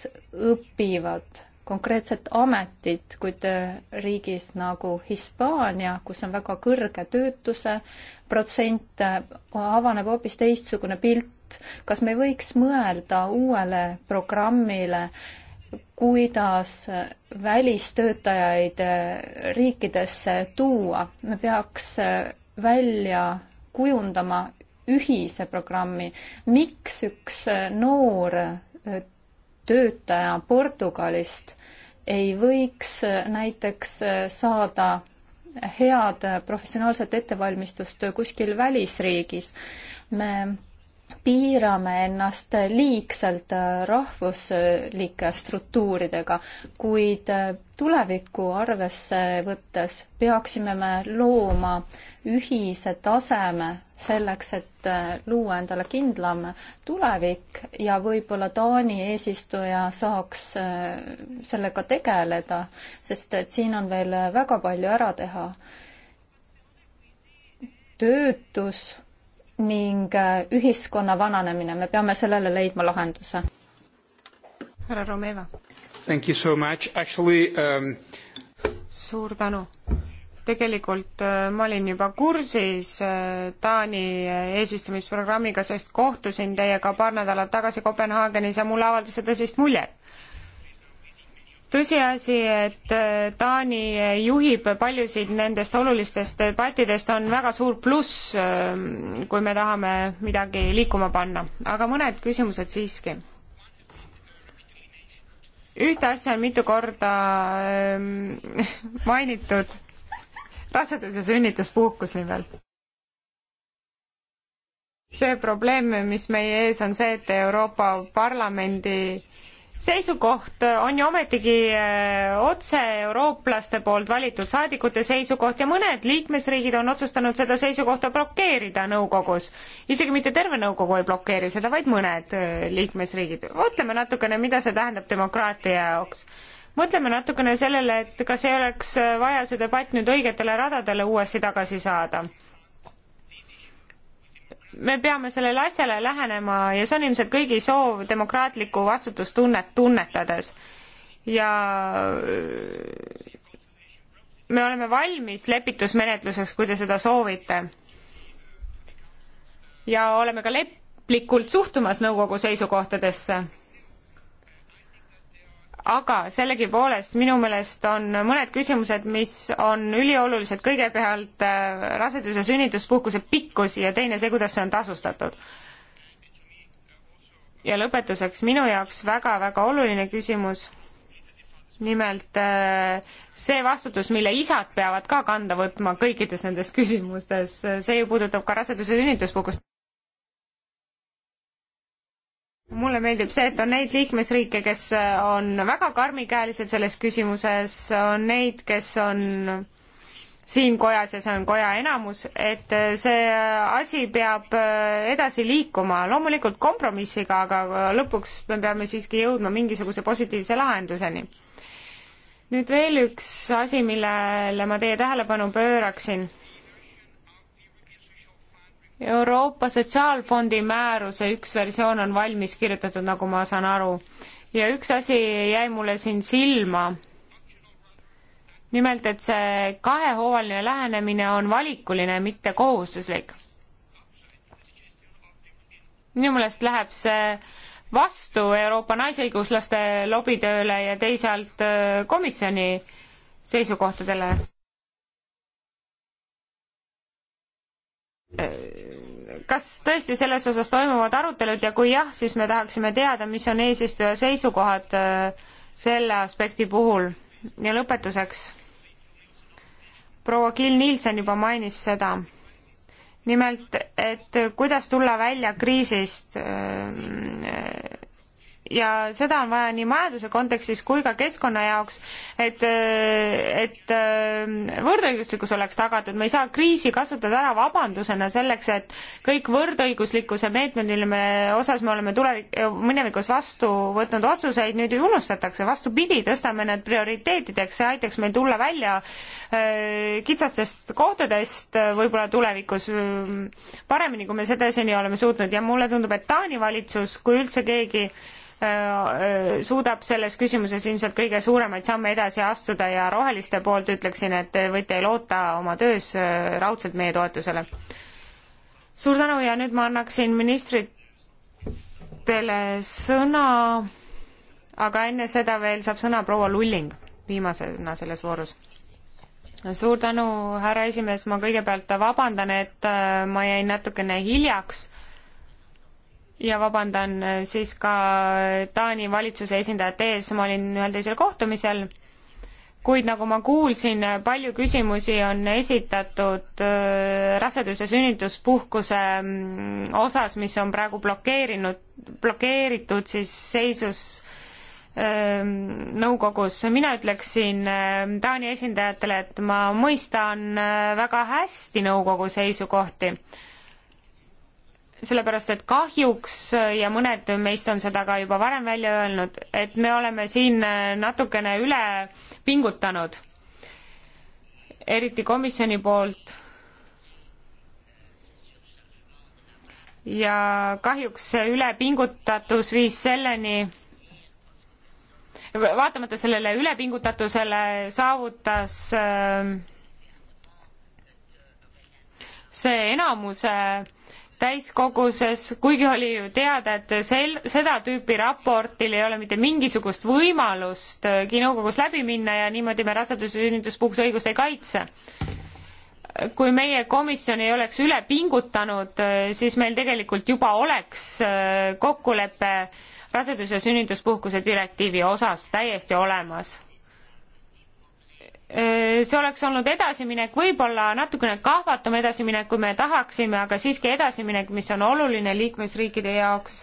õpivad konkreetset ametit, kuid äh, riigis nagu Hispaania, kus on väga kõrge töötuse protsent, äh, avaneb hoopis teistsugune pilt. kas me ei võiks mõelda uuele programmile, kuidas äh, välistöötajaid riikidesse tuua, me peaks välja kujundama ühise programmi, miks üks noor töötaja Portugalist ei võiks äh, näiteks äh, saada head äh, professionaalset ettevalmistust kuskil välisriigis. me piirame ennast liigselt rahvuslike struktuuridega, kuid tulevikku arvesse võttes peaksime me looma ühise taseme selleks, et äh, luua endale kindlam tulevik ja võib-olla Taani eesistuja saaks äh, sellega tegeleda, sest et siin on veel väga palju ära teha. töötus ning äh, ühiskonna vananemine, me peame sellele leidma lahenduse. härra Romeva Thank you so much, actually um... suur tänu. tegelikult äh, ma olin juba kursis äh, Taani äh, eesistumisprogrammiga, sest kohtusin teiega paar nädalat tagasi Kopenhaagenis ja mulle avaldas see tõsist muljet tõsiasi, et Taani juhib paljusid nendest olulistest debattidest, on väga suur pluss, ähm, kui me tahame midagi liikuma panna, aga mõned küsimused siiski ühte asja on mitu korda ähm, [LAUGHS] mainitud rasedus- ja sünnituspuhkus nimelt. see probleem, mis meie ees on see, et Euroopa Parlamendi seisukoht on ju ometigi äh, otse eurooplaste poolt valitud saadikute seisukoht ja mõned liikmesriigid on otsustanud seda seisukohta blokeerida nõukogus. isegi mitte terve nõukogu ei blokeeri seda, vaid mõned äh, liikmesriigid. mõtleme natukene, mida see tähendab demokraatia jaoks. mõtleme natukene sellele, et kas ei oleks äh, vaja see debatt nüüd õigetele radadele uuesti tagasi saada me peame sellele asjale lähenema ja see on ilmselt kõigi soov demokraatlikku vastutustunnet tunnetades. ja äh, me oleme valmis lepitusmenetluseks, kui te seda soovite. ja oleme ka leplikult suhtumas nõukogu seisukohtadesse aga sellegipoolest minu meelest on mõned küsimused, mis on üliolulised, kõigepealt äh, raseduse sünnituspuhkuse pikkus ja teine see, kuidas see on tasustatud. ja lõpetuseks minu jaoks väga-väga oluline küsimus, nimelt äh, see vastutus, mille isad peavad ka kanda võtma kõikides nendes küsimustes, äh, see ju puudutab ka raseduse sünnituspuhkust mulle meeldib see, et on neid liikmesriike, kes äh, on väga karmikäelised selles küsimuses, on neid, kes on siin kojas ja see on koja enamus, et äh, see äh, asi peab edasi liikuma, loomulikult kompromissiga, aga lõpuks me peame siiski jõudma mingisuguse positiivse lahenduseni. nüüd veel üks asi, millele ma teie tähelepanu pööraksin Euroopa Sotsiaalfondi määruse üks versioon on valmis kirjutatud, nagu ma saan aru. ja üks asi jäi mulle siin silma. nimelt, et see kahehoovaline lähenemine on valikuline, mitte kohustuslik. minu meelest läheb see vastu Euroopa naisõiguslaste lobitööle ja teisalt äh, komisjoni seisukohtadele kas tõesti selles osas toimuvad arutelud ja kui jah, siis me tahaksime teada, mis on eesistuja seisukohad äh, selle aspekti puhul. ja lõpetuseks, proua Kill Nielsen juba mainis seda, nimelt, et kuidas tulla välja kriisist äh, ja seda on vaja nii majanduse kontekstis kui ka keskkonna jaoks, et, et võrdõiguslikkus oleks tagatud, me ei saa kriisi kasutada ära vabandusena selleks, et kõik võrdõiguslikkuse meetmed, mille me osas me oleme tulevik-, minevikus vastu võtnud otsuseid, nüüd unustatakse, vastupidi, tõstame need prioriteetideks, see aitaks meil tulla välja äh, kitsastest kohtadest äh, võib-olla tulevikus äh, paremini, kui me sedaseni oleme suutnud ja mulle tundub, et Taani valitsus, kui üldse keegi Äh, suudab selles küsimuses ilmselt kõige suuremaid samme edasi astuda ja roheliste poolt ütleksin, et te võite loota oma töös äh, raudselt meie toetusele. suur tänu ja nüüd ma annaksin ministritele sõna, aga enne seda veel saab sõna proua Lulling viimasena selles voorus suur tänu, härra esimees, ma kõigepealt vabandan, et äh, ma jäin natukene hiljaks ja vabandan äh, siis ka Taani valitsuse esindajate ees, ma olin ühel teisel kohtumisel, kuid nagu ma kuulsin, palju küsimusi on esitatud äh, rasedus- ja sünnituspuhkuse mm, osas, mis on praegu blokeerinud, blokeeritud siis seisus ähm, nõukogus, mina ütleksin ähm, Taani esindajatele, et ma mõistan äh, väga hästi nõukogu seisukohti sellepärast, et kahjuks äh, ja mõned meist on seda ka juba varem välja öelnud, et me oleme siin äh, natukene üle pingutanud, eriti komisjoni poolt. ja kahjuks see ülepingutatus viis selleni, vaatamata sellele ülepingutatusele saavutas äh, see enamuse äh, täiskoguses, kuigi oli ju teada, et sel-, seda tüüpi raportil ei ole mitte mingisugust võimalust äh, nõukogus läbi minna ja niimoodi me rasedus- ja sünnituspuhkuse õigust ei kaitse. kui meie komisjon ei oleks üle pingutanud, äh, siis meil tegelikult juba oleks äh, kokkulepe rasedus- ja sünnituspuhkuse direktiivi osas täiesti olemas Äh, see oleks olnud edasiminek, võib-olla natukene kahvatum edasiminek, kui me tahaksime, aga siiski edasiminek, mis on oluline liikmesriikide jaoks.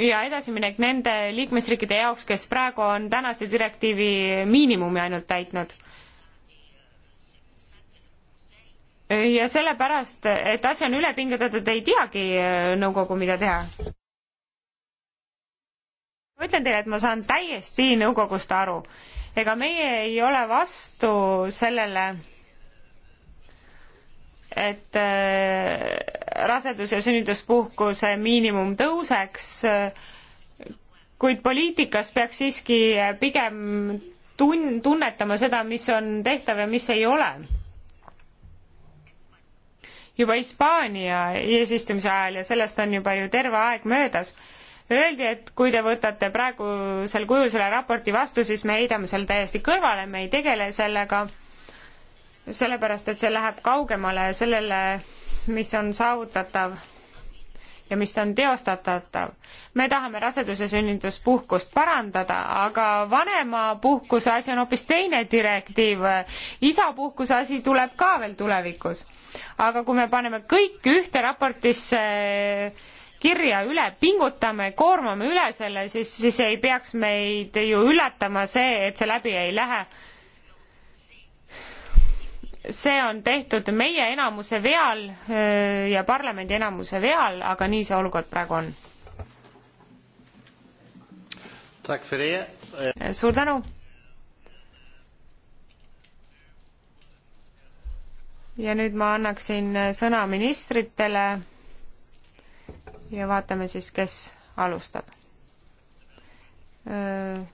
ja edasiminek nende liikmesriikide jaoks, kes praegu on tänase direktiivi miinimumi ainult täitnud äh, ja sellepärast, et asi on üle pingutatud, ei teagi äh, nõukogu, mida teha ma ütlen teile, et ma saan täiesti nõukogust aru. ega meie ei ole vastu sellele, et äh, rasedus- ja sünnituspuhkuse miinimum tõuseks, äh, kuid poliitikas peaks siiski pigem tun-, tunnetama seda, mis on tehtav ja mis ei ole. juba Hispaania eesistumise ajal ja sellest on juba ju terve aeg möödas Öeldi, et kui te võtate praegusel kujul selle raporti vastu, siis me heidame selle täiesti kõrvale, me ei tegele sellega, sellepärast et see läheb kaugemale sellele, mis on saavutatav ja mis on teostatav. me tahame raseduse sünnituspuhkust parandada, aga vanemapuhkuse asi on hoopis teine direktiiv. isapuhkuse asi tuleb ka veel tulevikus. aga kui me paneme kõik ühte raportisse äh, kirja üle pingutame, koormame üle selle, siis, siis ei peaks meid ju üllatama see, et see läbi ei lähe. see on tehtud meie enamuse veal äh, ja parlamendi enamuse veal, aga nii see olukord praegu on. Äh, suur tänu. ja nüüd ma annaksin äh, sõna ministritele ja vaatame siis, kes alustab.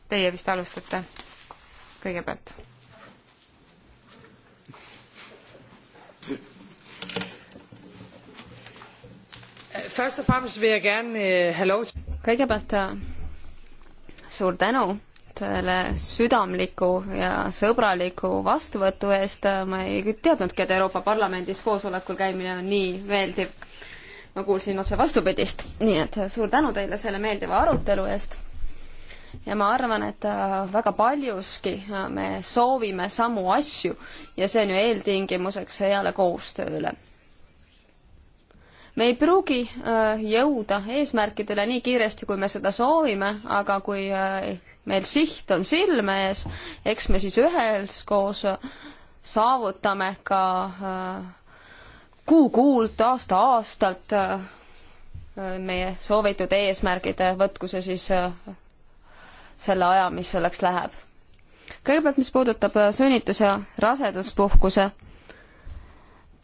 Teie vist alustate kõigepealt. Uh, kõigepealt äh, suur tänu selle südamliku ja sõbraliku vastuvõtu eest, äh, ma ei teadnudki, et Euroopa Parlamendis koosolekul käimine on nii meeldiv ma kuulsin otse vastupidist, nii et suur tänu teile selle meeldiva arutelu eest. ja ma arvan, et äh, väga paljuski äh, me soovime samu asju ja see on ju eeltingimuseks heale koostööle. me ei pruugi äh, jõuda eesmärkidele nii kiiresti, kui me seda soovime, aga kui meil siht on silme ees, eks me siis üheskoos saavutame ka kuu-kuult, aasta-aastalt äh, meie soovitud eesmärgid, võtku see siis äh, selle aja, mis selleks läheb. kõigepealt, mis puudutab äh, sünnitus- ja raseduspuhkuse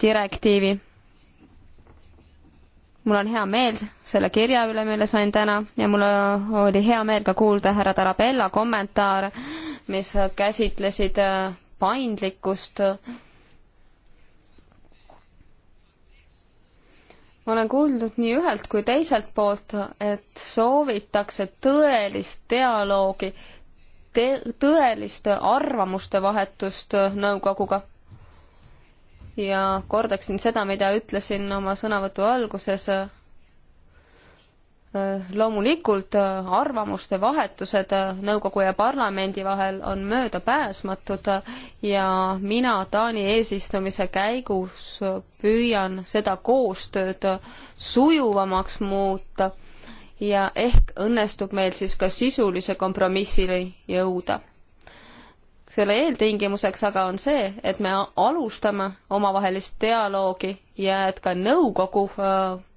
direktiivi. mul on hea meel selle kirja üle, mille sain täna ja mul oli hea meel ka kuulda härra Tarabella kommentaare, mis käsitlesid paindlikkust ma olen kuulnud nii ühelt kui teiselt poolt, et soovitakse tõelist dialoogi, tõelist arvamuste vahetust nõukoguga. ja kordaksin seda, mida ütlesin oma sõnavõtu alguses loomulikult äh, arvamuste vahetused äh, nõukogu ja parlamendi vahel on möödapääsmatud äh, ja mina Taani eesistumise käigus püüan seda koostööd sujuvamaks muuta ja ehk õnnestub meil siis ka sisulise kompromissini jõuda selle eeltingimuseks aga on see, et me alustame omavahelist dialoogi ja et ka nõukogu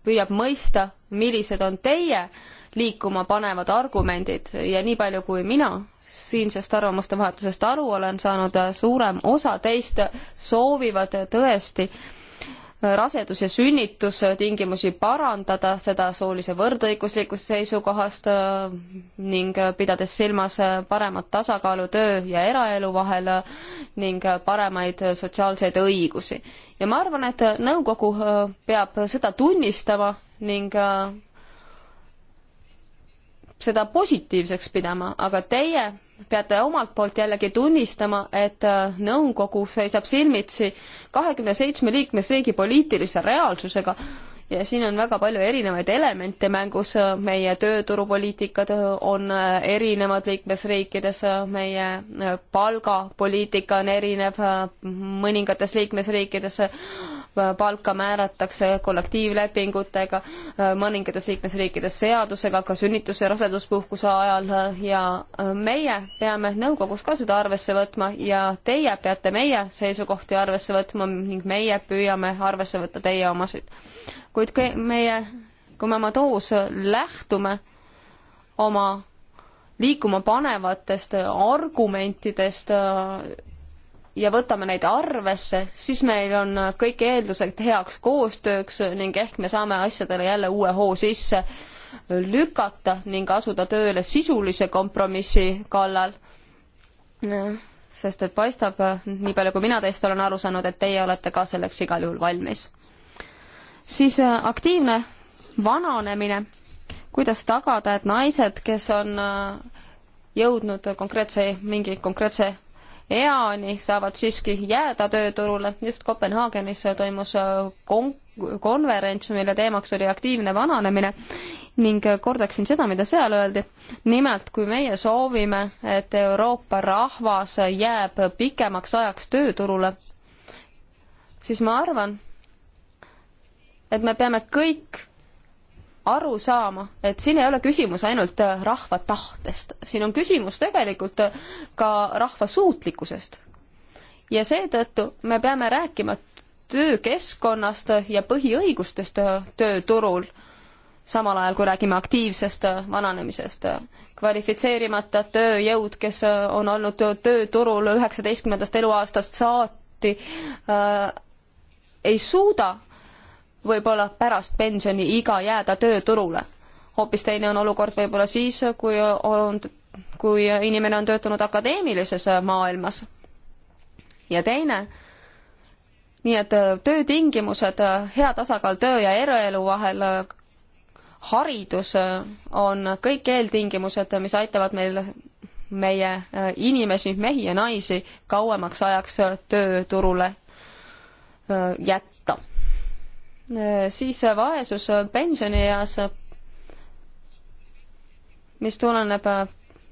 püüab mõista, millised on teie liikuma panevad argumendid ja nii palju, kui mina siinsest arvamuste vahetusest aru olen saanud, suurem osa teist soovivad tõesti rasedus- ja sünnitustingimusi parandada, seda soolise võrdõiguslikkuse seisukohast äh, ning pidades silmas paremat tasakaalu töö ja eraelu vahel äh, ning paremaid sotsiaalseid õigusi. ja ma arvan, et nõukogu äh, peab seda tunnistama ning äh, seda positiivseks pidama, aga teie peate omalt poolt jällegi tunnistama, et äh, nõukogu seisab silmitsi kahekümne seitsme liikmesriigi poliitilise reaalsusega ja siin on väga palju erinevaid elemente mängus, meie tööturupoliitikad on äh, erinevad liikmesriikides, meie palgapoliitika on erinev mõningates liikmesriikides palka määratakse kollektiivlepingutega, mõningates liikmesriikides seadusega, ka sünnitus- ja raseduspuhkuse ajal ja meie peame nõukogus ka seda arvesse võtma ja teie peate meie seisukohti arvesse võtma ning meie püüame arvesse võtta teie omasid. kuid kui meie, kui me oma toos lähtume oma liikuma panevatest argumentidest ja võtame neid arvesse, siis meil on kõik eeldused heaks koostööks ning ehk me saame asjadele jälle uue hoo sisse lükata ning asuda tööle sisulise kompromissi kallal. sest et paistab, nii palju kui mina teist olen aru saanud, et teie olete ka selleks igal juhul valmis. siis äh, aktiivne vananemine, kuidas tagada, et naised, kes on äh, jõudnud konkreetse, mingi konkreetse eani saavad siiski jääda tööturule. just Kopenhaagenis toimus äh, kon-, konverents, mille teemaks oli aktiivne vananemine ning kordaksin seda, mida seal öeldi. nimelt, kui meie soovime, et Euroopa rahvas jääb pikemaks ajaks tööturule, siis ma arvan, et me peame kõik aru saama, et siin ei ole küsimus ainult äh, rahva tahtest, siin on küsimus tegelikult äh, ka rahva suutlikkusest. ja seetõttu me peame rääkima töökeskkonnast ja põhiõigustest äh, tööturul, samal ajal kui räägime aktiivsest vananemisest. kvalifitseerimata tööjõud, kes on olnud tööturul üheksateistkümnendast eluaastast saati äh,, ei suuda võib-olla pärast pensioniiga jääda tööturule. hoopis teine on olukord võib-olla siis, kui on, kui inimene on töötanud akadeemilises maailmas. ja teine, nii et töötingimused, hea tasakaal töö ja eraelu vahel, haridus on kõik eeltingimused, mis aitavad meil meie inimesi, mehi ja naisi kauemaks ajaks tööturule jätta Äh, siis äh, vaesus äh, pensionieas, mis tuleneb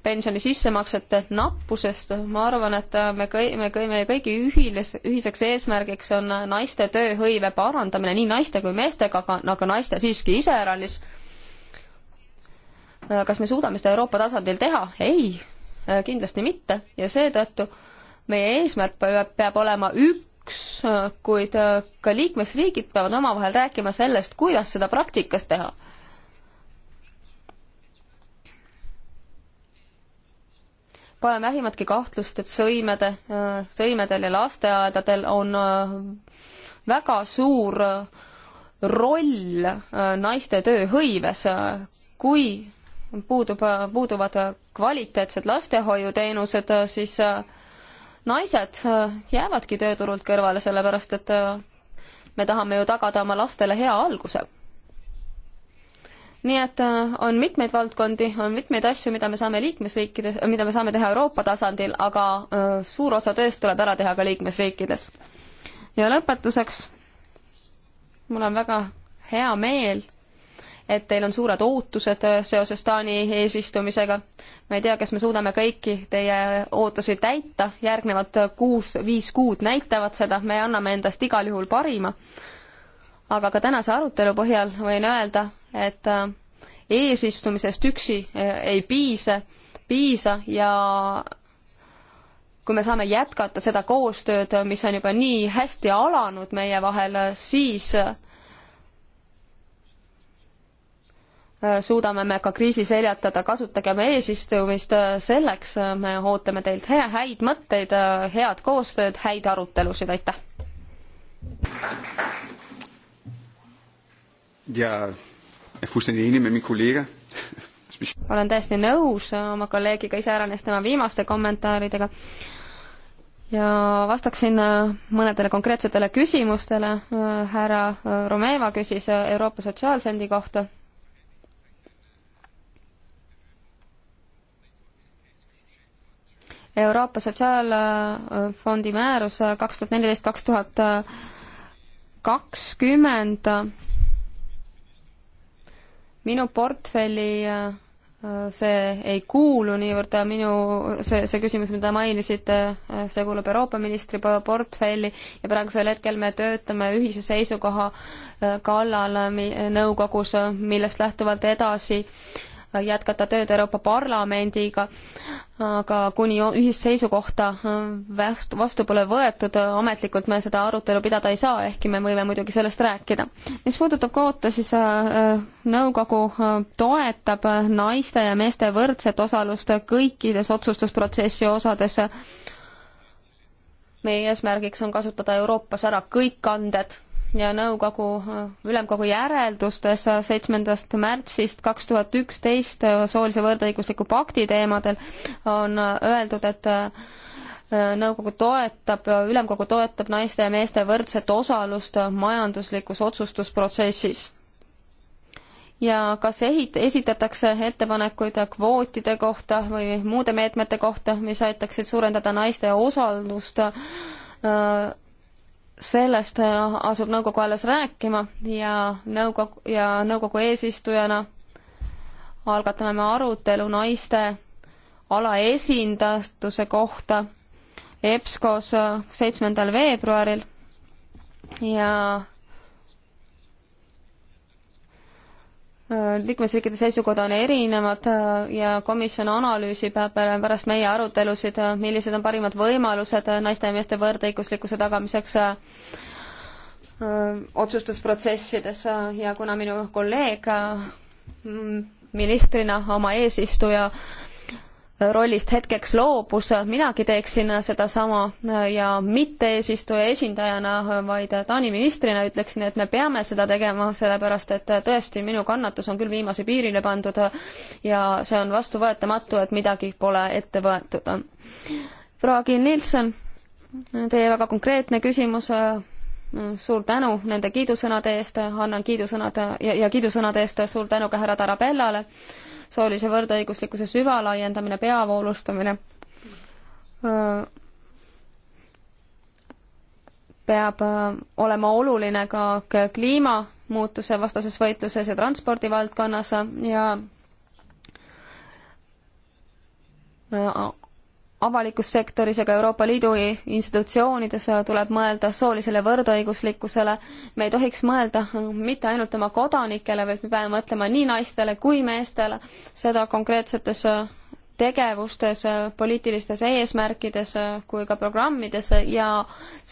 pensioni sissemaksete nappusest, ma arvan, et me kõi-, me kõi-, meie kõigi ühilis-, ühiseks eesmärgiks on naiste tööhõive parandamine nii naiste kui meestega, aga, aga naiste siiski iseäranis. kas me suudame seda Euroopa tasandil teha? ei, kindlasti mitte ja seetõttu meie eesmärk peab olema üks üks, kuid äh, ka liikmesriigid peavad omavahel rääkima sellest, kuidas seda praktikas teha. Pole vähimatki kahtlust, et sõimede, äh, sõimedel ja lasteaedadel on äh, väga suur roll naiste tööhõives, kui puudub, puuduvad kvaliteetsed lastehoiuteenused, siis äh, naised äh, jäävadki tööturult kõrvale, sellepärast et äh, me tahame ju tagada oma lastele hea alguse. nii et äh, on mitmeid valdkondi, on mitmeid asju, mida me saame liikmesriikide, mida me saame teha Euroopa tasandil, aga suur osa tööst tuleb ära teha ka liikmesriikides. ja lõpetuseks, mul on väga hea meel et teil on suured ootused äh, seoses Taani eesistumisega. ma ei tea, kas me suudame kõiki teie ootusi täita, järgnevad kuus, viis kuud näitavad seda, me anname endast igal juhul parima. aga ka tänase arutelu põhjal võin öelda, et äh, eesistumisest üksi äh, ei piisa, piisa ja kui me saame jätkata seda koostööd, mis on juba nii hästi alanud meie vahel, siis Äh, suudame me ka kriisi seljatada, kasutagem eesistumist äh, selleks, äh, me ootame teilt hea, häid mõtteid, head koostööd, häid arutelusid, aitäh! ja olen täiesti nõus oma kolleegiga iseäranis tema viimaste kommentaaridega ja vastaksin mõnedele konkreetsetele küsimustele. härra Romeva küsis Euroopa Sotsiaalfondi kohta Euroopa Sotsiaalfondi määrus kaks tuhat neliteist, kaks tuhat kakskümmend minu portfelli äh, see ei kuulu niivõrd äh, minu, see, see küsimus, mida mainisite, äh, see kuulub Euroopa ministri portfelli ja praegusel hetkel me töötame ühise seisukoha kallal nõukogus, millest lähtuvalt edasi äh, jätkata tööd Euroopa Parlamendiga, aga kuni ühisseisukohta äh, vastu, vastu pole võetud, äh, ametlikult me seda arutelu pidada ei saa, ehkki me võime muidugi sellest rääkida. mis puudutab kvoote, siis äh, nõukogu toetab naiste ja meeste võrdset osalust kõikides otsustusprotsessi osades. meie eesmärgiks on kasutada Euroopas ära kõik anded ja nõukogu, ülemkogu järeldustes seitsmendast märtsist kaks tuhat üksteist soolise võrdõigusliku pakti teemadel on öeldud, et äh, nõukogu toetab, ülemkogu toetab naiste ja meeste võrdset osalust majanduslikus otsustusprotsessis. ja kas ehit-, esitatakse ettepanekuid kvootide kohta või muude meetmete kohta, mis aitaksid suurendada naiste osalust äh, sellest äh, asub nõukogu alles rääkima ja nõukogu, ja nõukogu eesistujana algatame me arutelu naiste alaesindatuse kohta EBSCO-s äh, seitsmendal veebruaril ja liikmesriikide seisukohad on erinevad äh, ja komisjon analüüsib äh, pärast meie arutelusid, äh, millised on parimad võimalused naiste ja meeste võrdõiguslikkuse tagamiseks otsustusprotsessides ja kuna minu kolleeg ministrina oma eesistuja rollist hetkeks loobus, minagi teeksin sedasama ja mitte eesistuja esindajana, vaid Taani ministrina ütleksin, et me peame seda tegema, sellepärast et tõesti, minu kannatus on küll viimase piirile pandud ja see on vastuvõetamatu, et midagi pole ette võetud. proua Kim Nilsson, teie väga konkreetne küsimus, suur tänu nende kiidusõnade eest, annan kiidusõnad ja, ja kiidusõnade eest suur tänu ka härra Tarabellale soolise võrdõiguslikkuse süvalaiendamine, peavoolustamine peab olema oluline ka kliimamuutuse vastases võitluses ja transpordivaldkonnas ja avalikus sektoris ja ka Euroopa Liidu institutsioonides tuleb mõelda soolisele võrdõiguslikkusele. me ei tohiks mõelda mitte ainult oma kodanikele, vaid me peame mõtlema nii naistele kui meestele, seda konkreetsetes tegevustes, poliitilistes eesmärkides kui ka programmides ja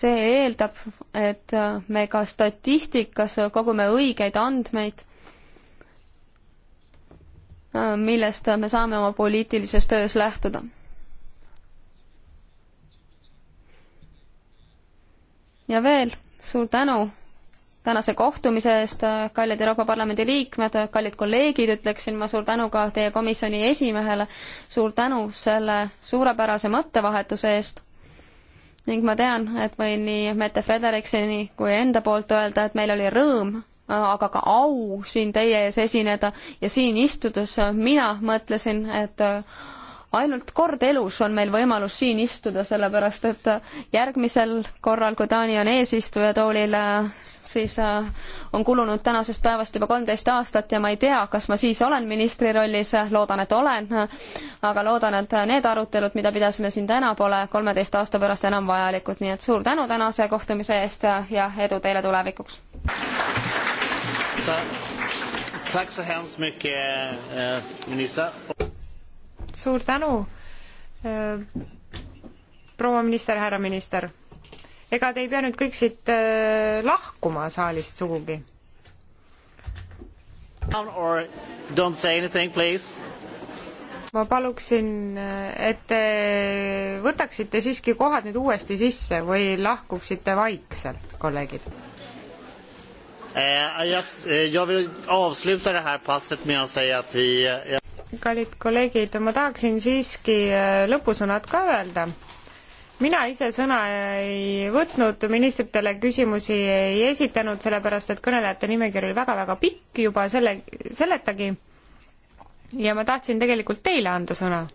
see eeldab, et me ka statistikas kogume õigeid andmeid millest me saame oma poliitilises töös lähtuda. ja veel suur tänu tänase kohtumise eest, kallid Euroopa Parlamendi liikmed, kallid kolleegid, ütleksin ma suur tänu ka teie komisjoni esimehele, suur tänu selle suurepärase mõttevahetuse eest ning ma tean, et võin nii Mette Frederiksoni kui enda poolt öelda, et meil oli rõõm, aga ka au siin teie ees esineda ja siin istudes mina mõtlesin, et ainult kord elus on meil võimalus siin istuda, sellepärast et järgmisel korral, kui Taani on eesistuja toolil, siis äh, on kulunud tänasest päevast juba kolmteist aastat ja ma ei tea, kas ma siis olen ministri rollis, loodan, et olen, aga loodan, et need arutelud, mida pidasime siin täna, pole kolmeteist aasta pärast enam vajalikud, nii et suur tänu tänase kohtumise eest ja edu teile tulevikuks! Tack så hemskt mycket, eh, minister suur tänu, proua minister, härra minister. ega te ei pea nüüd kõik siit lahkuma saalist sugugi? ma paluksin, et te võtaksite siiski kohad nüüd uuesti sisse või lahkuksite vaikselt, kolleegid eh, eh, Jag vill avsluta det här passet med att säga att vi eh, kallid kolleegid, ma tahaksin siiski äh, lõpusõnad ka öelda. mina ise sõna ei võtnud, ministritele küsimusi ei esitanud, sellepärast et kõnelejate nimekiri oli väga-väga pikk juba selle, seletagi. ja ma tahtsin tegelikult teile anda sõna.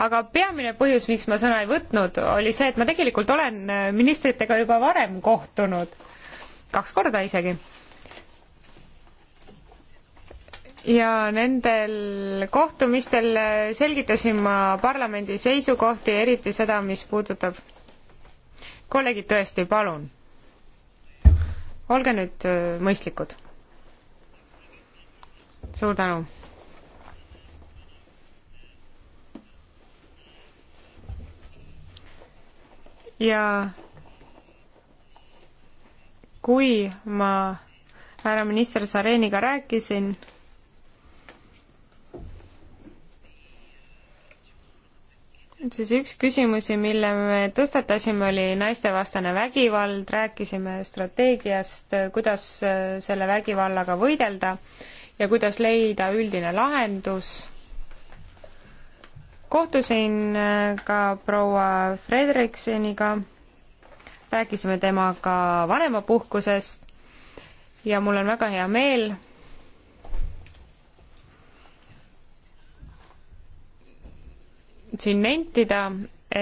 aga peamine põhjus, miks ma sõna ei võtnud, oli see, et ma tegelikult olen äh, ministritega juba varem kohtunud, kaks korda isegi. ja nendel kohtumistel äh, selgitasin ma parlamendi seisukohti, eriti seda, mis puudutab kolleegid, tõesti, palun, olge nüüd äh, mõistlikud. suur tänu ja kui ma härra minister Sareniga rääkisin, siis üks küsimusi, mille me tõstatasime, oli naistevastane vägivald, rääkisime strateegiast, kuidas selle vägivallaga võidelda ja kuidas leida üldine lahendus kohtusin äh, ka proua Fredrikseniga, rääkisime temaga vanemapuhkusest ja mul on väga hea meel, siin nentida,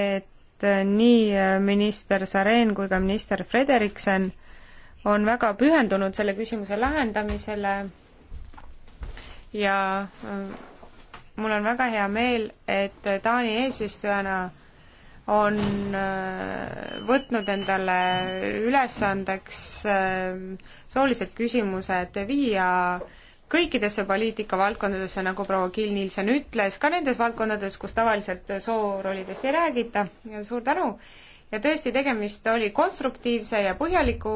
et nii minister Sareen kui ka minister Frederiksen on väga pühendunud selle küsimuse lahendamisele ja mul on väga hea meel, et Taani eesistujana on äh, võtnud endale ülesandeks äh, soolised küsimused viia kõikidesse poliitikavaldkondadesse, nagu proua Kill Nielsen ütles, ka nendes valdkondades, kus tavaliselt soorollidest ei räägita, suur tänu! ja tõesti, tegemist oli konstruktiivse ja põhjaliku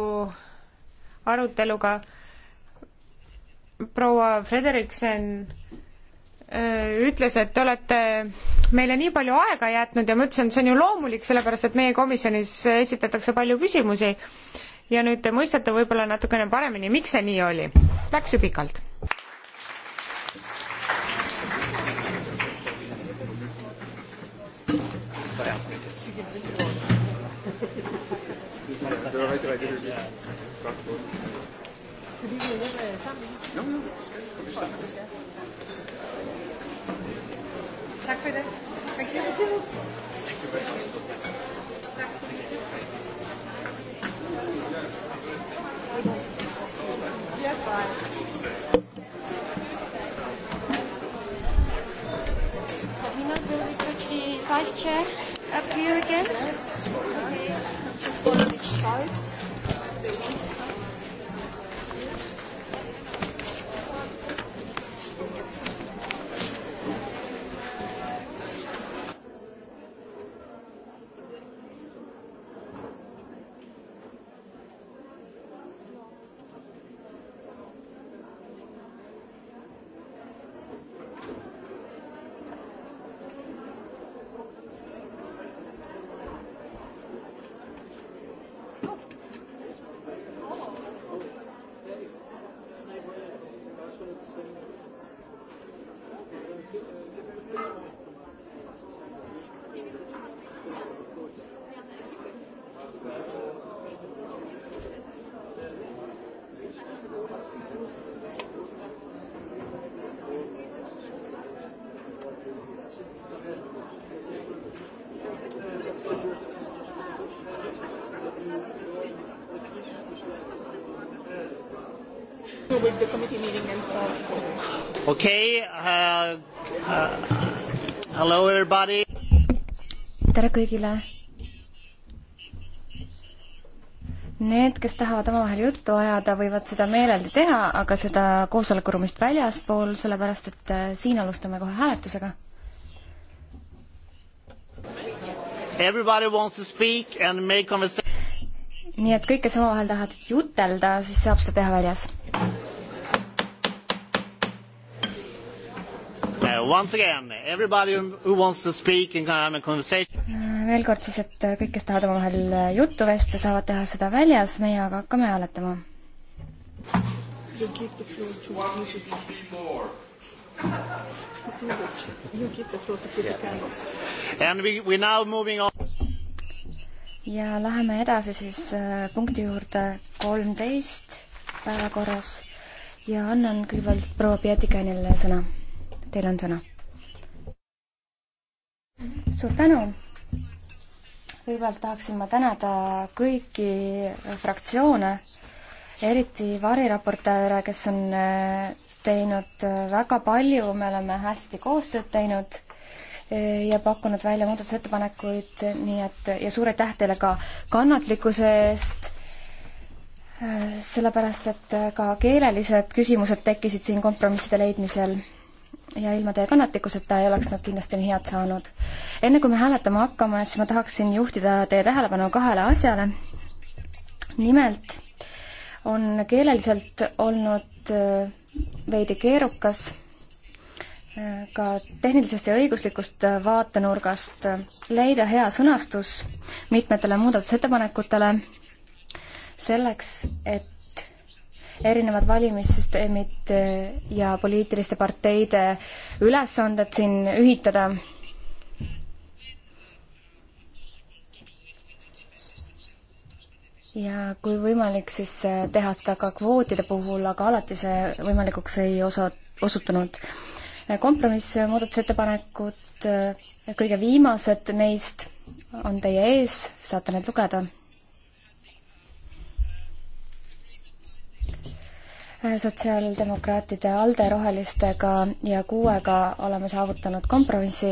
aruteluga, proua Frederiksen Äh, ütles, et te olete meile nii palju aega jätnud ja ma ütlesin, et see on ju loomulik, sellepärast et meie komisjonis esitatakse palju küsimusi. ja nüüd te mõistate võib-olla natukene paremini, miks see nii oli. Läks ju pikalt. No, no, Tak for i dag. Thank you. Thank you. Thank you very much. Tak. Yes, fine. Sabina, will we put the vice chair up here again? Yes. Okay. go with the committee meeting and start. Okay. Uh, uh, hello, everybody. tere kõigile. Need, kes tahavad omavahel juttu ajada, võivad seda meeleldi teha, aga seda koosolekuruumist väljaspool, sellepärast et äh, siin alustame kohe hääletusega. Everybody wants to speak and make conversation nii et kõik, kes omavahel tahavad jutelda, siis saab seda teha väljas. Once again, everybody who wants to speak and have a conversation mm, veel kord siis, et kõik, kes tahavad omavahel juttu vesta, saavad teha seda väljas, meie aga hakkame hääletama. ja läheme edasi siis äh, punkti juurde kolmteist päevakorras ja annan kõigepealt proua Pietikäinile sõna teil on sõna. suur tänu. kõigepealt tahaksin ma tänada kõiki fraktsioone, eriti variraportööre, kes on äh, teinud äh, väga palju, me oleme hästi koostööd teinud äh, ja pakkunud välja muudatusettepanekuid, nii et ja suur aitäh teile ka kannatlikkuse eest, sellepärast et ka keelelised küsimused tekkisid siin kompromisside leidmisel ja ilma teie kannatlikkuseta ei oleks nad kindlasti nii head saanud. enne kui me hääletama hakkame, siis ma tahaksin juhtida teie tähelepanu kahele asjale. nimelt on keeleliselt olnud äh, veidi keerukas äh, ka tehnilisest ja õiguslikust äh, vaatenurgast leida hea sõnastus mitmetele muudatusettepanekutele selleks, et erinevad valimissüsteemid äh, ja poliitiliste parteide ülesanded siin ühitada. ja kui võimalik, siis äh, teha seda ka kvootide puhul, aga alati see võimalikuks ei osa, osutunud. Äh, kompromiss, muudatusettepanekud, kõige viimased neist on teie ees, saate need lugeda sotsiaaldemokraatide, ALDE, Rohelistega ja Kuuega oleme saavutanud kompromissi.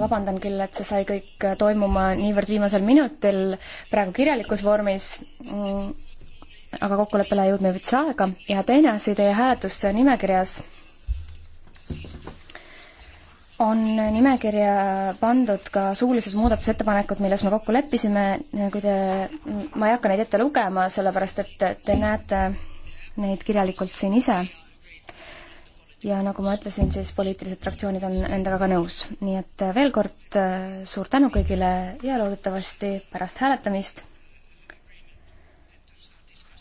vabandan küll, et see sai kõik toimuma niivõrd viimasel minutil, praegu kirjalikus vormis, aga kokkuleppele jõudme veits aega ja teine asi, teie hääletus nimekirjas on nimekirja pandud ka suulised muudatusettepanekud, milles me kokku leppisime, kui te, ma ei hakka neid ette lugema, sellepärast et te näete neid kirjalikult siin ise. ja nagu ma ütlesin, siis poliitilised fraktsioonid on endaga ka nõus. nii et veel kord äh, suur tänu kõigile ja loodetavasti pärast hääletamist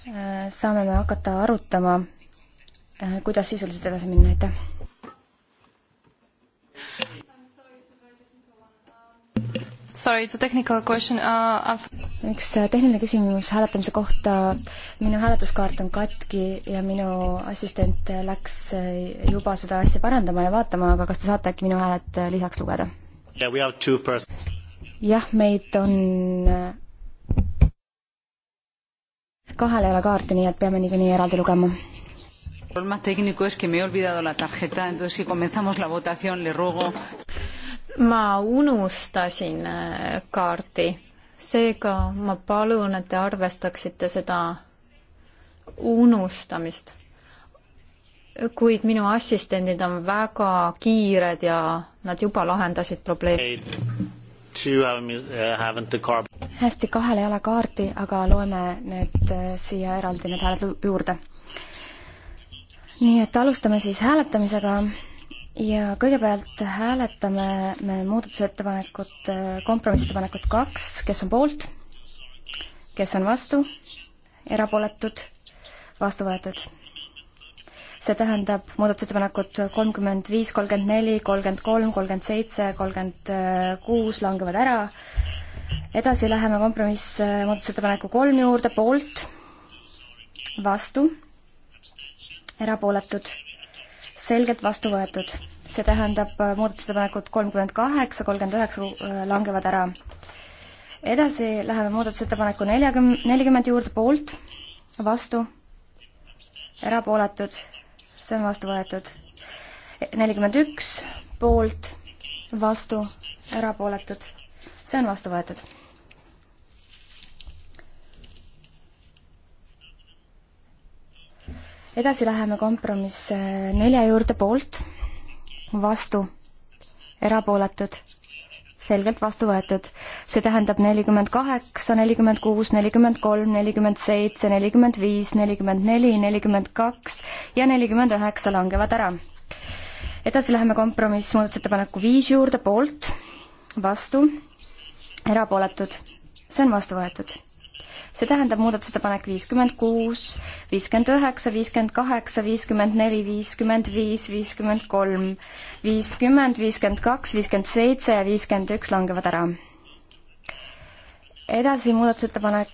äh, saame me hakata arutama, äh, kuidas sisuliselt edasi minna, aitäh! Sorry, it's a technical question uh,. üks äh, tehniline küsimus hääletamise kohta. minu hääletuskaart on katki ja minu assistent äh, läks äh, juba seda asja parandama ja vaatama, aga kas te saate äkki minu hääled lisaks lugeda? jah, meid on, kahel ei ole kaarti, nii et peame niikuinii eraldi lugema problema técnico es que me he olvidado la tarjeta, entonces si comenzamos la votación le ruego. ma unustasin eh, kaardi, seega ma palun, et te arvestaksite seda unustamist. kuid minu assistendid on väga kiired ja nad juba lahendasid probleemi. Uh, hästi, kahel ei ole kaarti, aga loeme need eh, siia eraldi, need hääled juurde nii et alustame siis hääletamisega ja kõigepealt hääletame me muudatusettepanekut, äh, kompromissettepanekut kaks, kes on poolt, kes on vastu, erapooletud, vastu võetud. see tähendab muudatusettepanekut kolmkümmend viis, kolmkümmend neli, kolmkümmend kolm, kolmkümmend seitse, kolmkümmend kuus langevad ära. edasi läheme kompromiss äh, muudatusettepaneku kolm juurde, poolt, vastu erapooletud, selgelt vastu võetud. see tähendab, äh, muudatusettepanekud kolmkümmend kaheksa, kolmkümmend üheksa äh, langevad ära. edasi läheme muudatusettepaneku neljakümne, nelikümmend juurde, poolt, vastu, erapooletud, see on vastu võetud. nelikümmend üks, poolt, vastu, erapooletud, see on vastu võetud edasi läheme kompromiss äh, nelja juurde poolt, vastu, erapooletud, selgelt vastu võetud. see tähendab nelikümmend kaheksa, nelikümmend kuus, nelikümmend kolm, nelikümmend seitse, nelikümmend viis, nelikümmend neli, nelikümmend kaks ja nelikümmend üheksa langevad ära. edasi läheme kompromiss muudatusettepaneku viis juurde poolt, vastu, erapooletud, see on vastu võetud see tähendab muudatusettepanek viiskümmend kuus, viiskümmend üheksa, viiskümmend kaheksa, viiskümmend neli, viiskümmend viis, viiskümmend kolm, viiskümmend, viiskümmend kaks, viiskümmend seitse ja viiskümmend üks langevad ära. edasi muudatusettepanek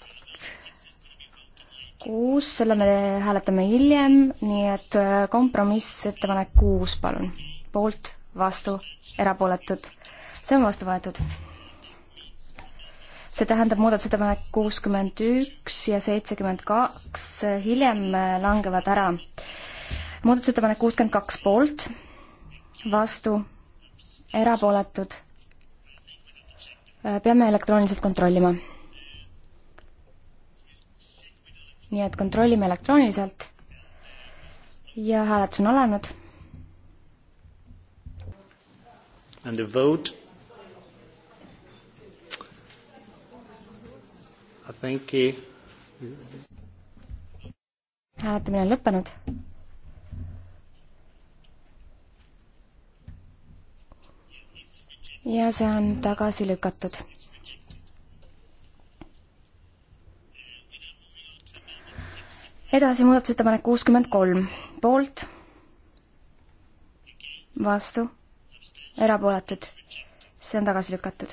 kuus, selle me hääletame hiljem, nii et äh, kompromissettepanek kuus, palun. poolt, vastu, erapooletud. see on vastu võetud see tähendab muudatusettepanek kuuskümmend üks ja seitsekümmend kaks hiljem langevad ära. muudatusettepanek kuuskümmend kaks poolt, vastu, erapooletud. peame elektrooniliselt kontrollima. nii et kontrollime elektrooniliselt ja hääletus on alanud. And the vote hääletamine on lõppenud. ja see on tagasi lükatud. edasi muudatusettepanek kuuskümmend kolm, poolt, vastu, erapooletud, see on tagasi lükatud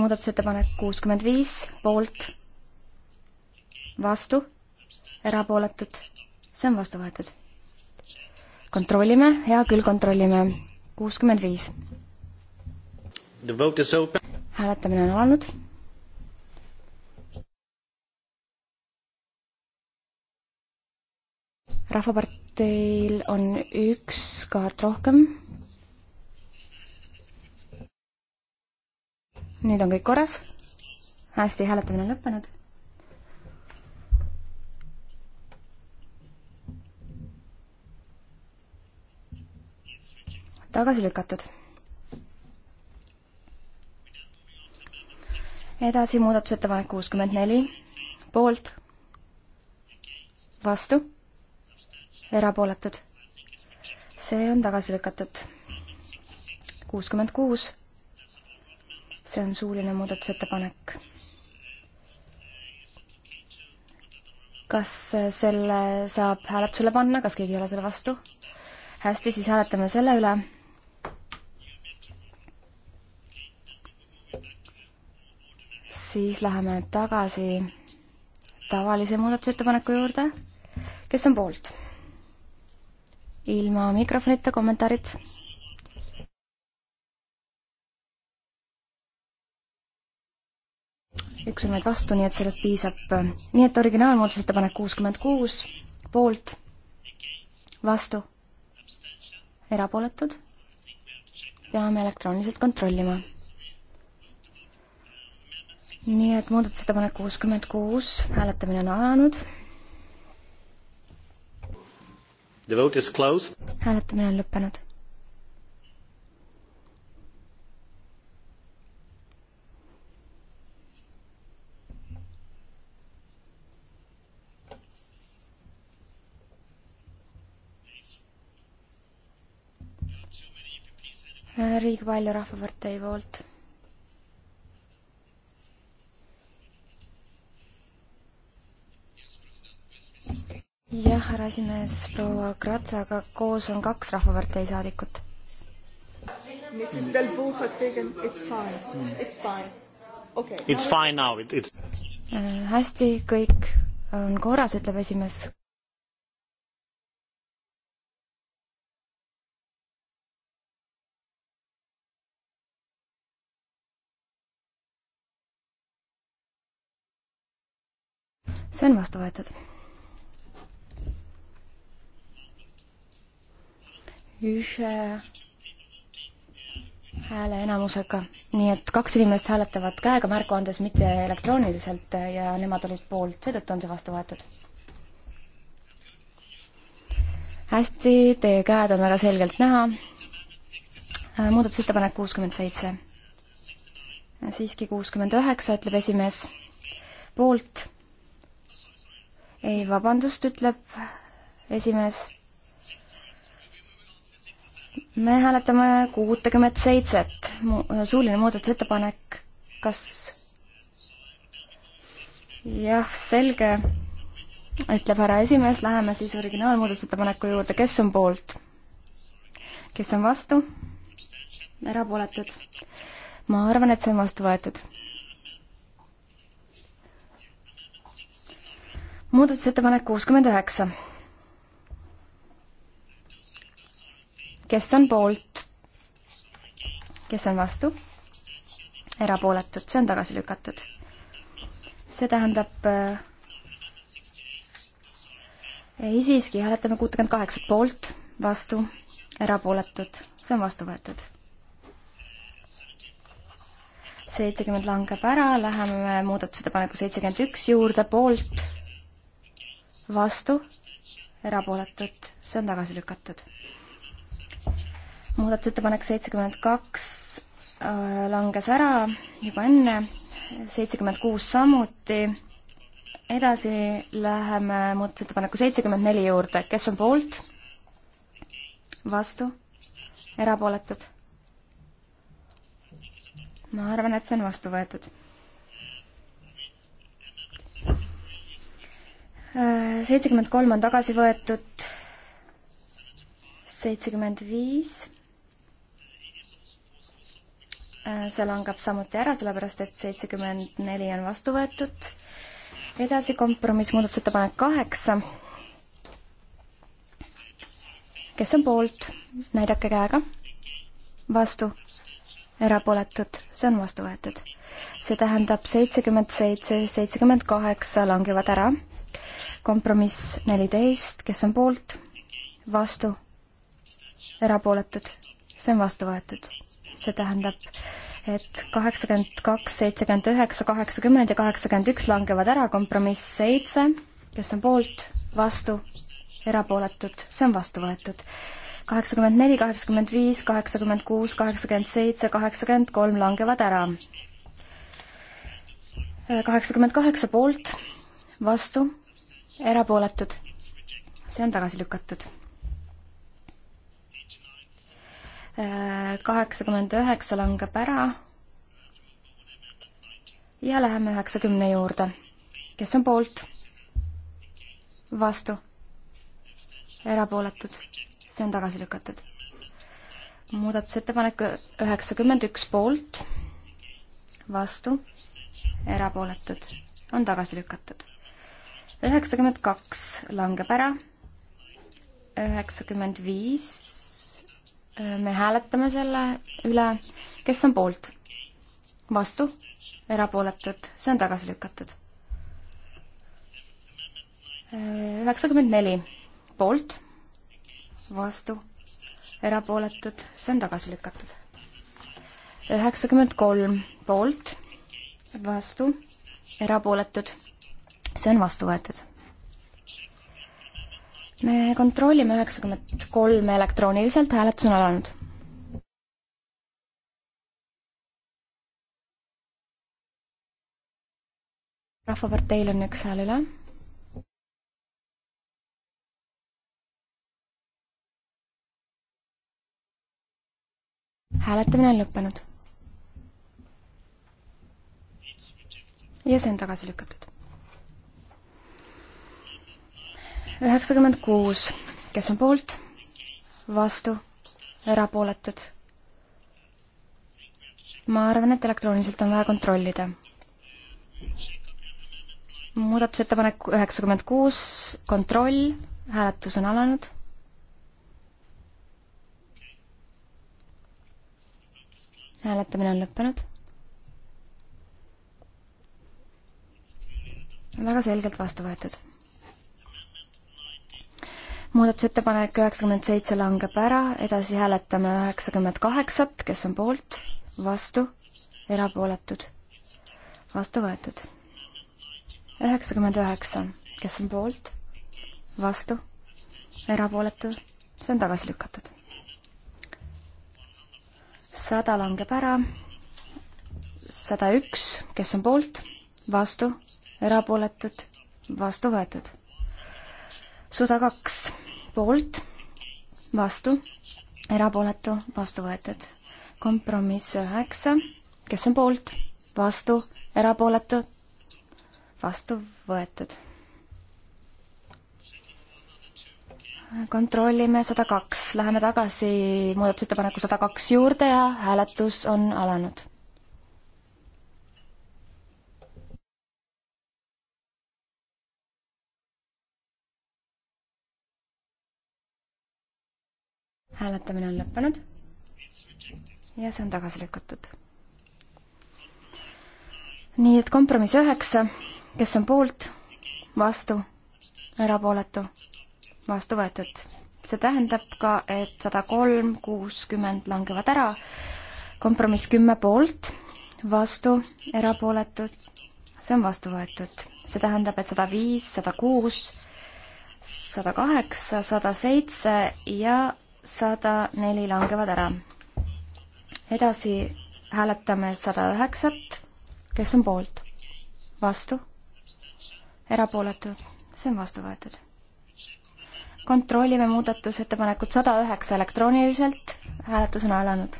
muudatusettepanek kuuskümmend viis, poolt, vastu, erapooletud, see on vastu võetud. kontrollime, hea küll, kontrollime, kuuskümmend viis. hääletamine on alanud rahvaparteil on üks kaart rohkem nüüd on kõik korras. hästi, hääletamine on lõppenud. tagasi lükatud. edasi muudatusettepanek kuuskümmend neli, poolt, vastu, erapooletud. see on tagasi lükatud. kuuskümmend kuus see on suuline muudatusettepanek. kas selle saab hääletusele panna, kas keegi ei ole selle vastu? hästi, siis hääletame selle üle. siis läheme tagasi tavalise muudatusettepaneku juurde. kes on poolt? ilma mikrofonita kommentaarid üks on vaid vastu, nii et sellest piisab. nii et originaalmuudatusettepanek kuuskümmend kuus, poolt, vastu, erapooletud. peame elektrooniliselt kontrollima. nii et muudatusettepanek kuuskümmend kuus, hääletamine on alanud. hääletamine on lõppenud Riigi Palju Rahvapartei poolt. jah, härra esimees, proua Kratsaga koos on kaks Rahvapartei saadikut. Mrs Delbu has taken, it's fine mm., it's fine. Okay. It's fine now, it, it's. Äh, hästi, kõik on korras, ütleb esimees see on vastu võetud. ühe hääle enamusega, nii et kaks inimest hääletavad käega märku andes, mitte elektrooniliselt ja nemad olid poolt, seetõttu on see vastu võetud. hästi, teie käed on väga selgelt näha. Äh, muudatusettepanek kuuskümmend seitse. Äh, siiski kuuskümmend üheksa, ütleb esimees. poolt ei, vabandust, ütleb esimees. me hääletame kuutekümmet seitset, suuline muudatusettepanek, kas jah, selge, ütleb härra esimees, läheme siis originaalmuudatusettepaneku juurde, kes on poolt? kes on vastu? erapooletud? ma arvan, et see on vastu võetud muudatusettepanek kuuskümmend üheksa. kes on poolt? kes on vastu? erapooletud, see on tagasi lükatud. see tähendab äh, ei siiski, hääletame kuutekümmet kaheksat poolt, vastu, erapooletud, see on vastu võetud. seitsekümmend langeb ära, läheme muudatusettepaneku seitsekümmend üks juurde, poolt vastu, erapooletud, see on tagasi lükatud. muudatusettepanek seitsekümmend kaks äh, langes ära juba enne, seitsekümmend kuus samuti. edasi läheme muudatusettepaneku seitsekümmend neli juurde, kes on poolt? vastu? erapooletud? ma arvan, et see on vastu võetud seitsekümmend kolm on tagasi võetud, seitsekümmend viis. see langeb samuti ära, sellepärast et seitsekümmend neli on vastu võetud. edasi kompromiss, muudatusettepanek kaheksa. kes on poolt, näidake käega. vastu, erapooletud, see on vastu võetud. see tähendab seitsekümmend seitse, seitsekümmend kaheksa langevad ära kompromiss neliteist, kes on poolt, vastu, erapooletud, see on vastu võetud. see tähendab, et kaheksakümmend kaks, seitsekümmend üheksa, kaheksakümmend ja kaheksakümmend üks langevad ära, kompromiss seitse, kes on poolt, vastu, erapooletud, see on vastu võetud. kaheksakümmend neli, kaheksakümmend viis, kaheksakümmend kuus, kaheksakümmend seitse, kaheksakümmend kolm langevad ära. kaheksakümmend kaheksa poolt, vastu, erapooletud, see on tagasi lükatud. Äh, kaheksakümmend üheksa langeb ära ja läheme üheksakümne juurde. kes on poolt? vastu? erapooletud? see on tagasi lükatud. muudatusettepanek üheksakümmend üks poolt, vastu, erapooletud, on tagasi lükatud üheksakümmend kaks langeb ära, üheksakümmend viis, äh, me hääletame selle üle, kes on poolt? vastu, erapooletud, see on tagasi lükatud. Äh, üheksakümmend neli, poolt, vastu, erapooletud, see on tagasi lükatud. üheksakümmend kolm, poolt, vastu, erapooletud see on vastu võetud. me kontrollime üheksakümmend kolm elektrooniliselt, hääletus on alanud. rahvaparteil on üks hääl üle hääletamine on lõppenud. ja see on tagasi lükatud. üheksakümmend kuus, kes on poolt, vastu, erapooletud. ma arvan, et elektrooniliselt on vaja kontrollida. muudatusettepanek üheksakümmend kuus, kontroll, hääletus on alanud. hääletamine on lõppenud. väga selgelt vastu võetud muudatusettepanek üheksakümmend seitse langeb ära, edasi hääletame üheksakümmend kaheksat, kes on poolt, vastu, erapooletud, vastu võetud. üheksakümmend üheksa, kes on poolt, vastu, erapooletu, see on tagasi lükatud. sada langeb ära, sada üks, kes on poolt, vastu, erapooletud, vastu võetud sada kaks poolt, vastu, erapooletu, vastu võetud. kompromiss üheksa, kes on poolt, vastu, erapooletu, vastu võetud. kontrollime sada kaks, läheme tagasi muudatusettepaneku sada kaks juurde ja hääletus on alanud hääletamine on lõppenud ja see on tagasi lükatud. nii et kompromiss üheksa, kes on poolt, vastu, erapooletu, vastu võetud. see tähendab ka, et sada kolm, kuuskümmend langevad ära, kompromiss kümme poolt, vastu, erapooletud, see on vastu võetud. see tähendab, et sada viis, sada kuus, sada kaheksa, sada seitse ja sada neli langevad ära. edasi hääletame sada üheksat, kes on poolt, vastu, erapooletu, see on vastu võetud. kontrollime muudatusettepanekut sada üheksa elektrooniliselt, hääletus on alanud.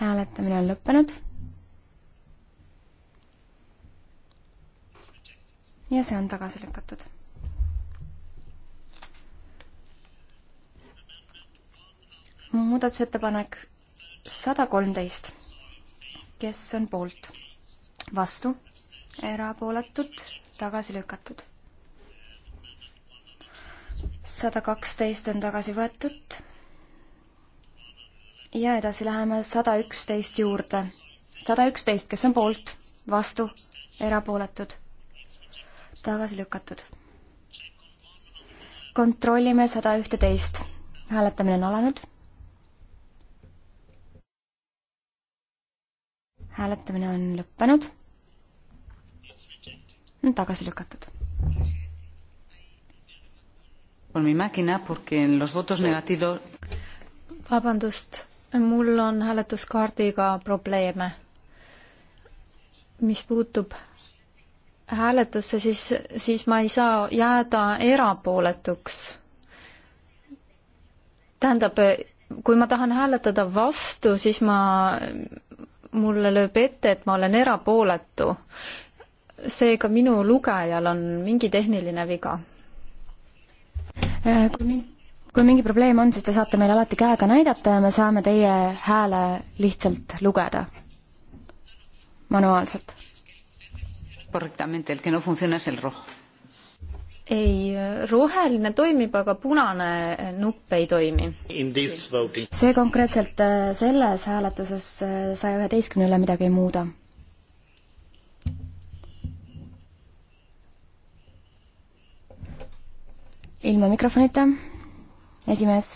hääletamine on lõppenud ja see on tagasi lükatud. muudatusettepanek sada kolmteist. kes on poolt? vastu? erapooletud? tagasi lükatud? sada kaksteist on tagasi võetud ja edasi läheme sada üksteist juurde. sada üksteist, kes on poolt, vastu, erapooletud, tagasi lükatud. kontrollime sada ühteteist. hääletamine on alanud. hääletamine on lõppenud. on tagasi lükatud. vabandust, mul on hääletuskaardiga probleeme. mis puutub hääletusse, siis, siis ma ei saa jääda erapooletuks. tähendab, kui ma tahan hääletada vastu, siis ma, mulle lööb ette, et ma olen erapooletu. seega minu lugejal on mingi tehniline viga. Äh, kui min-, kui mingi probleem on, siis te saate meile alati käega näidata ja me saame teie hääle lihtsalt lugeda manuaalselt correctamente, el que no funciona es el rojo. ei, roheline toimib, aga punane nupp ei toimi. see konkreetselt äh, selles hääletuses äh, saja üheteistkümnele midagi ei muuda. ilma mikrofonita, esimees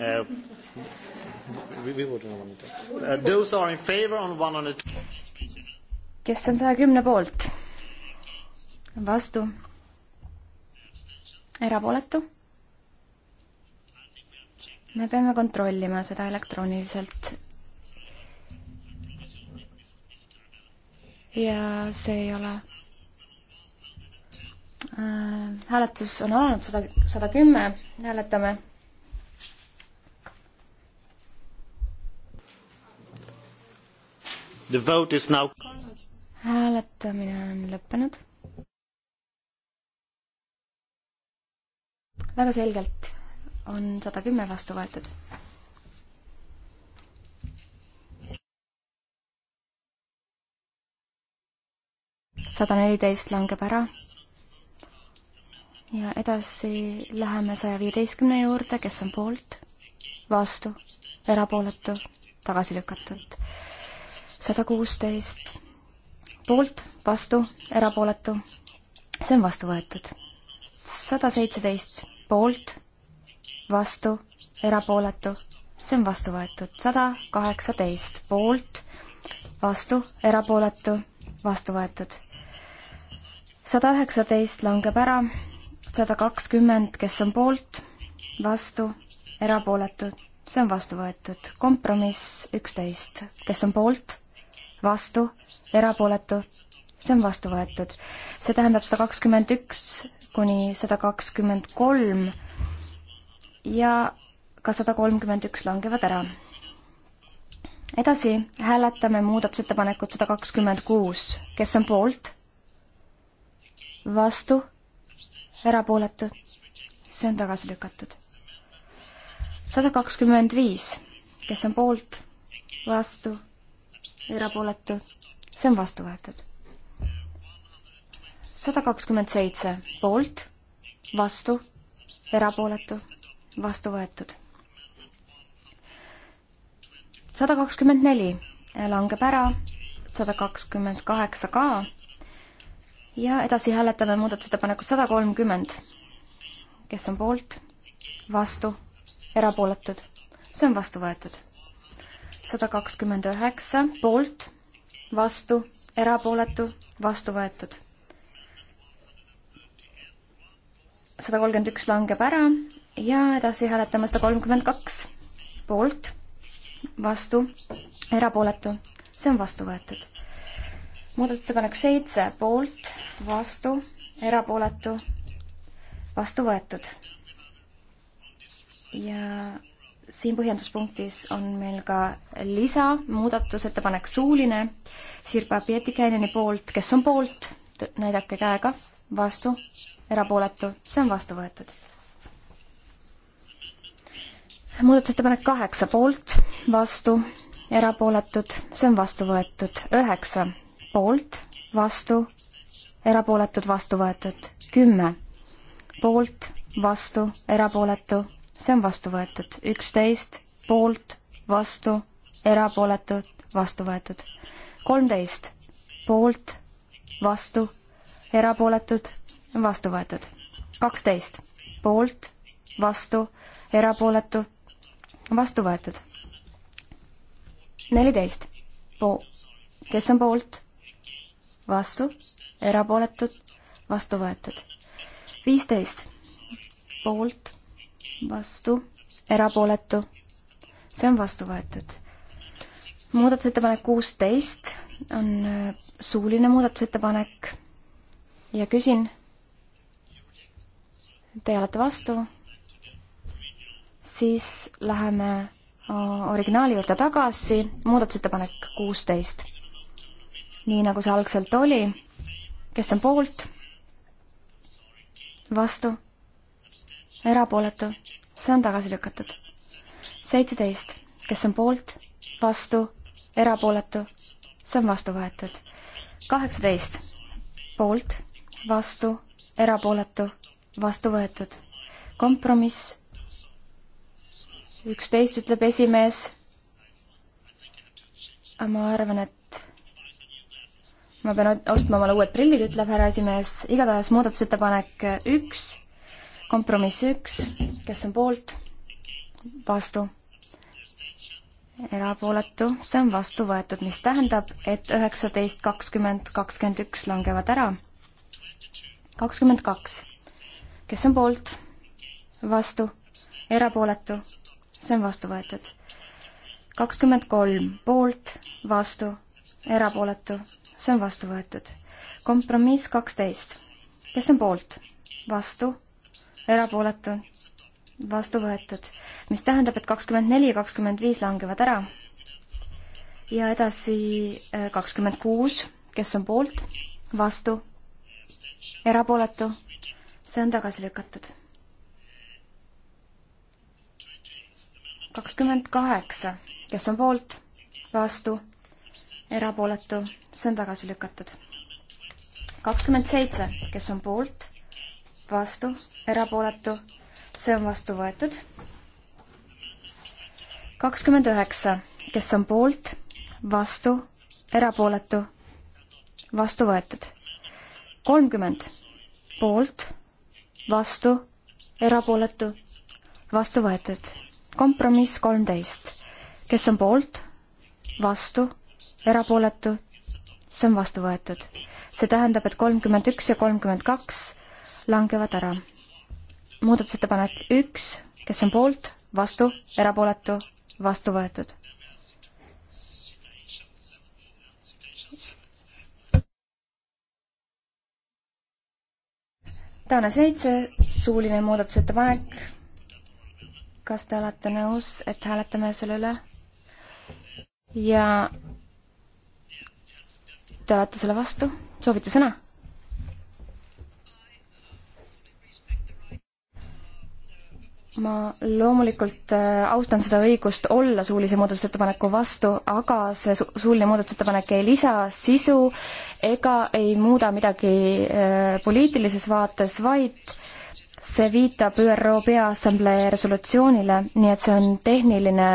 uh, we would want to. Those are in favor on one on the. kes on saja kümne poolt? vastu? erapooletu? me peame kontrollima seda elektrooniliselt. ja see ei ole äh, hääletus on alanud, sada, sada kümme hääletame The vote is now hääletamine on lõppenud. väga selgelt on sada kümme vastu võetud. sada neliteist langeb ära. ja edasi läheme saja viieteistkümne juurde, kes on poolt, vastu, erapooletu, tagasi lükatud sada kuusteist poolt, vastu, erapooletu. see on vastu võetud. sada seitseteist poolt, vastu, erapooletu. see on vastu võetud. sada kaheksateist poolt, vastu, erapooletu, vastu võetud. sada üheksateist langeb ära, sada kakskümmend, kes on poolt, vastu, erapooletud see on vastu võetud. kompromiss üksteist, kes on poolt, vastu, erapooletu, see on vastu võetud. see tähendab sada kakskümmend üks kuni sada kakskümmend kolm ja ka sada kolmkümmend üks langevad ära. edasi hääletame muudatusettepanekut sada kakskümmend kuus, kes on poolt, vastu, erapooletu, see on tagasi lükatud sada kakskümmend viis, kes on poolt, vastu, erapooletu, see on vastu võetud. sada kakskümmend seitse poolt, vastu, erapooletu, vastu võetud. sada kakskümmend neli langeb ära, sada kakskümmend kaheksa ka ja edasi hääletame muudatusettepanekut sada kolmkümmend. kes on poolt, vastu erapooletud, see on vastu võetud. sada kakskümmend üheksa poolt, vastu, erapooletu, vastu võetud. sada kolmkümmend üks langeb ära ja edasi hääletame sada kolmkümmend kaks poolt, vastu, erapooletu, see on vastu võetud. muudatusettepanek seitse poolt, vastu, erapooletu, vastu võetud ja siin põhjenduspunktis on meil ka lisa, muudatusettepanek suuline Sirpa Pietikäineni poolt, kes on poolt, näidake käega, vastu, erapooletu, see on vastu võetud. muudatusettepanek kaheksa poolt, vastu, erapooletud, see on vastu võetud, üheksa poolt, vastu, erapooletud, vastu võetud, kümme poolt, vastu, erapooletu, see on vastu võetud. üksteist poolt, vastu, erapooletud, vastu võetud. kolmteist poolt, vastu, erapooletud, vastu võetud. kaksteist poolt, vastu, erapooletu, vastu võetud. neliteist po-, kes on poolt, vastu, erapooletud, vastu võetud. viisteist poolt vastu, erapooletu. see on vastu võetud. muudatusettepanek kuusteist on äh, suuline muudatusettepanek ja küsin, teie olete vastu, siis läheme äh, originaali juurde tagasi, muudatusettepanek kuusteist. nii nagu see algselt oli, kes on poolt, vastu erapooletu, see on tagasi lükatud. seitseteist, kes on poolt, vastu, erapooletu, see on vastu võetud. kaheksateist, poolt, vastu, erapooletu, vastu võetud. kompromiss, üksteist ütleb esimees, aga ma arvan, et ma pean ostma omale uued prillid, ütleb härra esimees, igatahes muudatusettepanek üks kompromiss üks, kes on poolt, vastu, erapooletu, see on vastu võetud, mis tähendab, et üheksateist, kakskümmend, kakskümmend üks langevad ära. kakskümmend kaks, kes on poolt, vastu, erapooletu, see on vastu võetud. kakskümmend kolm, poolt, vastu, erapooletu, see on vastu võetud. kompromiss kaksteist, kes on poolt, vastu erapooletu, vastu võetud. mis tähendab, et kakskümmend neli ja kakskümmend viis langevad ära. ja edasi äh, kakskümmend kuus, kes on poolt, vastu, erapooletu, see on tagasi lükatud. kakskümmend kaheksa, kes on poolt, vastu, erapooletu, see on tagasi lükatud. kakskümmend seitse, kes on poolt vastu, erapooletu, see on vastu võetud. kakskümmend üheksa, kes on poolt, vastu, erapooletu, vastu võetud. kolmkümmend, poolt, vastu, erapooletu, vastu võetud. kompromiss kolmteist, kes on poolt, vastu, erapooletu, see on vastu võetud. see tähendab, et kolmkümmend üks ja kolmkümmend kaks langevad ära. muudatusettepanek üks, kes on poolt, vastu, erapooletu, vastu võetud tänane seitse, suuline muudatusettepanek. kas te olete nõus, et hääletame selle üle? ja te olete selle vastu, soovite sõna? ma loomulikult äh, austan seda õigust olla suulise muudatusettepaneku vastu, aga see su suuline muudatusettepanek ei lisa sisu ega ei muuda midagi äh, poliitilises vaates, vaid see viitab ÜRO Peaassamblee resolutsioonile, nii et see on tehniline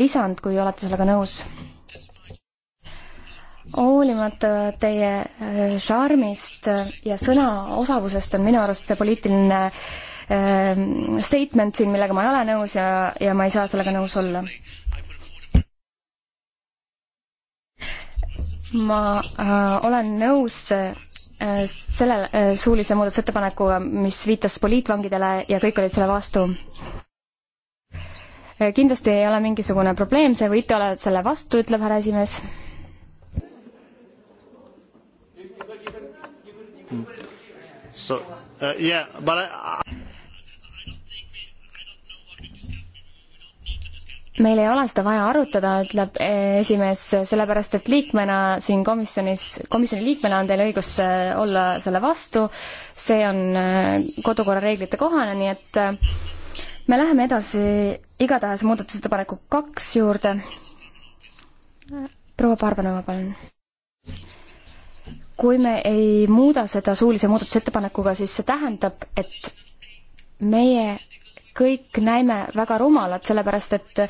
lisand, kui olete sellega nõus. hoolimata teie äh, šarmist ja sõnaosavusest on minu arust see poliitiline äh, Ähm, statement siin, millega ma ei ole nõus ja, ja ma ei saa sellega nõus olla. ma äh, olen nõus äh, selle äh, suulise muudatusettepanekuga, mis viitas poliitvangidele ja kõik olid selle vastu äh, kindlasti ei ole mingisugune probleem, see võite olla selle vastu, ütleb härra esimees. So uh, yeah, but I meil ei ole seda vaja arutada, ütleb eh, esimees, sellepärast et liikmena siin komisjonis, komisjoni liikmena on teil õigus eh, olla selle vastu, see on eh, kodukorra reeglite kohane, nii et me läheme edasi igatahes muudatusettepaneku kaks juurde. proua Parbanova, palun. kui me ei muuda seda suulise muudatusettepanekuga, siis see tähendab, et meie kõik näime väga rumalad, sellepärast et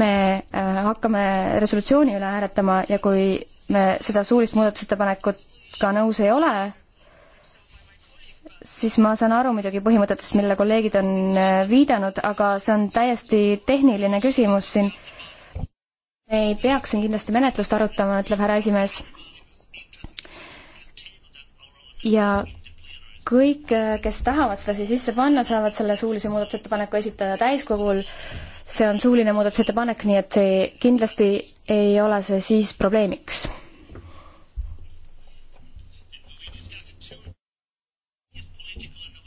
me äh, hakkame resolutsiooni üle hääletama ja kui me seda suulist muudatusettepanekut ka nõus ei ole, siis ma saan aru muidugi põhimõtetest, millele kolleegid on äh, viidanud, aga see on täiesti tehniline küsimus siin. me ei peaks siin kindlasti menetlust arutama, ütleb härra esimees. ja kõik, kes tahavad seda siia sisse panna, saavad selle suulise muudatusettepaneku esitada täiskogul. see on suuline muudatusettepanek, nii et see kindlasti ei ole see siis probleemiks.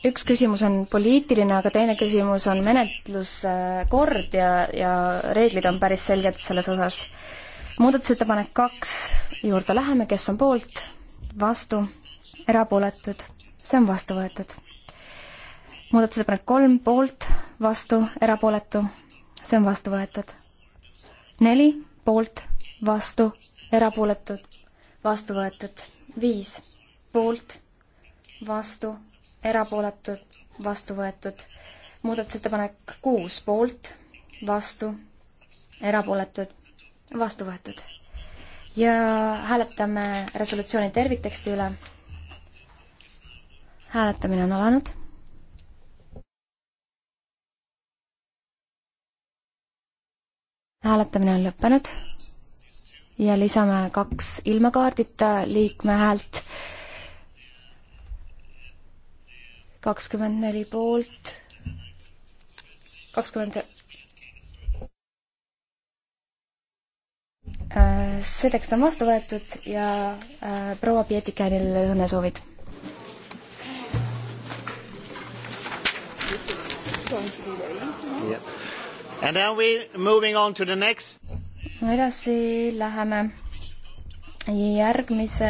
üks küsimus on poliitiline, aga teine küsimus on menetluskord ja, ja reeglid on päris selged selles osas. muudatusettepanek kaks juurde läheme, kes on poolt, vastu, erapooletud see on vastu võetud. muudatusettepanek kolm poolt, vastu, erapooletu, see on vastu võetud. neli poolt, vastu, erapooletud, vastu võetud. viis poolt, vastu, erapooletud, vastu võetud. muudatusettepanek kuus poolt, vastu, erapooletud, vastu võetud. ja hääletame resolutsiooni tervikteksti üle hääletamine on alanud. hääletamine on lõppenud ja lisame kaks ilmakaardita liikme häält. kakskümmend neli poolt, kakskümmend äh, see tekst on vastu võetud ja äh, proua Pietikäinil õnnesoovid going to be very easy. No? Yeah. And then we moving on to the next. edasi läheme järgmise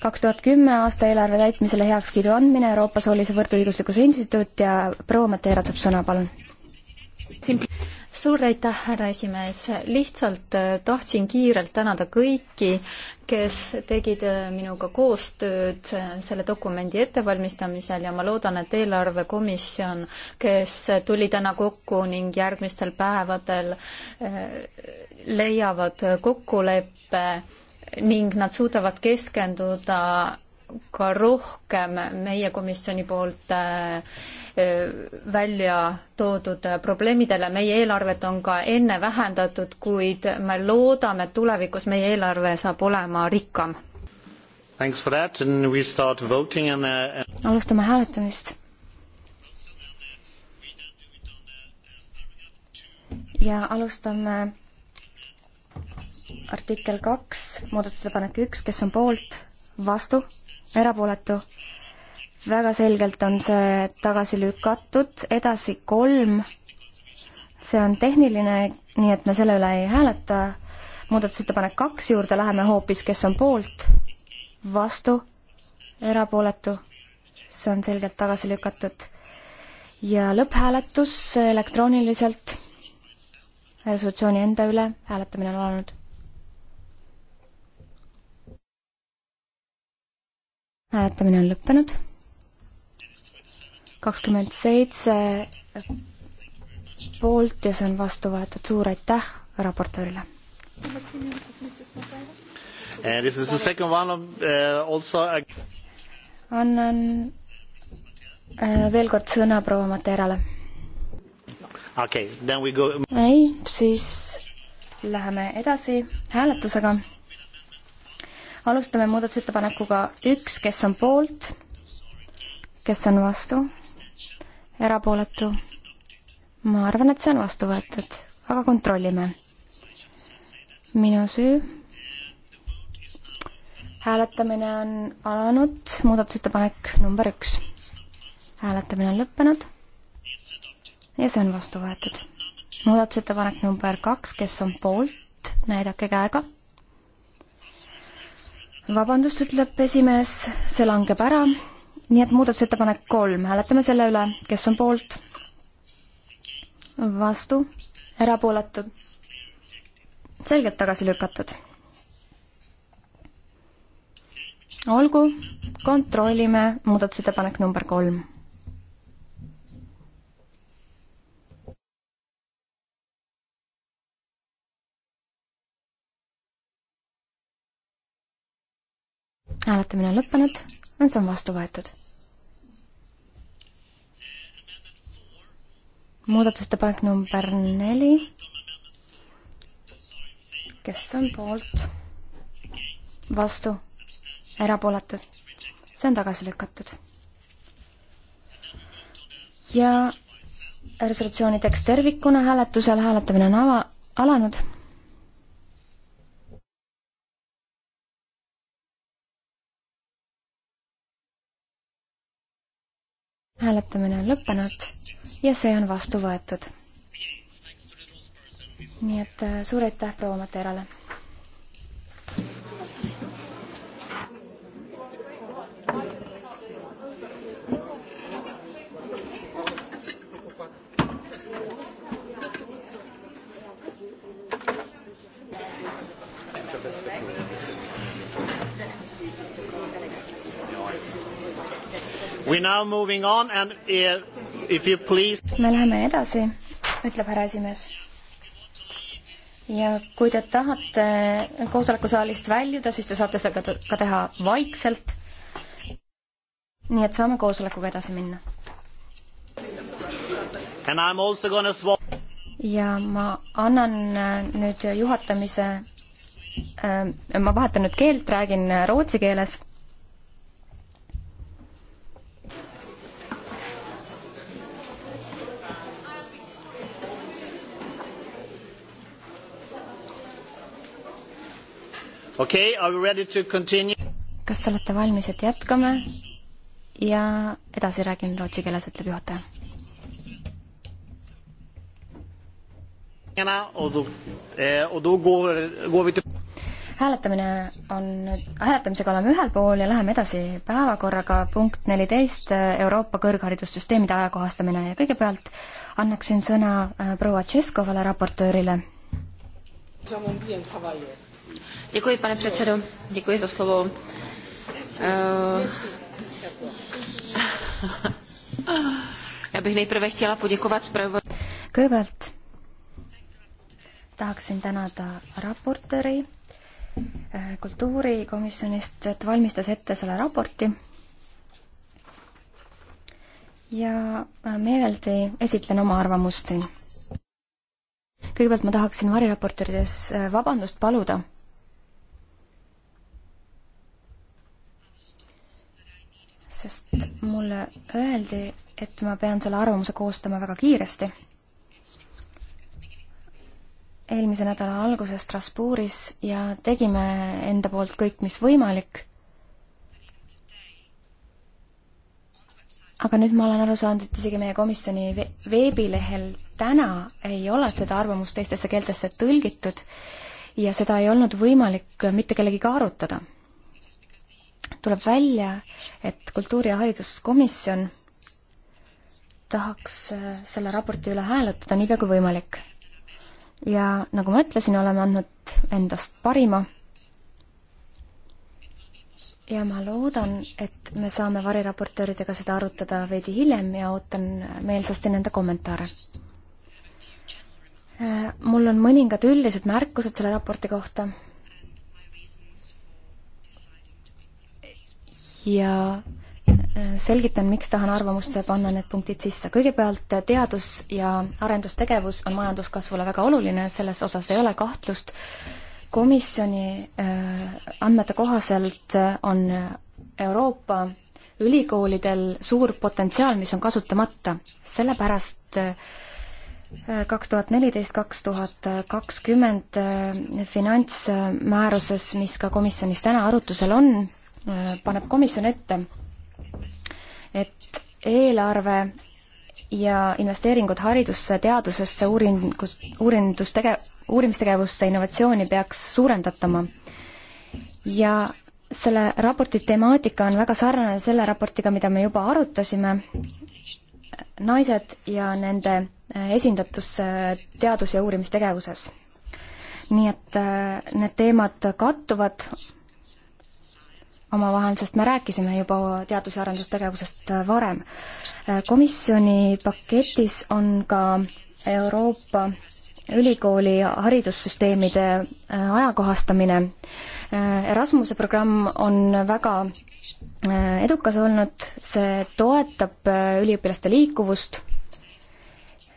kaks tuhat kümme aasta eelarve täitmisele heakskiidu andmine Euroopa Soolise Võrdõiguslikkuse Instituut ja proua Mateerat saab sõna, palun suur aitäh, härra esimees, lihtsalt äh, tahtsin kiirelt tänada kõiki, kes tegid äh, minuga koostööd äh, selle dokumendi ettevalmistamisel ja ma loodan, et eelarvekomisjon, kes tuli täna kokku ning järgmistel päevadel leiavad kokkuleppe ning nad suudavad keskenduda ka rohkem meie komisjoni poolt äh, äh, välja toodud probleemidele. meie eelarvet on ka enne vähendatud, kuid me loodame, et tulevikus meie eelarve saab olema rikkam. Uh, alustame hääletamist. ja alustame artikkel kaks, muudatusettepanek üks, kes on poolt, vastu erapooletu. väga selgelt on see tagasi lükatud, edasi kolm. see on tehniline, nii et me selle üle ei hääleta. muudatusettepanek kaks juurde läheme hoopis, kes on poolt, vastu, erapooletu. see on selgelt tagasi lükatud. ja lõpphääletus elektrooniliselt resolutsiooni enda üle, hääletamine on alanud hääletamine on lõppenud. kakskümmend seitse poolt ja see on vastu võetud, suur aitäh raportöörile. Uh, annan uh, veel kord sõna proua Materale. okei okay,, then we go. ei, siis läheme edasi hääletusega alustame muudatusettepanekuga üks, kes on poolt, kes on vastu, erapooletu. ma arvan, et see on vastu võetud, aga kontrollime. minu süü. hääletamine on alanud, muudatusettepanek number üks. hääletamine on lõppenud ja see on vastu võetud. muudatusettepanek number kaks, kes on poolt, näidake käega vabandust, ütleb esimees, see langeb ära, nii et muudatusettepanek kolm, hääletame selle üle, kes on poolt, vastu, erapooletud, selgelt tagasi lükatud. olgu, kontrollime muudatusettepanek number kolm hääletamine on lõppenud ja see on vastu võetud. muudatusettepanek number neli. kes on poolt? vastu? erapooletud? see on tagasi lükatud. ja resolutsiooni tekst tervikuna hääletusel, hääletamine on ava, alanud hääletamine on lõppenud ja see on vastu võetud. nii et äh, suur aitäh proua Materale! We now moving on and uh, if you please. me läheme edasi, ütleb härra esimees. ja kui te tahate koosolekusaalist väljuda, siis te saate seda ka teha vaikselt. nii et saame koosolekuga edasi minna. ja ma annan äh, nüüd juhatamise, äh, ma vahetan nüüd keelt, räägin rootsi keeles okay, are you ready to continue? kas olete valmis, et jätkame? ja edasi räägin rootsi keeles, ütleb juhataja. Eh, hääletamine on nüüd, hääletamisega oleme ühel pool ja läheme edasi päevakorraga, punkt neliteist, Euroopa kõrgharidussüsteemide ajakohastamine ja kõigepealt annaksin sõna eh, proua Tšeskovale, raportöörile. Děkuji, pane předsedo. Děkuji za slovo. Uh, [LAUGHS] já bych nejprve chtěla poděkovat zpravodaji. Kõigepealt tahaksin tänada raportööri eh, kultuurikomisjonist, et valmistas ette selle raporti. ja meeleldi esitlen oma arvamust siin. kõigepealt ma tahaksin variraportöörides eh, vabandust paluda sest mulle öeldi, et ma pean selle arvamuse koostama väga kiiresti. eelmise nädala alguses Strasbourgis ja tegime enda poolt kõik, mis võimalik. aga nüüd ma olen aru saanud, et isegi meie komisjoni veebilehel täna ei ole seda arvamust teistesse keeltesse tõlgitud ja seda ei olnud võimalik mitte kellegiga arutada tuleb välja, et kultuuri- ja hariduskomisjon tahaks äh, selle raporti üle hääletada niipea kui võimalik. ja nagu ma ütlesin, oleme andnud endast parima. ja ma loodan, et me saame variraportööridega seda arutada veidi hiljem ja ootan meelsasti nende kommentaare. Äh, mul on mõningad üldised märkused selle raporti kohta ja äh, selgitan, miks tahan arvamusse panna need punktid sisse. kõigepealt äh, teadus- ja arendustegevus on majanduskasvule väga oluline, selles osas ei ole kahtlust. komisjoni äh, andmete kohaselt on Euroopa ülikoolidel suur potentsiaal, mis on kasutamata. sellepärast kaks tuhat neliteist, kaks tuhat kakskümmend finantsmääruses, mis ka komisjonis täna arutusel on, paneb komisjon ette, et eelarve ja investeeringud haridusse, teadusesse, uuringus, uurindustege-, uurimistegevusse, innovatsiooni peaks suurendatama. ja selle raporti temaatika on väga sarnane selle raportiga, mida me juba arutasime, naised ja nende esindatus äh, teadus- ja uurimistegevuses. nii et äh, need teemad kattuvad, omavahel, sest me rääkisime juba teadus- ja arendustegevusest äh, varem. Äh, komisjoni paketis on ka Euroopa ülikooli haridussüsteemide äh, ajakohastamine. Erasmuse programm on väga edukas olnud, see toetab üliõpilaste liikuvust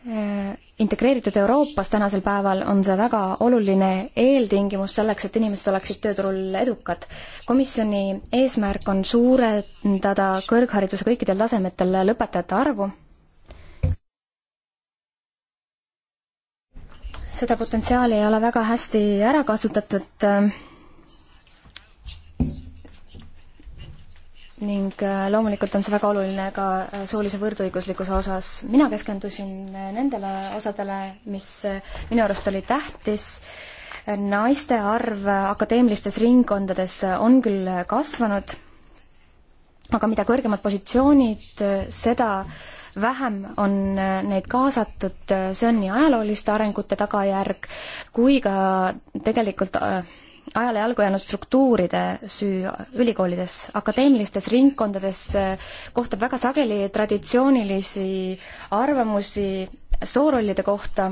Äh, integreeritud Euroopas tänasel päeval on see väga oluline eeltingimus selleks, et inimesed oleksid tööturul edukad. komisjoni eesmärk on suurendada kõrghariduse kõikidel tasemetel lõpetajate arvu. seda potentsiaali ei ole väga hästi ära kasutatud äh, ning äh, loomulikult on see väga oluline ka äh, soolise võrdõiguslikkuse osas. mina keskendusin äh, nendele osadele, mis minu arust oli tähtis. naiste arv akadeemilistes ringkondades on küll kasvanud, aga mida kõrgemad positsioonid, seda vähem on neid kaasatud, see on nii ajalooliste arengute tagajärg kui ka tegelikult äh, ajale jalgu jäänud struktuuride süü ülikoolides, akadeemilistes ringkondades eh, kohtab väga sageli traditsioonilisi arvamusi soorollide kohta,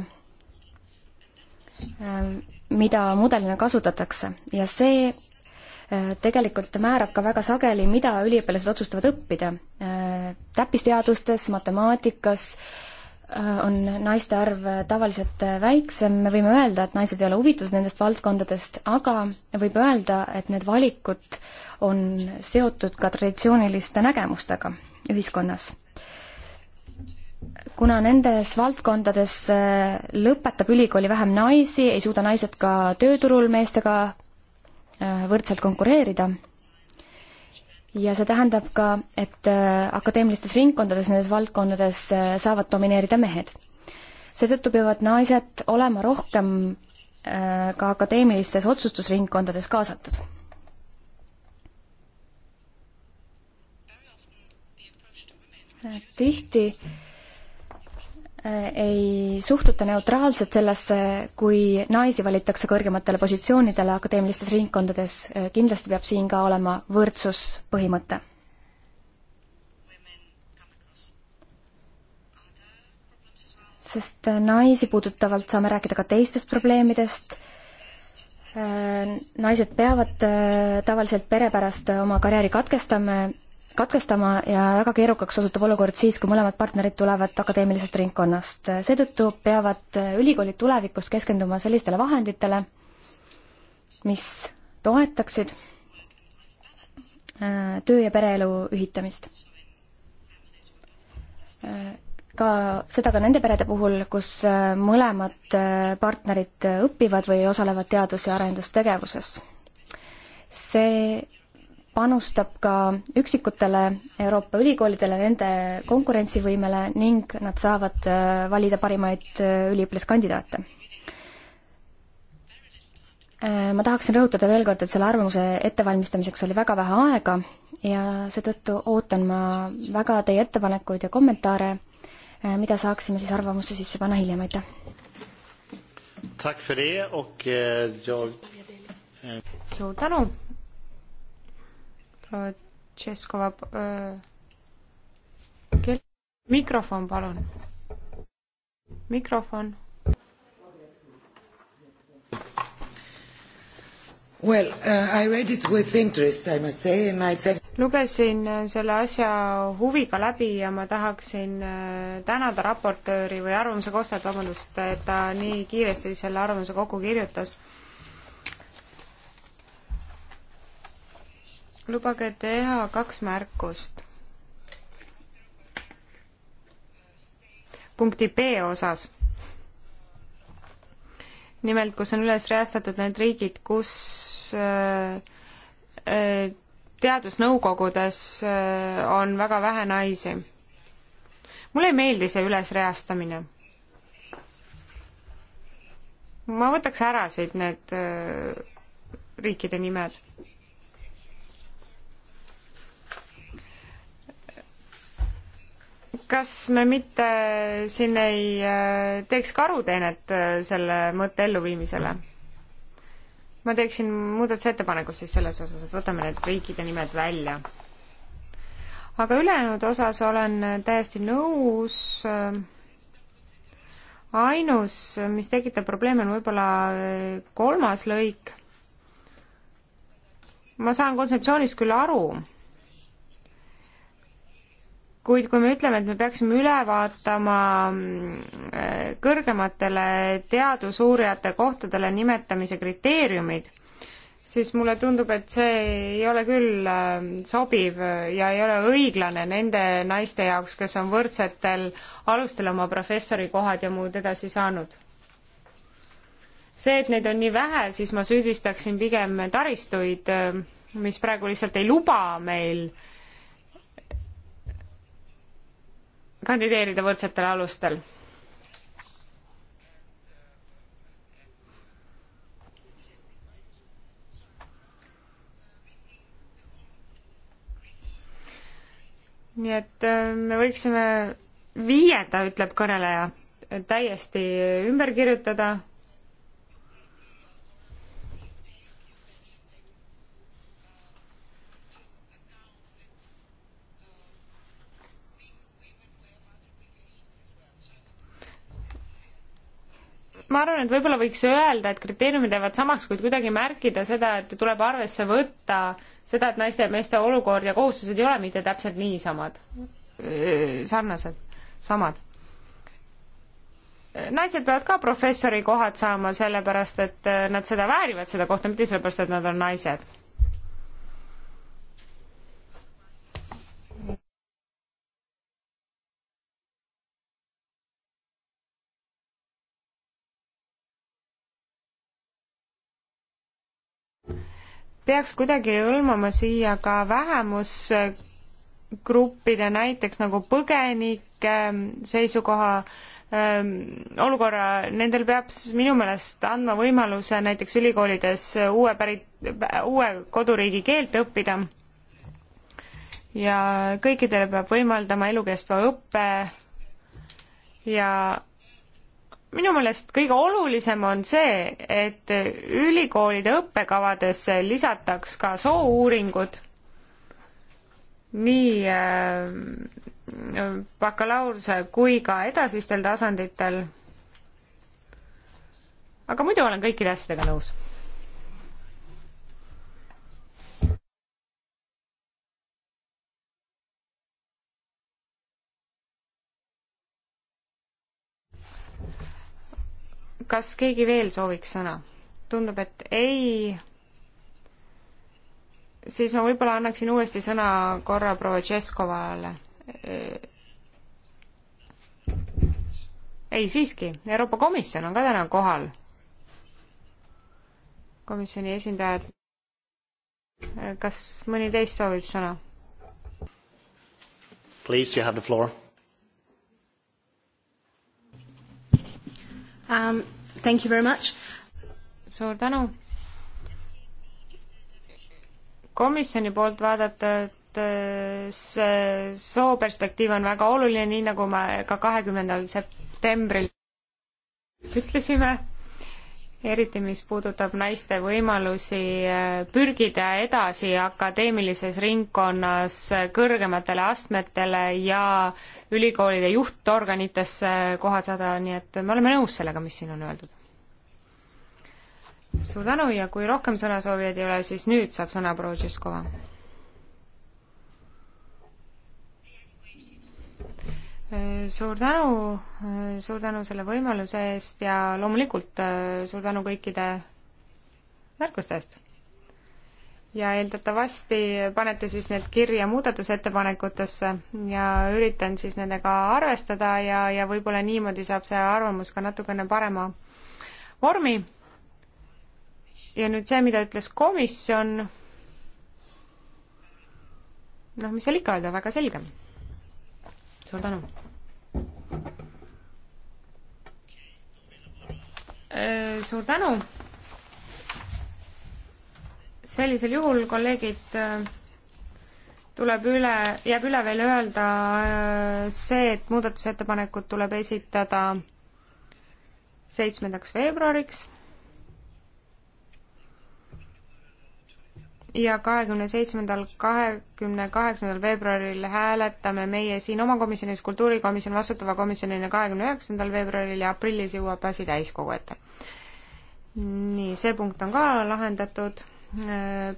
eh, mida mudelina kasutatakse ja see eh, tegelikult määrab ka väga sageli, mida üliõpilased otsustavad õppida. täppisteadustes, matemaatikas äh,, Äh, on naiste arv äh, tavaliselt äh, väiksem, me võime öelda, et naised ei ole huvitatud nendest valdkondadest, aga võib öelda, et need valikud on seotud ka traditsiooniliste nägemustega ühiskonnas. kuna nendes valdkondades lõpetab ülikooli vähem naisi, ei suuda naised ka tööturul meestega võrdselt konkureerida ja see tähendab ka, et äh, akadeemilistes ringkondades nendes valdkondades äh, saavad domineerida mehed. seetõttu peavad naised olema rohkem äh, ka akadeemilistes otsustusringkondades kaasatud tihti Äh, ei suhtuta neutraalselt sellesse, kui naisi valitakse kõrgematele positsioonidele akadeemilistes ringkondades, äh, kindlasti peab siin ka olema võrdsuspõhimõte. sest äh, naisi puudutavalt saame rääkida ka teistest probleemidest, naised peavad tavaliselt pere pärast oma karjääri katkestama katkestama ja väga keerukaks osutub olukord siis, kui mõlemad partnerid tulevad akadeemilisest ringkonnast. seetõttu peavad ülikoolid tulevikus keskenduma sellistele vahenditele, mis toetaksid äh, töö- ja pereelu ühitamist. Äh, ka seda ka nende perede puhul, kus äh, mõlemad partnerid õpivad või osalevad teadus- ja arendustegevuses. see panustab ka üksikutele Euroopa ülikoolidele, nende konkurentsivõimele ning nad saavad äh, valida parimaid äh, üliõpilaskandidaate. Äh, ma tahaksin rõhutada veel kord, et selle arvamuse ettevalmistamiseks oli väga vähe aega ja seetõttu ootan ma väga teie ettepanekuid ja kommentaare, mida saaksime siis arvamusse sisse panna hiljem, aitäh! Eh, suur tänu! proua Tšeskova äh,, eh, mikrofon palun. mikrofon. Well, uh, I read it with interest, I must say, and I thank lugesin eh, selle asja huviga läbi ja ma tahaksin eh, tänada raportööri või arvamuse koostajat, vabandust, et ta nii kiiresti selle arvamuse kokku kirjutas lubage teha kaks märkust. punkti B osas. nimelt, kus on üles reastatud need riigid, kus äh, äh, teadusnõukogudes äh, on väga vähe naisi. mulle ei meeldi see ülesreastamine. ma võtaks ära siit need riikide nimed kas me mitte siin ei äh, teeks karuteenet äh, selle mõtte elluviimisele? ma teeksin muudatusettepanekud siis selles osas, et võtame need riikide nimed välja. aga ülejäänud osas olen täiesti nõus. ainus, mis tekitab probleeme, on võib-olla äh, kolmas lõik. ma saan kontseptsioonist küll aru kuid kui me ütleme, et me peaksime üle vaatama äh, kõrgematele teadusuurijate kohtadele nimetamise kriteeriumid, siis mulle tundub, et see ei ole küll äh, sobiv ja ei ole õiglane nende naiste jaoks, kes on võrdsetel alustel oma professorikohad ja muud edasi saanud. see, et neid on nii vähe, siis ma süüdistaksin pigem taristuid, äh, mis praegu lihtsalt ei luba meil äh, kandideerida võrdsetel alustel. nii et äh, me võiksime viienda, ütleb kõneleja, täiesti ümber kirjutada ma arvan, et võib-olla võiks öelda, et kriteeriumid jäävad samaks, kuid kuidagi märkida seda, et tuleb arvesse võtta seda, et naiste ja meeste olukord ja kohustused ei ole mitte täpselt niisamad, sarnased, samad. naised peavad ka professori kohad saama, sellepärast et nad seda väärivad, seda kohta, mitte sellepärast, et nad on naised peaks kuidagi hõlmama siia ka vähemusgruppide, näiteks nagu põgenike ähm, seisukoha ähm, olukorra, nendel peab siis minu meelest andma võimaluse näiteks ülikoolides uue pärit, uue koduriigi keelt õppida. ja kõikidele peab võimaldama elukestva õppe ja minu meelest kõige olulisem on see, et ülikoolide õppekavadesse lisataks ka soouuringud nii äh, bakalaureuse kui ka edasistel tasanditel. aga muidu olen kõikide asjadega nõus kas keegi veel sooviks sõna? tundub, et ei. siis ma võib-olla annaksin uuesti sõna korra proua Tšeskovale. ei, siiski, Euroopa Komisjon on ka täna kohal. komisjoni esindajad. kas mõni teist soovib sõna? Please, you have the floor um,. Thank you very much. suur tänu. komisjoni poolt vaadates eh, sooperspektiiv on väga oluline, nii nagu me ka kahekümnendal septembril ütlesime eriti mis puudutab naiste võimalusi eh, pürgida edasi akadeemilises ringkonnas kõrgematele astmetele ja ülikoolide juhtorganitesse kohad saada, nii et me oleme nõus sellega, mis siin on öeldud suur tänu ja kui rohkem sõnasoovijaid ei ole, siis nüüd saab sõna proua Tšiskova. suur tänu, suur tänu selle võimaluse eest ja loomulikult suur tänu kõikide märkuste eest ja eeldatavasti panete siis need kirja muudatusettepanekutesse ja üritan siis nendega arvestada ja, ja võib-olla niimoodi saab see arvamus ka natukene parema vormi ja nüüd see, mida ütles komisjon, noh, mis seal ikka öelda, väga selge. suur tänu. Äh, suur tänu. sellisel juhul, kolleegid, äh, tuleb üle, jääb üle veel öelda äh, see, et muudatusettepanekud tuleb esitada seitsmendaks veebruariks ja kahekümne seitsmendal, kahekümne kaheksandal veebruaril hääletame meie siin oma komisjonis, kultuurikomisjon vastutava komisjonina kahekümne üheksandal veebruaril ja aprillis jõuab asi täiskogu ette. nii, see punkt on ka lahendatud, äh,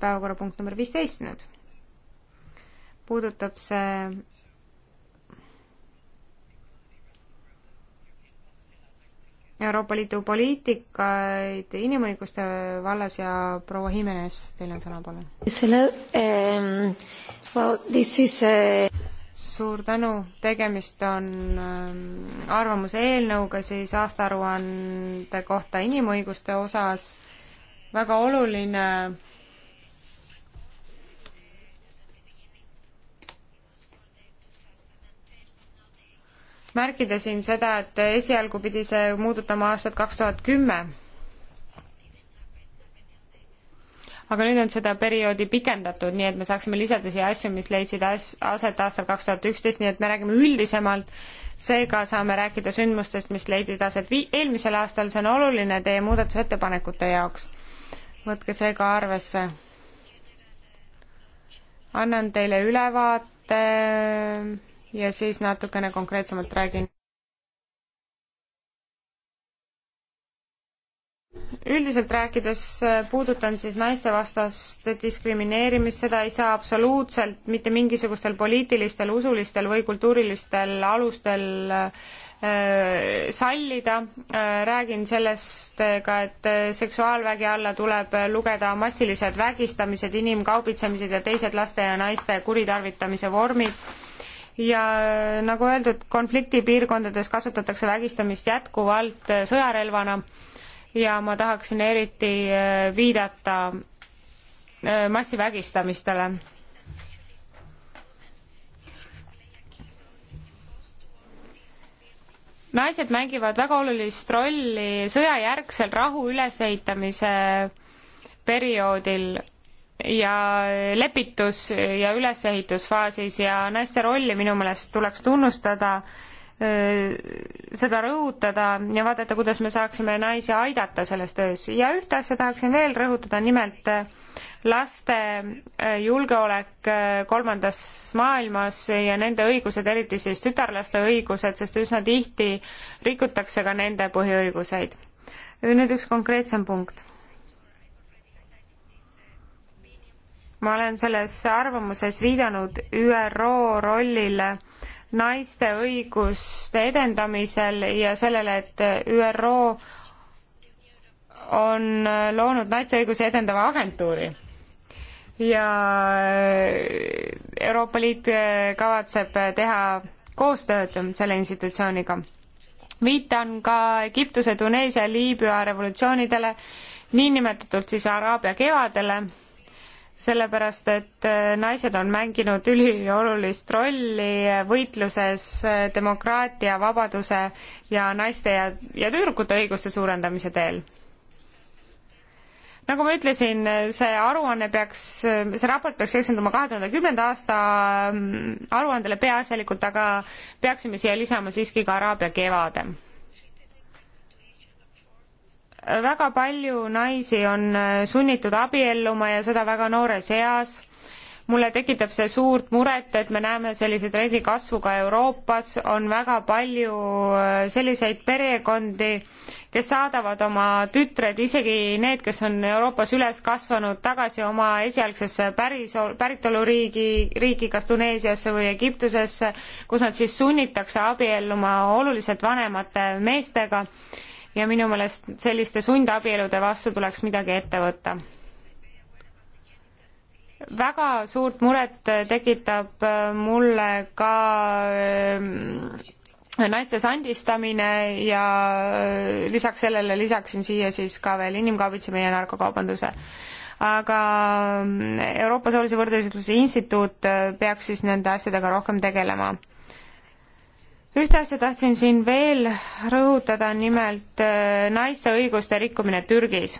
päevakorrapunkt number viisteist nüüd. puudutab see Euroopa Liidu poliitikaid inimõiguste vallas ja proua Jimenez, teil on sõna, palun. Hello um,, ehm, well this is a... suur tänu, tegemist on ehm, arvamuse eelnõuga siis aastaaruande kohta inimõiguste osas, väga oluline märkida siin seda, et esialgu pidi see muudutama aastat kaks tuhat kümme. aga nüüd on seda perioodi pikendatud, nii et me saaksime lisada siia asju, mis leidsid as-, aset aastal kaks tuhat üksteist, nii et me räägime üldisemalt, seega saame rääkida sündmustest, mis leidid aset vi-, eelmisel aastal, see on oluline teie muudatusettepanekute jaoks. võtke see ka arvesse. annan teile ülevaate ja siis natukene konkreetsemalt räägin. üldiselt rääkides äh, puudutan siis naistevastast diskrimineerimist, seda ei saa absoluutselt mitte mingisugustel poliitilistel, usulistel või kultuurilistel alustel äh, sallida, äh, räägin sellest ka, et seksuaalvägi alla tuleb lugeda massilised vägistamised, inimkaubitsemised ja teised laste ja naiste kuritarvitamise vormid ja nagu öeldud, konfliktipiirkondades kasutatakse vägistamist jätkuvalt sõjarelvana ja ma tahaksin eriti äh, viidata äh, massivägistamistele. naised mängivad väga olulist rolli sõjajärgsel rahu ülesehitamise perioodil ja lepitus- ja ülesehitusfaasis ja naiste rolli minu meelest tuleks tunnustada, seda rõhutada ja vaadata, kuidas me saaksime naisi aidata selles töös ja ühte asja tahaksin veel rõhutada, nimelt laste julgeolek kolmandas maailmas ja nende õigused, eriti siis tütarlaste õigused, sest üsna tihti rikutakse ka nende põhiõiguseid. nüüd üks konkreetsem punkt ma olen selles arvamuses viidanud ÜRO rollile naiste õiguste edendamisel ja sellele, et ÜRO on loonud naiste õigusi edendava agentuuri. ja Euroopa Liit kavatseb teha koostööd selle institutsiooniga. viitan ka Egiptuse, Tuneesia, Liibüa revolutsioonidele, niinimetatult siis Araabia kevadele sellepärast et äh, naised on mänginud üliolulist rolli võitluses äh, demokraatia, vabaduse ja naiste ja, ja tüdrukute õiguste suurendamise teel. nagu ma ütlesin, see aruanne peaks, see raport peaks keskenduma kahe tuhande kümnenda aasta mm, aruandele peaasjalikult, aga peaksime siia lisama siiski ka Araabia kevade väga palju naisi on äh, sunnitud abielluma ja seda väga noores eas. mulle tekitab see suurt muret, et me näeme sellise trendi kasvu ka Euroopas, on väga palju äh, selliseid perekondi, kes saadavad oma tütred, isegi need, kes on Euroopas üles kasvanud, tagasi oma esialgsesse päris, päritoluriigi, riiki kas Tuneesiasse või Egiptusesse, kus nad siis sunnitakse abielluma oluliselt vanemate meestega ja minu meelest selliste sundabielude vastu tuleks midagi ette võtta. väga suurt muret tekitab äh, mulle ka äh, naiste sandistamine ja äh, lisaks sellele lisaksin siia siis ka veel inimkaubitsemise ja narkokaubanduse aga Euroopa Soolise Võrdõiguslikkuse Instituut peaks siis nende asjadega rohkem tegelema ühte asja tahtsin siin veel rõhutada, nimelt äh, naiste õiguste rikkumine Türgis.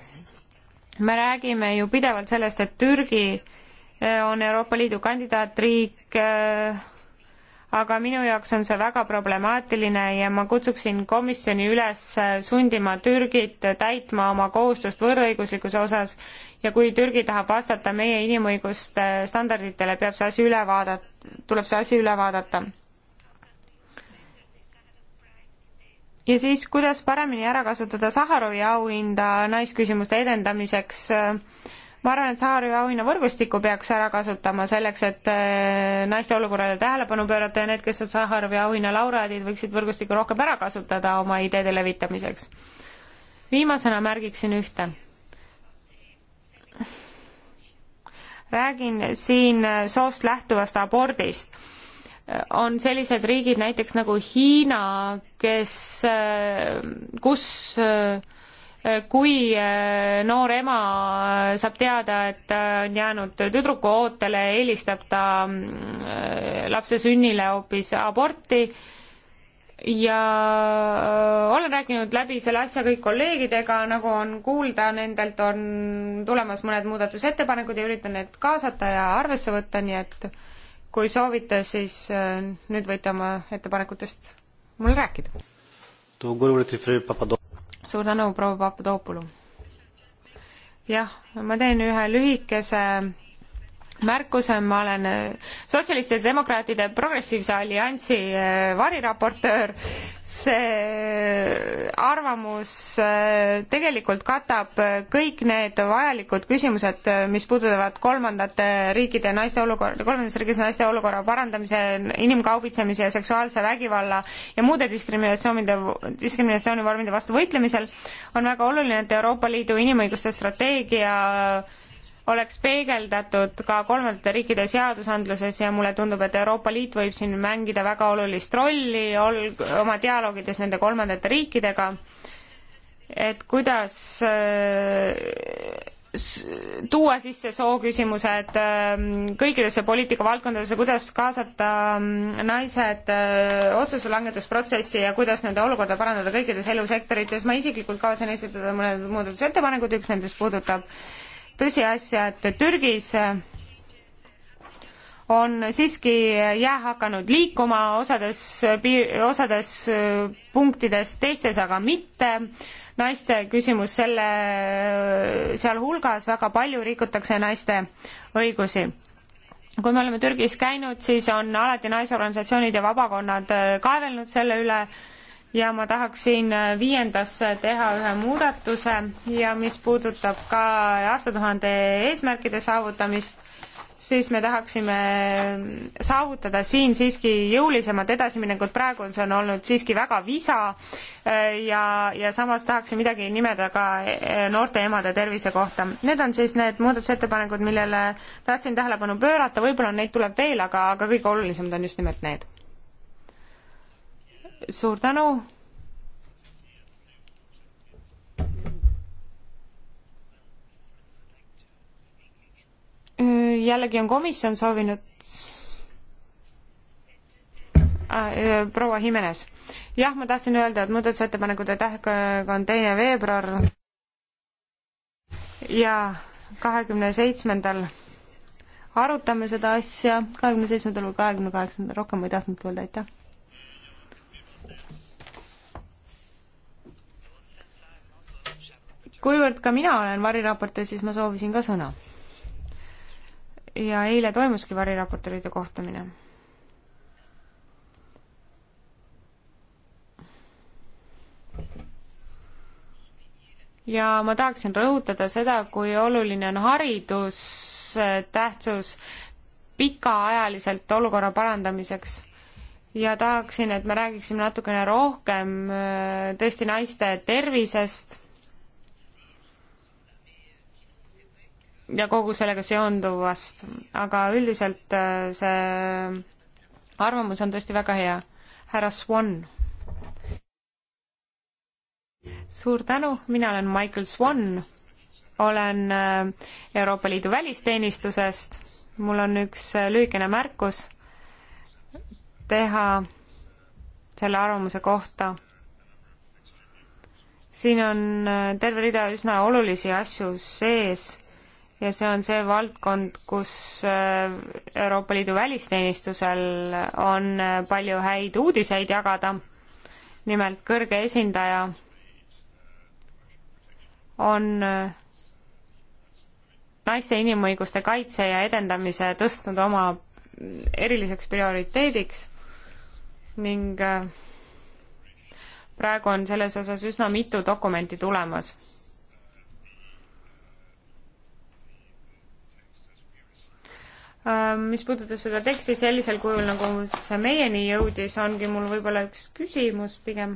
me räägime ju pidevalt sellest, et Türgi äh, on Euroopa Liidu kandidaatriik, äh, aga minu jaoks on see väga problemaatiline ja ma kutsuksin komisjoni üles sundima Türgit täitma oma kohustust võrdõiguslikkuse osas ja kui Türgi tahab vastata meie inimõiguste standarditele, peab see asi üle vaadata, tuleb see asi üle vaadata ja siis, kuidas paremini ära kasutada Saharovi auhinda naisküsimuste edendamiseks. ma arvan, et Saharovi auhinna võrgustikku peaks ära kasutama selleks, et äh, naiste olukorrale tähelepanu pöörata ja need, kes on Saharovi auhinna laureaadid, võiksid võrgustikku rohkem ära kasutada oma ideede levitamiseks. viimasena märgiksin ühte räägin siin soost lähtuvast abordist on sellised riigid näiteks nagu Hiina, kes, kus kui eh, noor ema saab teada, et eh, on jäänud tüdruku ootele, eelistab ta eh, lapse sünnile hoopis aborti ja olen rääkinud läbi selle asja kõik kolleegidega, nagu on kuulda, nendelt on tulemas mõned muudatusettepanekud ja üritan need kaasata ja arvesse võtta, nii et äh, kui soovite, siis äh, nüüd võite oma ettepanekutest mul rääkida. suur tänu, proua Papadopoulou. jah, ma teen ühe lühikese märkuse, ma olen äh, sotsialistide ja demokraatide progressiivse alliansi äh, variraportöör. see äh, arvamus tegelikult katab kõik need vajalikud küsimused, mis puudutavad kolmandate riikide naiste olukorda, kolmandas riigis naiste olukorra parandamise, inimkaubitsemise ja seksuaalse vägivalla ja muude diskriminatsioonide, diskriminatsioonivormide vastu võitlemisel. on väga oluline, et Euroopa Liidu inimõiguste strateegia oleks peegeldatud ka kolmandate riikide seadusandluses ja mulle tundub, et Euroopa Liit võib siin mängida väga olulist rolli ol-, oma dialoogides nende kolmandate riikidega, et kuidas äh, tuua sisse sooküsimused ähm, kõikidesse poliitikavaldkondadesse, kuidas kaasata ähm, naised äh, otsuse langetusprotsessi ja kuidas nende olukorda parandada kõikides elusektorites. ma isiklikult kavatsen esitada mõned muudatusettepanekud, üks nendest puudutab äh, tõsiasja, et Türgis äh, on siiski äh, jää hakanud liikuma osades piir, osades äh, punktides, teistes aga mitte. naiste küsimus selle, sealhulgas väga palju rikutakse naiste õigusi kui me oleme Türgis käinud, siis on alati naisorganisatsioonid ja vabakonnad kaevelnud selle üle ja ma tahaksin äh, viiendasse teha ühe muudatuse ja mis puudutab ka aastatuhande eesmärkide saavutamist, siis me tahaksime äh, saavutada siin siiski jõulisemad edasiminekud, praegu on see on olnud siiski väga visa äh, ja, ja samas tahaksin midagi nimeda ka noorte emade tervise kohta. Need on siis need muudatusettepanekud, millele tahtsin tähelepanu pöörata, võib-olla neid tuleb veel, aga, aga kõige olulisemad on just nimelt need suur tänu. jällegi on komisjon soovinud äh, proua Jimenez. jah, ma tahtsin öelda, et muudatusettepanekute tähtaeg on teine veebruar ja kahekümne seitsmendal arutame seda asja, kahekümne seitsmendal või kahekümne kaheksandal, rohkem ma ei tahtnudki öelda, aitäh kuivõrd ka mina olen variraportöö, siis ma soovisin ka sõna. ja eile toimuski variraportööride kohtumine. ja ma tahaksin rõhutada seda, kui oluline on haridustähtsus pikaajaliselt olukorra parandamiseks ja tahaksin, et me räägiksime natukene rohkem äh, tõesti naiste tervisest ja kogu sellega seonduvast, aga üldiselt äh, see arvamus on tõesti väga hea. härra Swan. suur tänu, mina olen Michael Swan, olen äh, Euroopa Liidu välisteenistusest, mul on üks äh, lühikene märkus teha selle arvamuse kohta. siin on terve rida üsna olulisi asju sees ja see on see valdkond, kus äh, Euroopa Liidu välisteenistusel on äh, palju häid uudiseid jagada. nimelt kõrge esindaja on äh, naiste inimõiguste kaitse ja edendamise tõstnud oma eriliseks prioriteediks ning praegu on selles osas üsna mitu dokumenti tulemas Ähm, mis puudutab seda teksti sellisel kujul, nagu see meieni jõudis, ongi mul võib-olla üks küsimus pigem.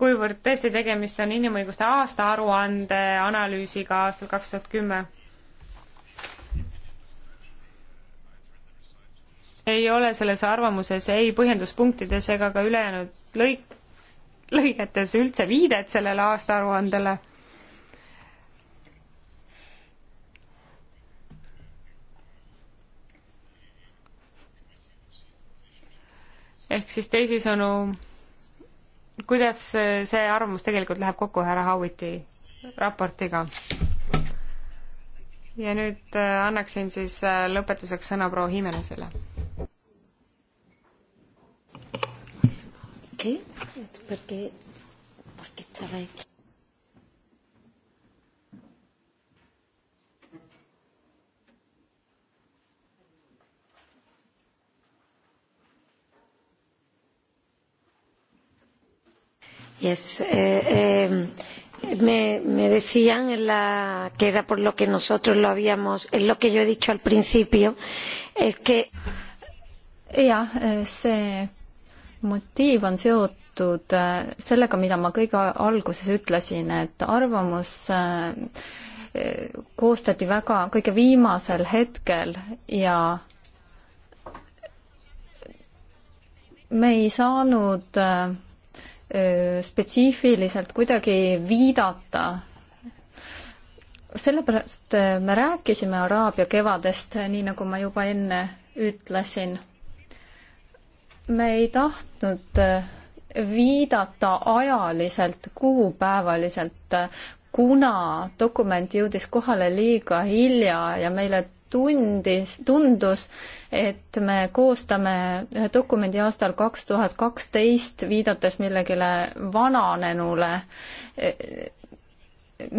kuivõrd tõesti tegemist on inimõiguste aastaaruande analüüsiga aastal kaks tuhat kümme? ei ole selles arvamuses ei põhjenduspunktides ega ka ülejäänud lõik, lõigetes üldse viidet sellele aastaaruandele ehk siis teisisõnu, kuidas see arvamus tegelikult läheb kokku härra Howiti raportiga? ja nüüd äh, annaksin siis äh, lõpetuseks sõna proua Himenesele. okei okay., et porque, porque estaba aquí. Yes. Eh, um, me, me decían en la, que era por lo que nosotros lo habíamos, es lo que yo he dicho al principio, es que jah, eh, see motiiv on seotud eh, sellega, mida ma kõige alguses ütlesin, et arvamus koostati väga kõige viimasel hetkel ja me ei saanud äh, spetsiifiliselt kuidagi viidata. sellepärast me rääkisime Araabia kevadest, nii nagu ma juba enne ütlesin. me ei tahtnud viidata ajaliselt, kuupäevaliselt, kuna dokument jõudis kohale liiga hilja ja meile tundis, tundus, et me koostame ühe dokumendi aastal kaks tuhat kaksteist, viidates millegile vananenule.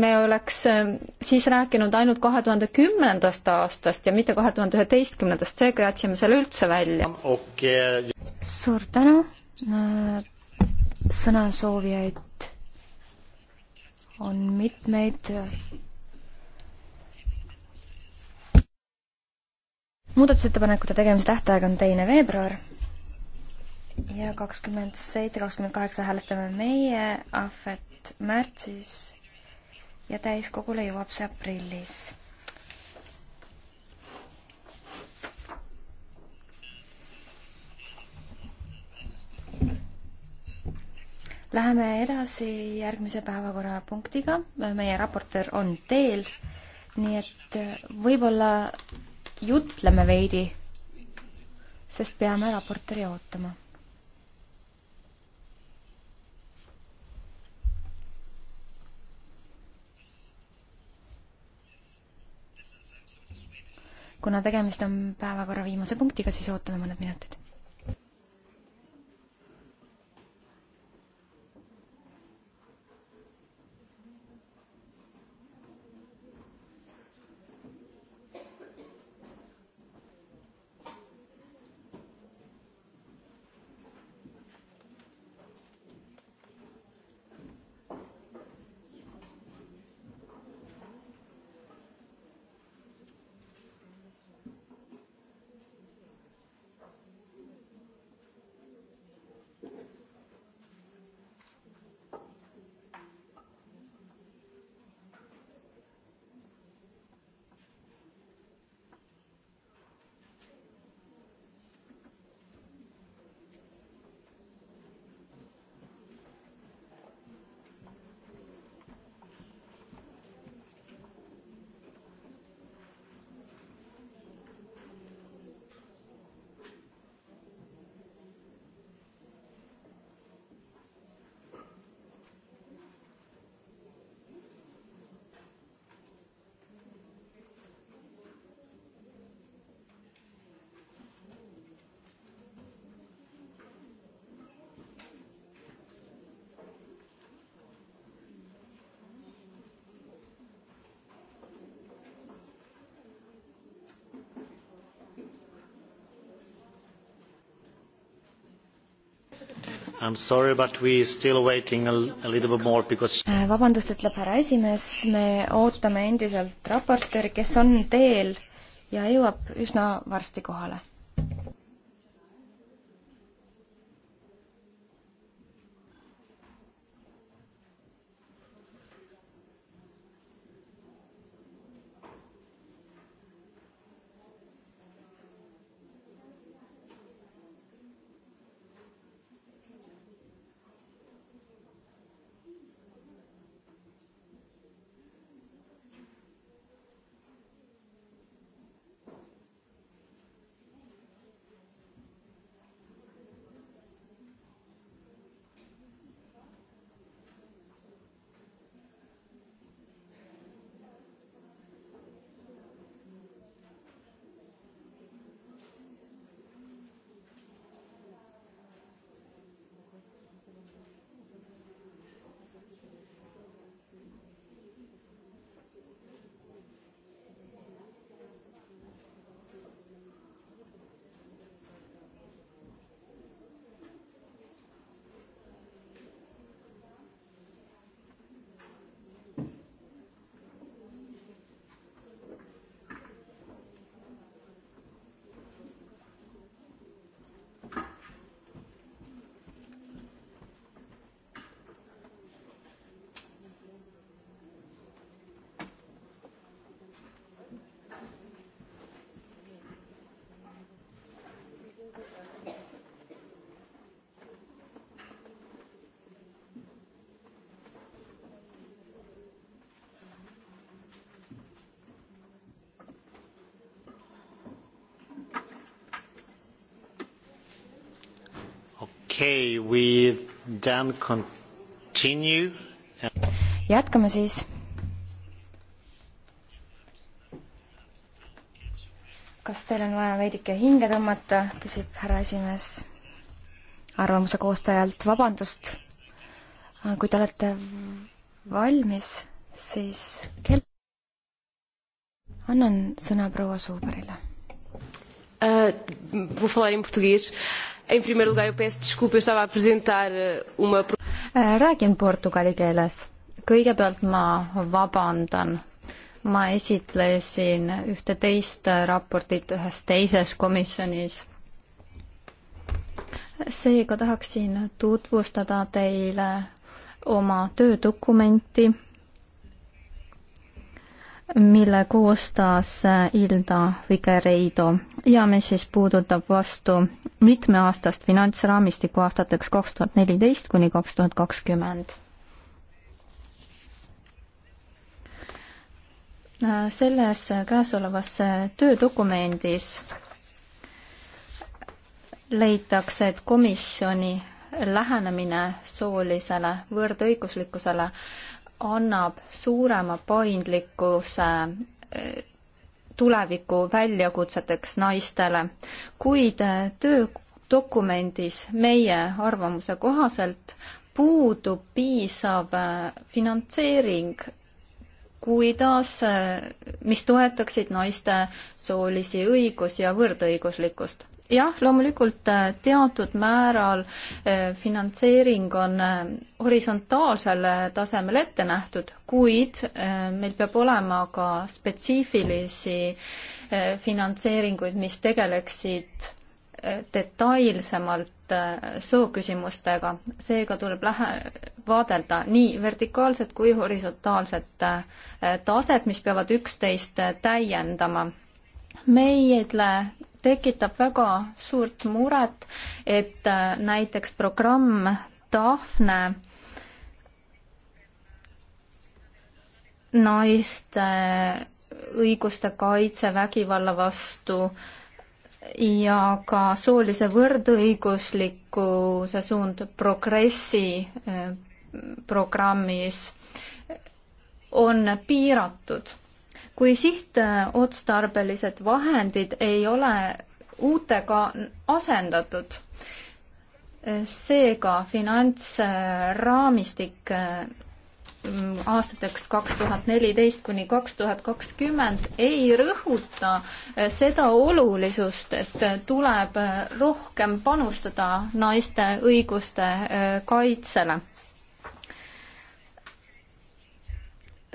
me oleks äh, siis rääkinud ainult kahe tuhande kümnendast aastast ja mitte kahe tuhande üheteistkümnendast, seega jätsime selle üldse välja okay.. suur tänu, äh, sõnasoovijaid on mitmeid muudatusettepanekute tegemise tähtaeg on teine veebruar ja kakskümmend seitse, kakskümmend kaheksa hääletame meie, ahvet märtsis ja täiskogule jõuab see aprillis. Läheme edasi järgmise päevakorrapunktiga, meie raportöör on teel, nii et võib-olla jutleme veidi, sest peame raportööri ootama. kuna tegemist on päevakorra viimase punktiga, siis ootame mõned minutid Sorry, because... Äh, vabandust, ütleb härra esimees, me ootame endiselt raportööri, kes on teel ja jõuab üsna varsti kohale okay, we then continue. jätkame siis. kas teil on vaja veidike hinge tõmmata, küsib härra esimees arvamuse koostajalt. vabandust, kui te olete valmis, siis kell annan sõna proua Suuberile uh,. Vou falar em português. Uh, Em primeiro lugar, eu peço desculpa, eu estava a apresentar eh, uma... Eh, räägin portugali keeles. Kõigepealt ma vabandan. Ma esitlesin ühte teist raportit ühes teises komisjonis. Seega tahaksin tutvustada teile oma töödokumenti mille koostas äh, Ilda Figueiredo ja mis siis puudutab vastu mitmeaastast finantsraamistikku aastateks kaks tuhat neliteist kuni kaks tuhat kakskümmend. Äh, selles käesolevas äh, töödokumendis leitakse, et komisjoni lähenemine soolisele võrdõiguslikkusele annab suurema paindlikkuse eh, tuleviku väljakutseteks naistele, kuid eh, töödokumendis meie arvamuse kohaselt puudub piisav eh, finantseering, kuidas, mis toetaksid naiste soolisi õigusi ja võrdõiguslikkust jah, loomulikult äh, teatud määral äh, finantseering on äh, horisontaalsel tasemel ette nähtud, kuid meil peab olema ka spetsiifilisi finantseeringuid, mis tegeleksid detailsemalt sooküsimustega, seega tuleb lähe-, vaadelda nii vertikaalset kui horisontaalset taset, mis peavad üksteist täiendama meile tekitab väga suurt muret, et äh, näiteks programm Tahvne naiste äh, õiguste kaitse vägivalla vastu ja ka soolise võrdõiguslikkuse suund progressi äh, programmis on piiratud kui sihtotstarbelised vahendid ei ole uutega asendatud, seega finantsraamistik mm, aastateks kaks tuhat neliteist kuni kaks tuhat kakskümmend ei rõhuta seda olulisust, et tuleb rohkem panustada naiste õiguste äh, kaitsele.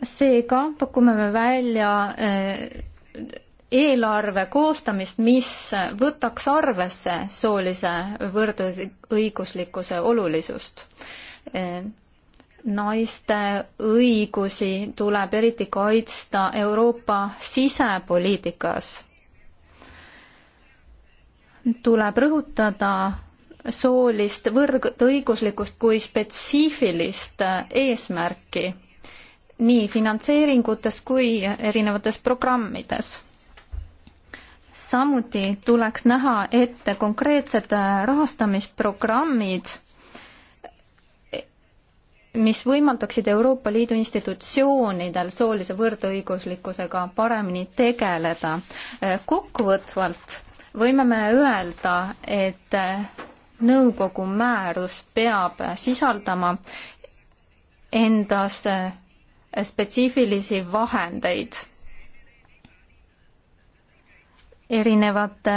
seega pakume me välja eh, eelarve koostamist, mis võtaks arvesse soolise võrdõiguslikkuse olulisust. Eh, naiste õigusi tuleb eriti kaitsta Euroopa sisepoliitikas. tuleb rõhutada soolist võrdõiguslikkust kui spetsiifilist eesmärki nii finantseeringutes kui erinevates programmides. samuti tuleks näha ette konkreetsed äh, rahastamisprogrammid, mis võimaldaksid Euroopa Liidu institutsioonidel soolise võrdõiguslikkusega paremini tegeleda. Äh, kokkuvõtvalt võime me öelda, et äh, nõukogu määrus peab sisaldama endas spetsiifilisi vahendeid erinevate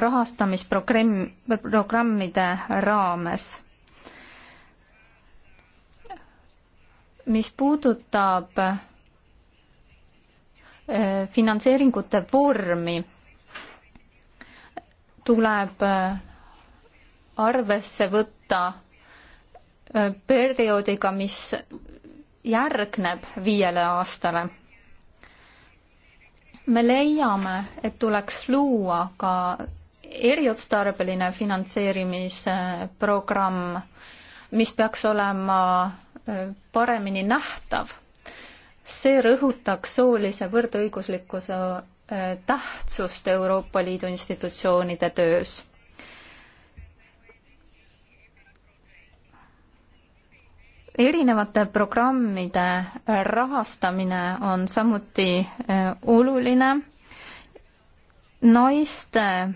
rahastamisprogramm, programmide raames. mis puudutab finantseeringute vormi, tuleb arvesse võtta perioodiga, mis järgneb viiele aastale. me leiame, et tuleks luua ka eriotstarbeline finantseerimisprogramm, mis peaks olema äh, paremini nähtav. see rõhutaks soolise võrdõiguslikkuse äh, tähtsust Euroopa Liidu institutsioonide töös erinevate programmide rahastamine on samuti eh, oluline. naiste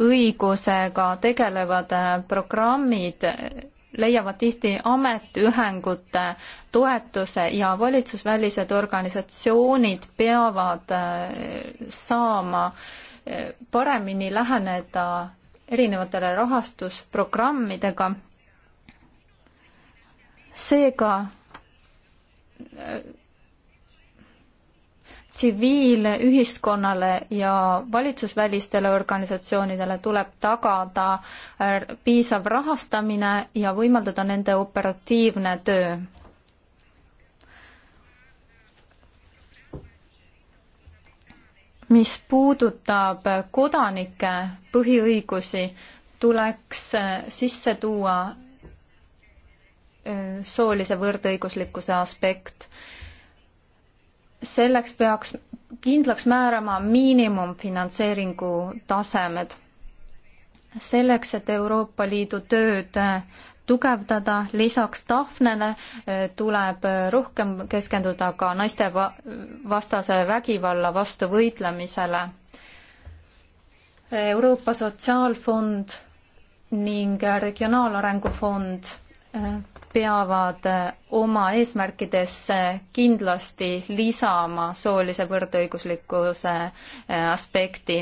õigusega tegelevad eh, programmid eh, leiavad tihti ametiühingute toetuse ja valitsusvälised organisatsioonid peavad saama paremini läheneda erinevatele rahastusprogrammidega seega tsiviilühiskonnale ja valitsusvälistele organisatsioonidele tuleb tagada äh, piisav rahastamine ja võimaldada nende operatiivne töö. mis puudutab kodanike põhiõigusi, tuleks äh, sisse tuua soolise võrdõiguslikkuse aspekt. selleks peaks kindlaks määrama miinimumfinantseeringu tasemed. selleks, et Euroopa Liidu tööd tugevdada, lisaks Tahnele eh, tuleb rohkem keskenduda ka naiste vastase vägivalla vastu võitlemisele. Euroopa Sotsiaalfond ning Regionaalarengu Fond eh, peavad äh, oma eesmärkidesse kindlasti lisama soolise võrdõiguslikkuse äh, aspekti.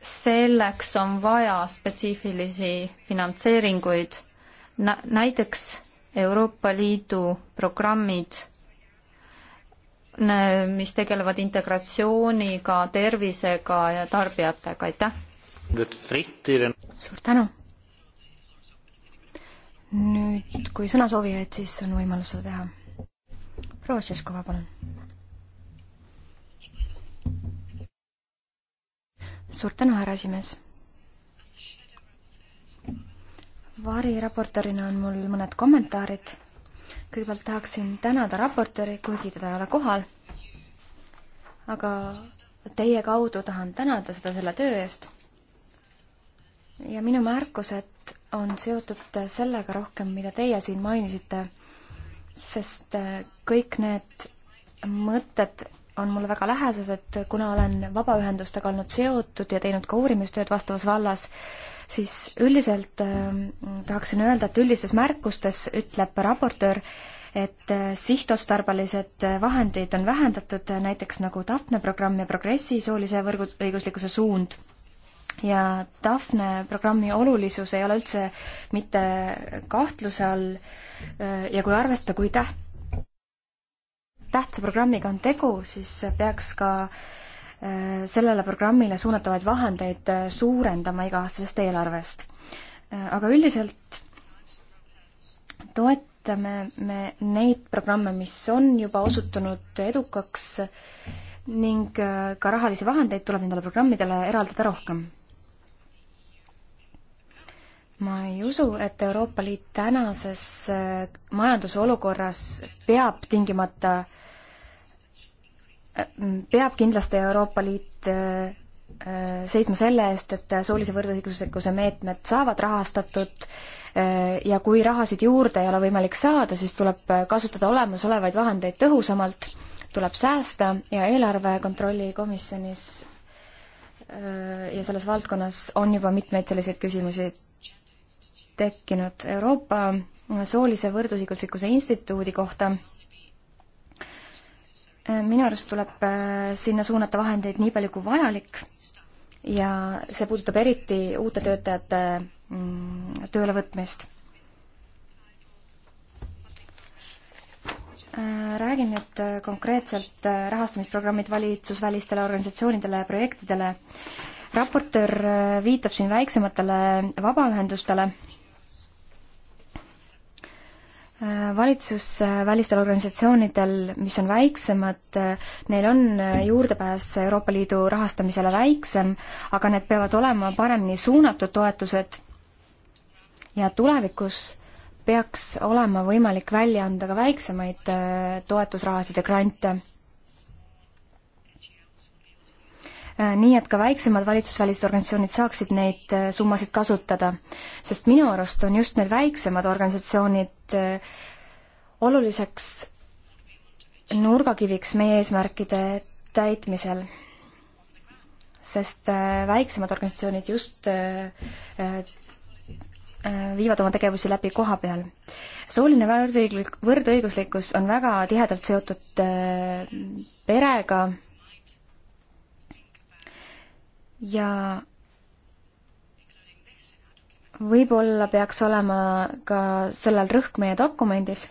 selleks on vaja spetsiifilisi finantseeringuid, näiteks Euroopa Liidu programmid, mis tegelevad integratsiooniga, tervisega ja tarbijatega, aitäh! suur tänu! nüüd, kui sõnasoovijaid, siis on võimalus seda teha. proua Šeškova, palun. suur tänu, härra esimees. variraportorina on mul mõned kommentaarid. kõigepealt tahaksin tänada raportööri, kuigi teda ei ole kohal. aga teie kaudu tahan tänada seda selle töö eest. ja minu märkused on seotud sellega rohkem, mida teie siin mainisite, sest äh, kõik need mõtted on mulle väga lähedased, et kuna olen vabaühendustega olnud seotud ja teinud ka uurimistööd vastavas vallas, siis üldiselt äh, tahaksin öelda, et üldistes märkustes ütleb raportöör, et äh, sihtotstarbelised vahendid on vähendatud, äh, näiteks nagu Daphne programm ja Progressi soolise võrgu-, õiguslikkuse suund ja Daphne programmi olulisus ei ole üldse mitte kahtluse all äh, ja kui arvestada, kui täht-, tähtsa programmiga on tegu, siis peaks ka äh, sellele programmile suunatavaid vahendeid äh, suurendama iga-aastasest eelarvest. aga üldiselt toetame me neid programme, mis on juba osutunud edukaks ning ka rahalisi vahendeid tuleb nendele programmidele eraldada rohkem ma ei usu, et Euroopa Liit tänases äh, majanduse olukorras peab tingimata, äh, peab kindlasti Euroopa Liit äh, seisma selle eest, et soolise võrdõiguslikkuse meetmed saavad rahastatud ja kui rahasid juurde ei ole võimalik saada, siis tuleb kasutada olemasolevaid vahendeid tõhusamalt, tuleb säästa ja eelarve kontrolli komisjonis ja selles valdkonnas on juba mitmeid selliseid küsimusi tekkinud Euroopa soolise võrdusõiguslikkuse instituudi kohta. minu arust tuleb äh, sinna suunata vahendeid nii palju kui vajalik ja see puudutab eriti uute töötajate mm, töölevõtmist. Äh, räägin nüüd äh, konkreetselt rahastamisprogrammid valitsusvälistele organisatsioonidele ja projektidele. raportöör viitab siin väiksematele vabaühendustele Äh, valitsusvälistel organisatsioonidel, mis on väiksemad, äh, neil on äh, juurdepääs Euroopa Liidu rahastamisele väiksem, aga need peavad olema paremini suunatud toetused ja tulevikus peaks olema võimalik välja anda ka väiksemaid toetusrahasid ja grante Äh, nii et ka väiksemad valitsusvälised organisatsioonid saaksid neid äh, summasid kasutada. sest minu arust on just need väiksemad organisatsioonid äh, oluliseks nurgakiviks meie eesmärkide täitmisel. sest väiksemad organisatsioonid just viivad oma tegevusi läbi koha peal. sooline võrdõiguslikkus on väga tihedalt seotud perega ja võib-olla peaks olema ka sellel rõhk meie dokumendis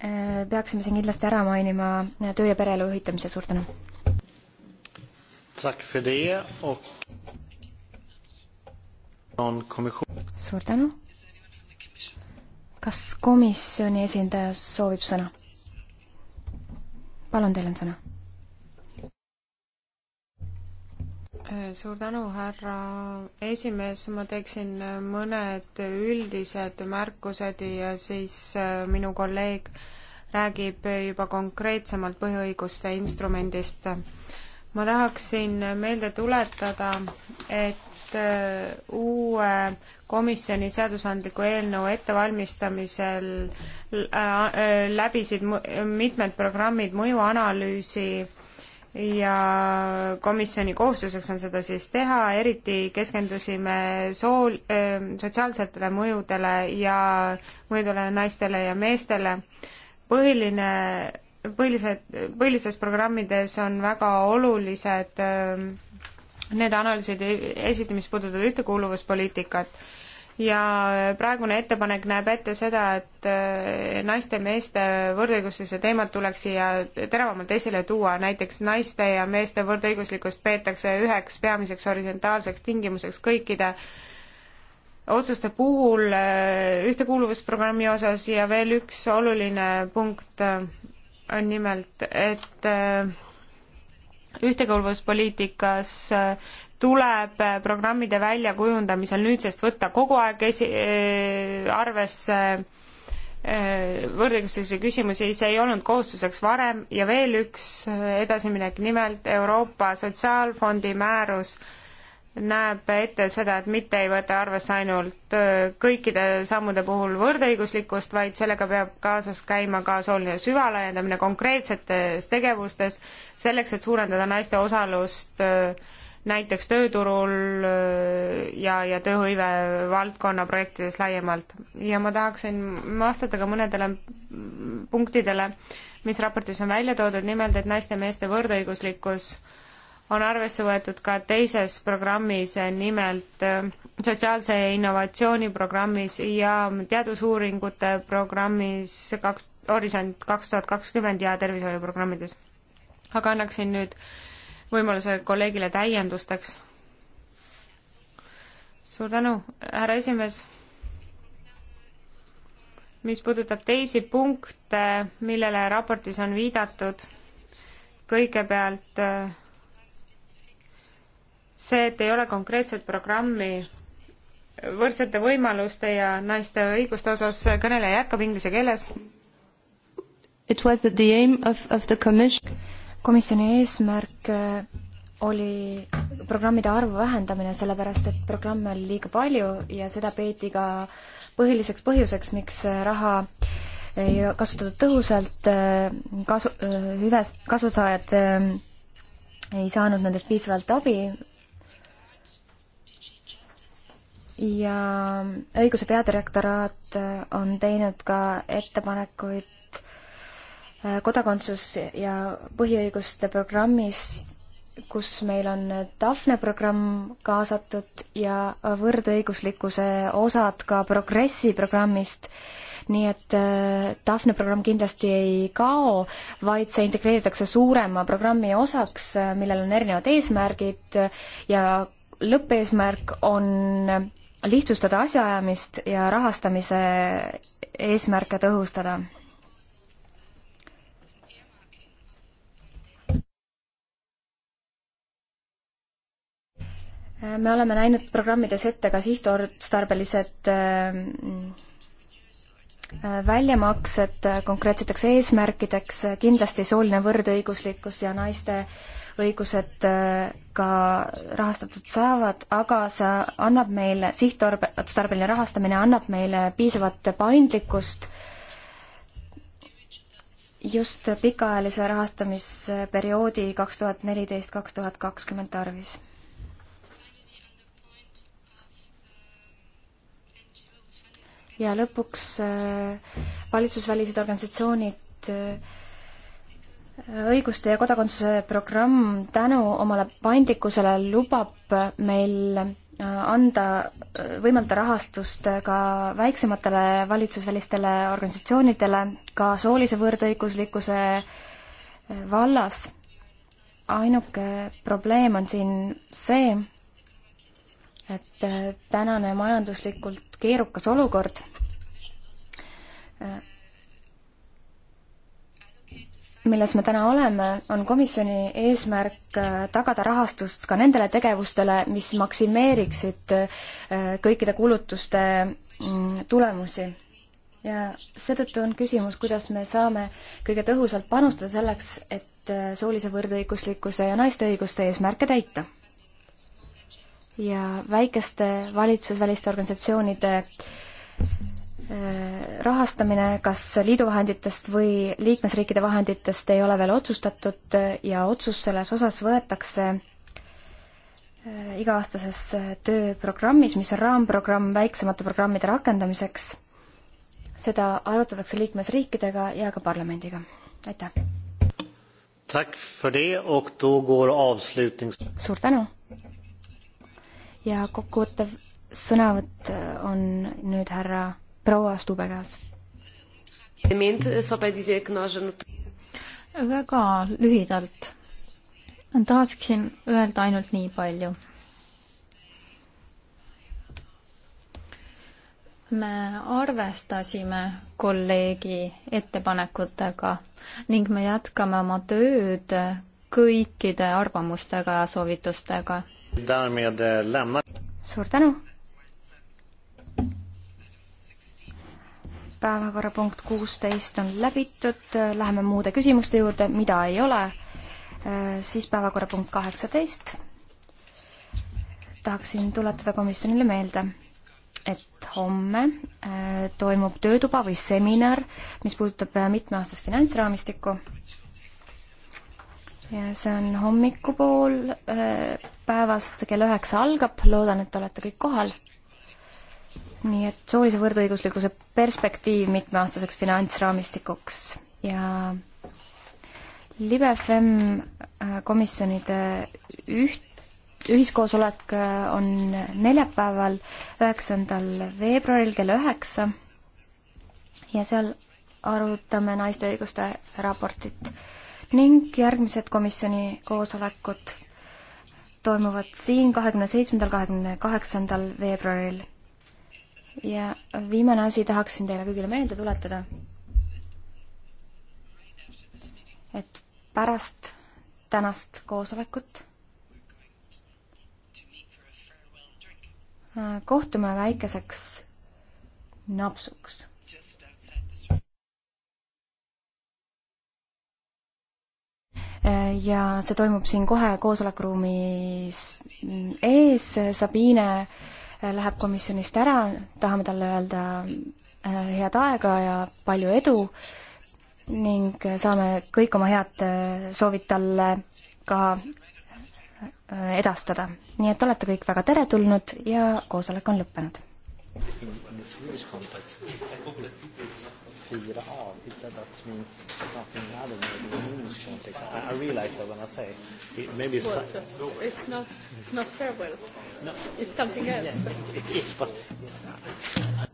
äh, peaksime siin kindlasti ära mainima töö- ja pereelu ühitamise, suur tänu! suur tänu! kas komisjoni esindaja soovib sõna? palun, teil on sõna Suur tänu, härra esimees, ma teeksin mõned üldised märkused ja siis äh, minu kolleeg räägib juba konkreetsemalt põhiõiguste instrumendist. ma tahaksin meelde tuletada, et Äh, uue komisjoni seadusandliku eelnõu ettevalmistamisel äh, äh, läbisid mitmed programmid mõjuanalüüsi ja komisjoni kohustuseks on seda siis teha, eriti keskendusime sool-, sotsiaalsetele mõjudele ja mõjudele naistele ja meestele. põhiline, põhilised, põhilistes programmides on väga olulised need analüüsid esiti, mis puudutavad ühtekuuluvuspoliitikat ja praegune ettepanek näeb ette seda, et äh, naiste ja meeste võrdõiguslikkuse teemad tuleks siia teravamalt esile tuua, näiteks naiste ja meeste võrdõiguslikkust peetakse üheks peamiseks horisontaalseks tingimuseks kõikide otsuste puhul äh, ühtekuuluvusprogrammi osas ja veel üks oluline punkt äh, on nimelt, et ühtekuuluvuspoliitikas äh, tuleb äh, programmide väljakujundamisel nüüdsest võtta kogu aeg esi-, äh, arvesse võrdõiguslikkuse küsimusi, see ei olnud kohustuseks varem ja veel üks edasiminek, nimelt Euroopa Sotsiaalfondi määrus näeb ette seda, et mitte ei võta arvesse ainult äh, kõikide sammude puhul võrdõiguslikkust, vaid sellega peab kaasas käima ka sooline süvalaiendamine konkreetsetes tegevustes, selleks et suurendada naiste osalust äh, näiteks tööturul äh, ja, ja tööhõive valdkonna projektides laiemalt. ja ma tahaksin vastata ka mõnedele punktidele, mis raportis on välja toodud, nimelt et naiste ja meeste võrdõiguslikkus äh, on arvesse võetud ka teises programmis, nimelt äh, sotsiaalse innovatsiooni programmis ja teadusuuringute programmis kaks, Horisont kaks tuhat kakskümmend ja tervishoiuprogrammides. aga annaksin nüüd võimaluse kolleegile täiendusteks. suur tänu, härra esimees mis puudutab teisi punkte, millele raportis on viidatud, kõigepealt äh, see, et ei ole konkreetset programmi võrdsete võimaluste ja naiste õiguste osas, kõneleja jätkab inglise keeles. It was the aim of, of the commission. komisjoni eesmärk äh, oli programmide arvu vähendamine, sellepärast et programme oli liiga palju ja seda peeti ka põhiliseks põhjuseks, miks äh, raha ei kasutatud tõhusalt, äh, kasu, hüves, kasusaajad ei saanud nendest piisavalt abi, ja õiguse peadirektoraat äh, on teinud ka ettepanekuid äh, kodakondsus- ja põhiõiguste programmis, kus meil on Daphne programm kaasatud ja võrdõiguslikkuse osad ka Progressi programmist, nii et äh, Daphne programm kindlasti ei kao, vaid see integreeritakse suurema programmi osaks, millel on erinevad eesmärgid ja lõppeesmärk on lihtsustada asjaajamist ja rahastamise eesmärke tõhustada. me oleme näinud programmides ette ka sihtotstarbelised äh, äh, väljamaksed konkreetseteks eesmärkideks, kindlasti sooline võrdõiguslikkus ja naiste äh, õigused äh, ka rahastatud saavad, aga see annab meile, sihtotstarbeline rahastamine annab meile piisavat paindlikkust just pikaajalise rahastamisperioodi kaks tuhat neliteist, kaks tuhat kakskümmend tarvis ja lõpuks äh, valitsusvälised organisatsioonid äh, õiguste ja kodakondsuse programm tänu omale paindlikkusele lubab meil äh, anda, äh, võimaldada rahastust ka väiksematele valitsusvälistele organisatsioonidele, ka soolise võrdõiguslikkuse äh, vallas. ainuke probleem on siin see, et tänane majanduslikult keerukas olukord milles me täna oleme, on komisjoni eesmärk äh, tagada rahastust ka nendele tegevustele, mis maksimeeriksid äh, kõikide kulutuste mm, tulemusi. ja seetõttu on küsimus, kuidas me saame kõige tõhusalt panustada selleks, et äh, soolise võrdõiguslikkuse ja naiste õiguste eesmärke täita. ja väikeste valitsusväliste organisatsioonide rahastamine kas liidu vahenditest või liikmesriikide vahenditest ei ole veel otsustatud ja otsus selles osas võetakse äh, iga-aastases äh, tööprogrammis, mis on raamprogramm väiksemate programmide rakendamiseks. seda arutatakse liikmesriikidega ja ka parlamendiga. aitäh! suur tänu! ja kokkuvõttev sõnavõtt äh, on nüüd härra proua Stube käest. väga lühidalt tahaksin öelda ainult nii palju. me arvestasime kolleegi ettepanekutega ning me jätkame oma tööd kõikide arvamustega ja soovitustega. Eh, suur tänu! päevakorrapunkt kuusteist on läbitud, läheme muude küsimuste juurde, mida ei ole, äh, siis päevakorrapunkt kaheksateist. tahaksin tuletada komisjonile meelde, et homme äh, toimub töötuba või seminar, mis puudutab äh, mitmeaastast finantsraamistikku. ja see on hommikupool päevast, kell üheksa algab, loodan, et olete kõik kohal nii et soolise võrdõiguslikkuse perspektiiv mitmeaastaseks finantsraamistikuks ja LibeFem äh, komisjonide üht, ühiskoosolek äh, on neljapäeval, üheksandal veebruaril kell üheksa ja seal arutame naiste õiguste raportit ning järgmised komisjoni koosolekud toimuvad siin kahekümne seitsmendal, kahekümne kaheksandal veebruaril ja viimane asi tahaksin teile kõigile meelde tuletada, et pärast tänast koosolekut kohtume väikeseks napsuks ja see toimub siin kohe koosolekuruumis ees, Sabine läheb komisjonist ära, tahame talle öelda äh, head aega ja palju edu ning saame kõik oma head äh, soovid talle ka äh, edastada. nii et olete kõik väga teretulnud ja koosolek on lõppenud fyra avbytare att smink something other maybe emotions. I, I realize that when I say it, maybe it's, well, so, it's not it's not farewell. No, it's something else. Yeah, it is, but. Yeah.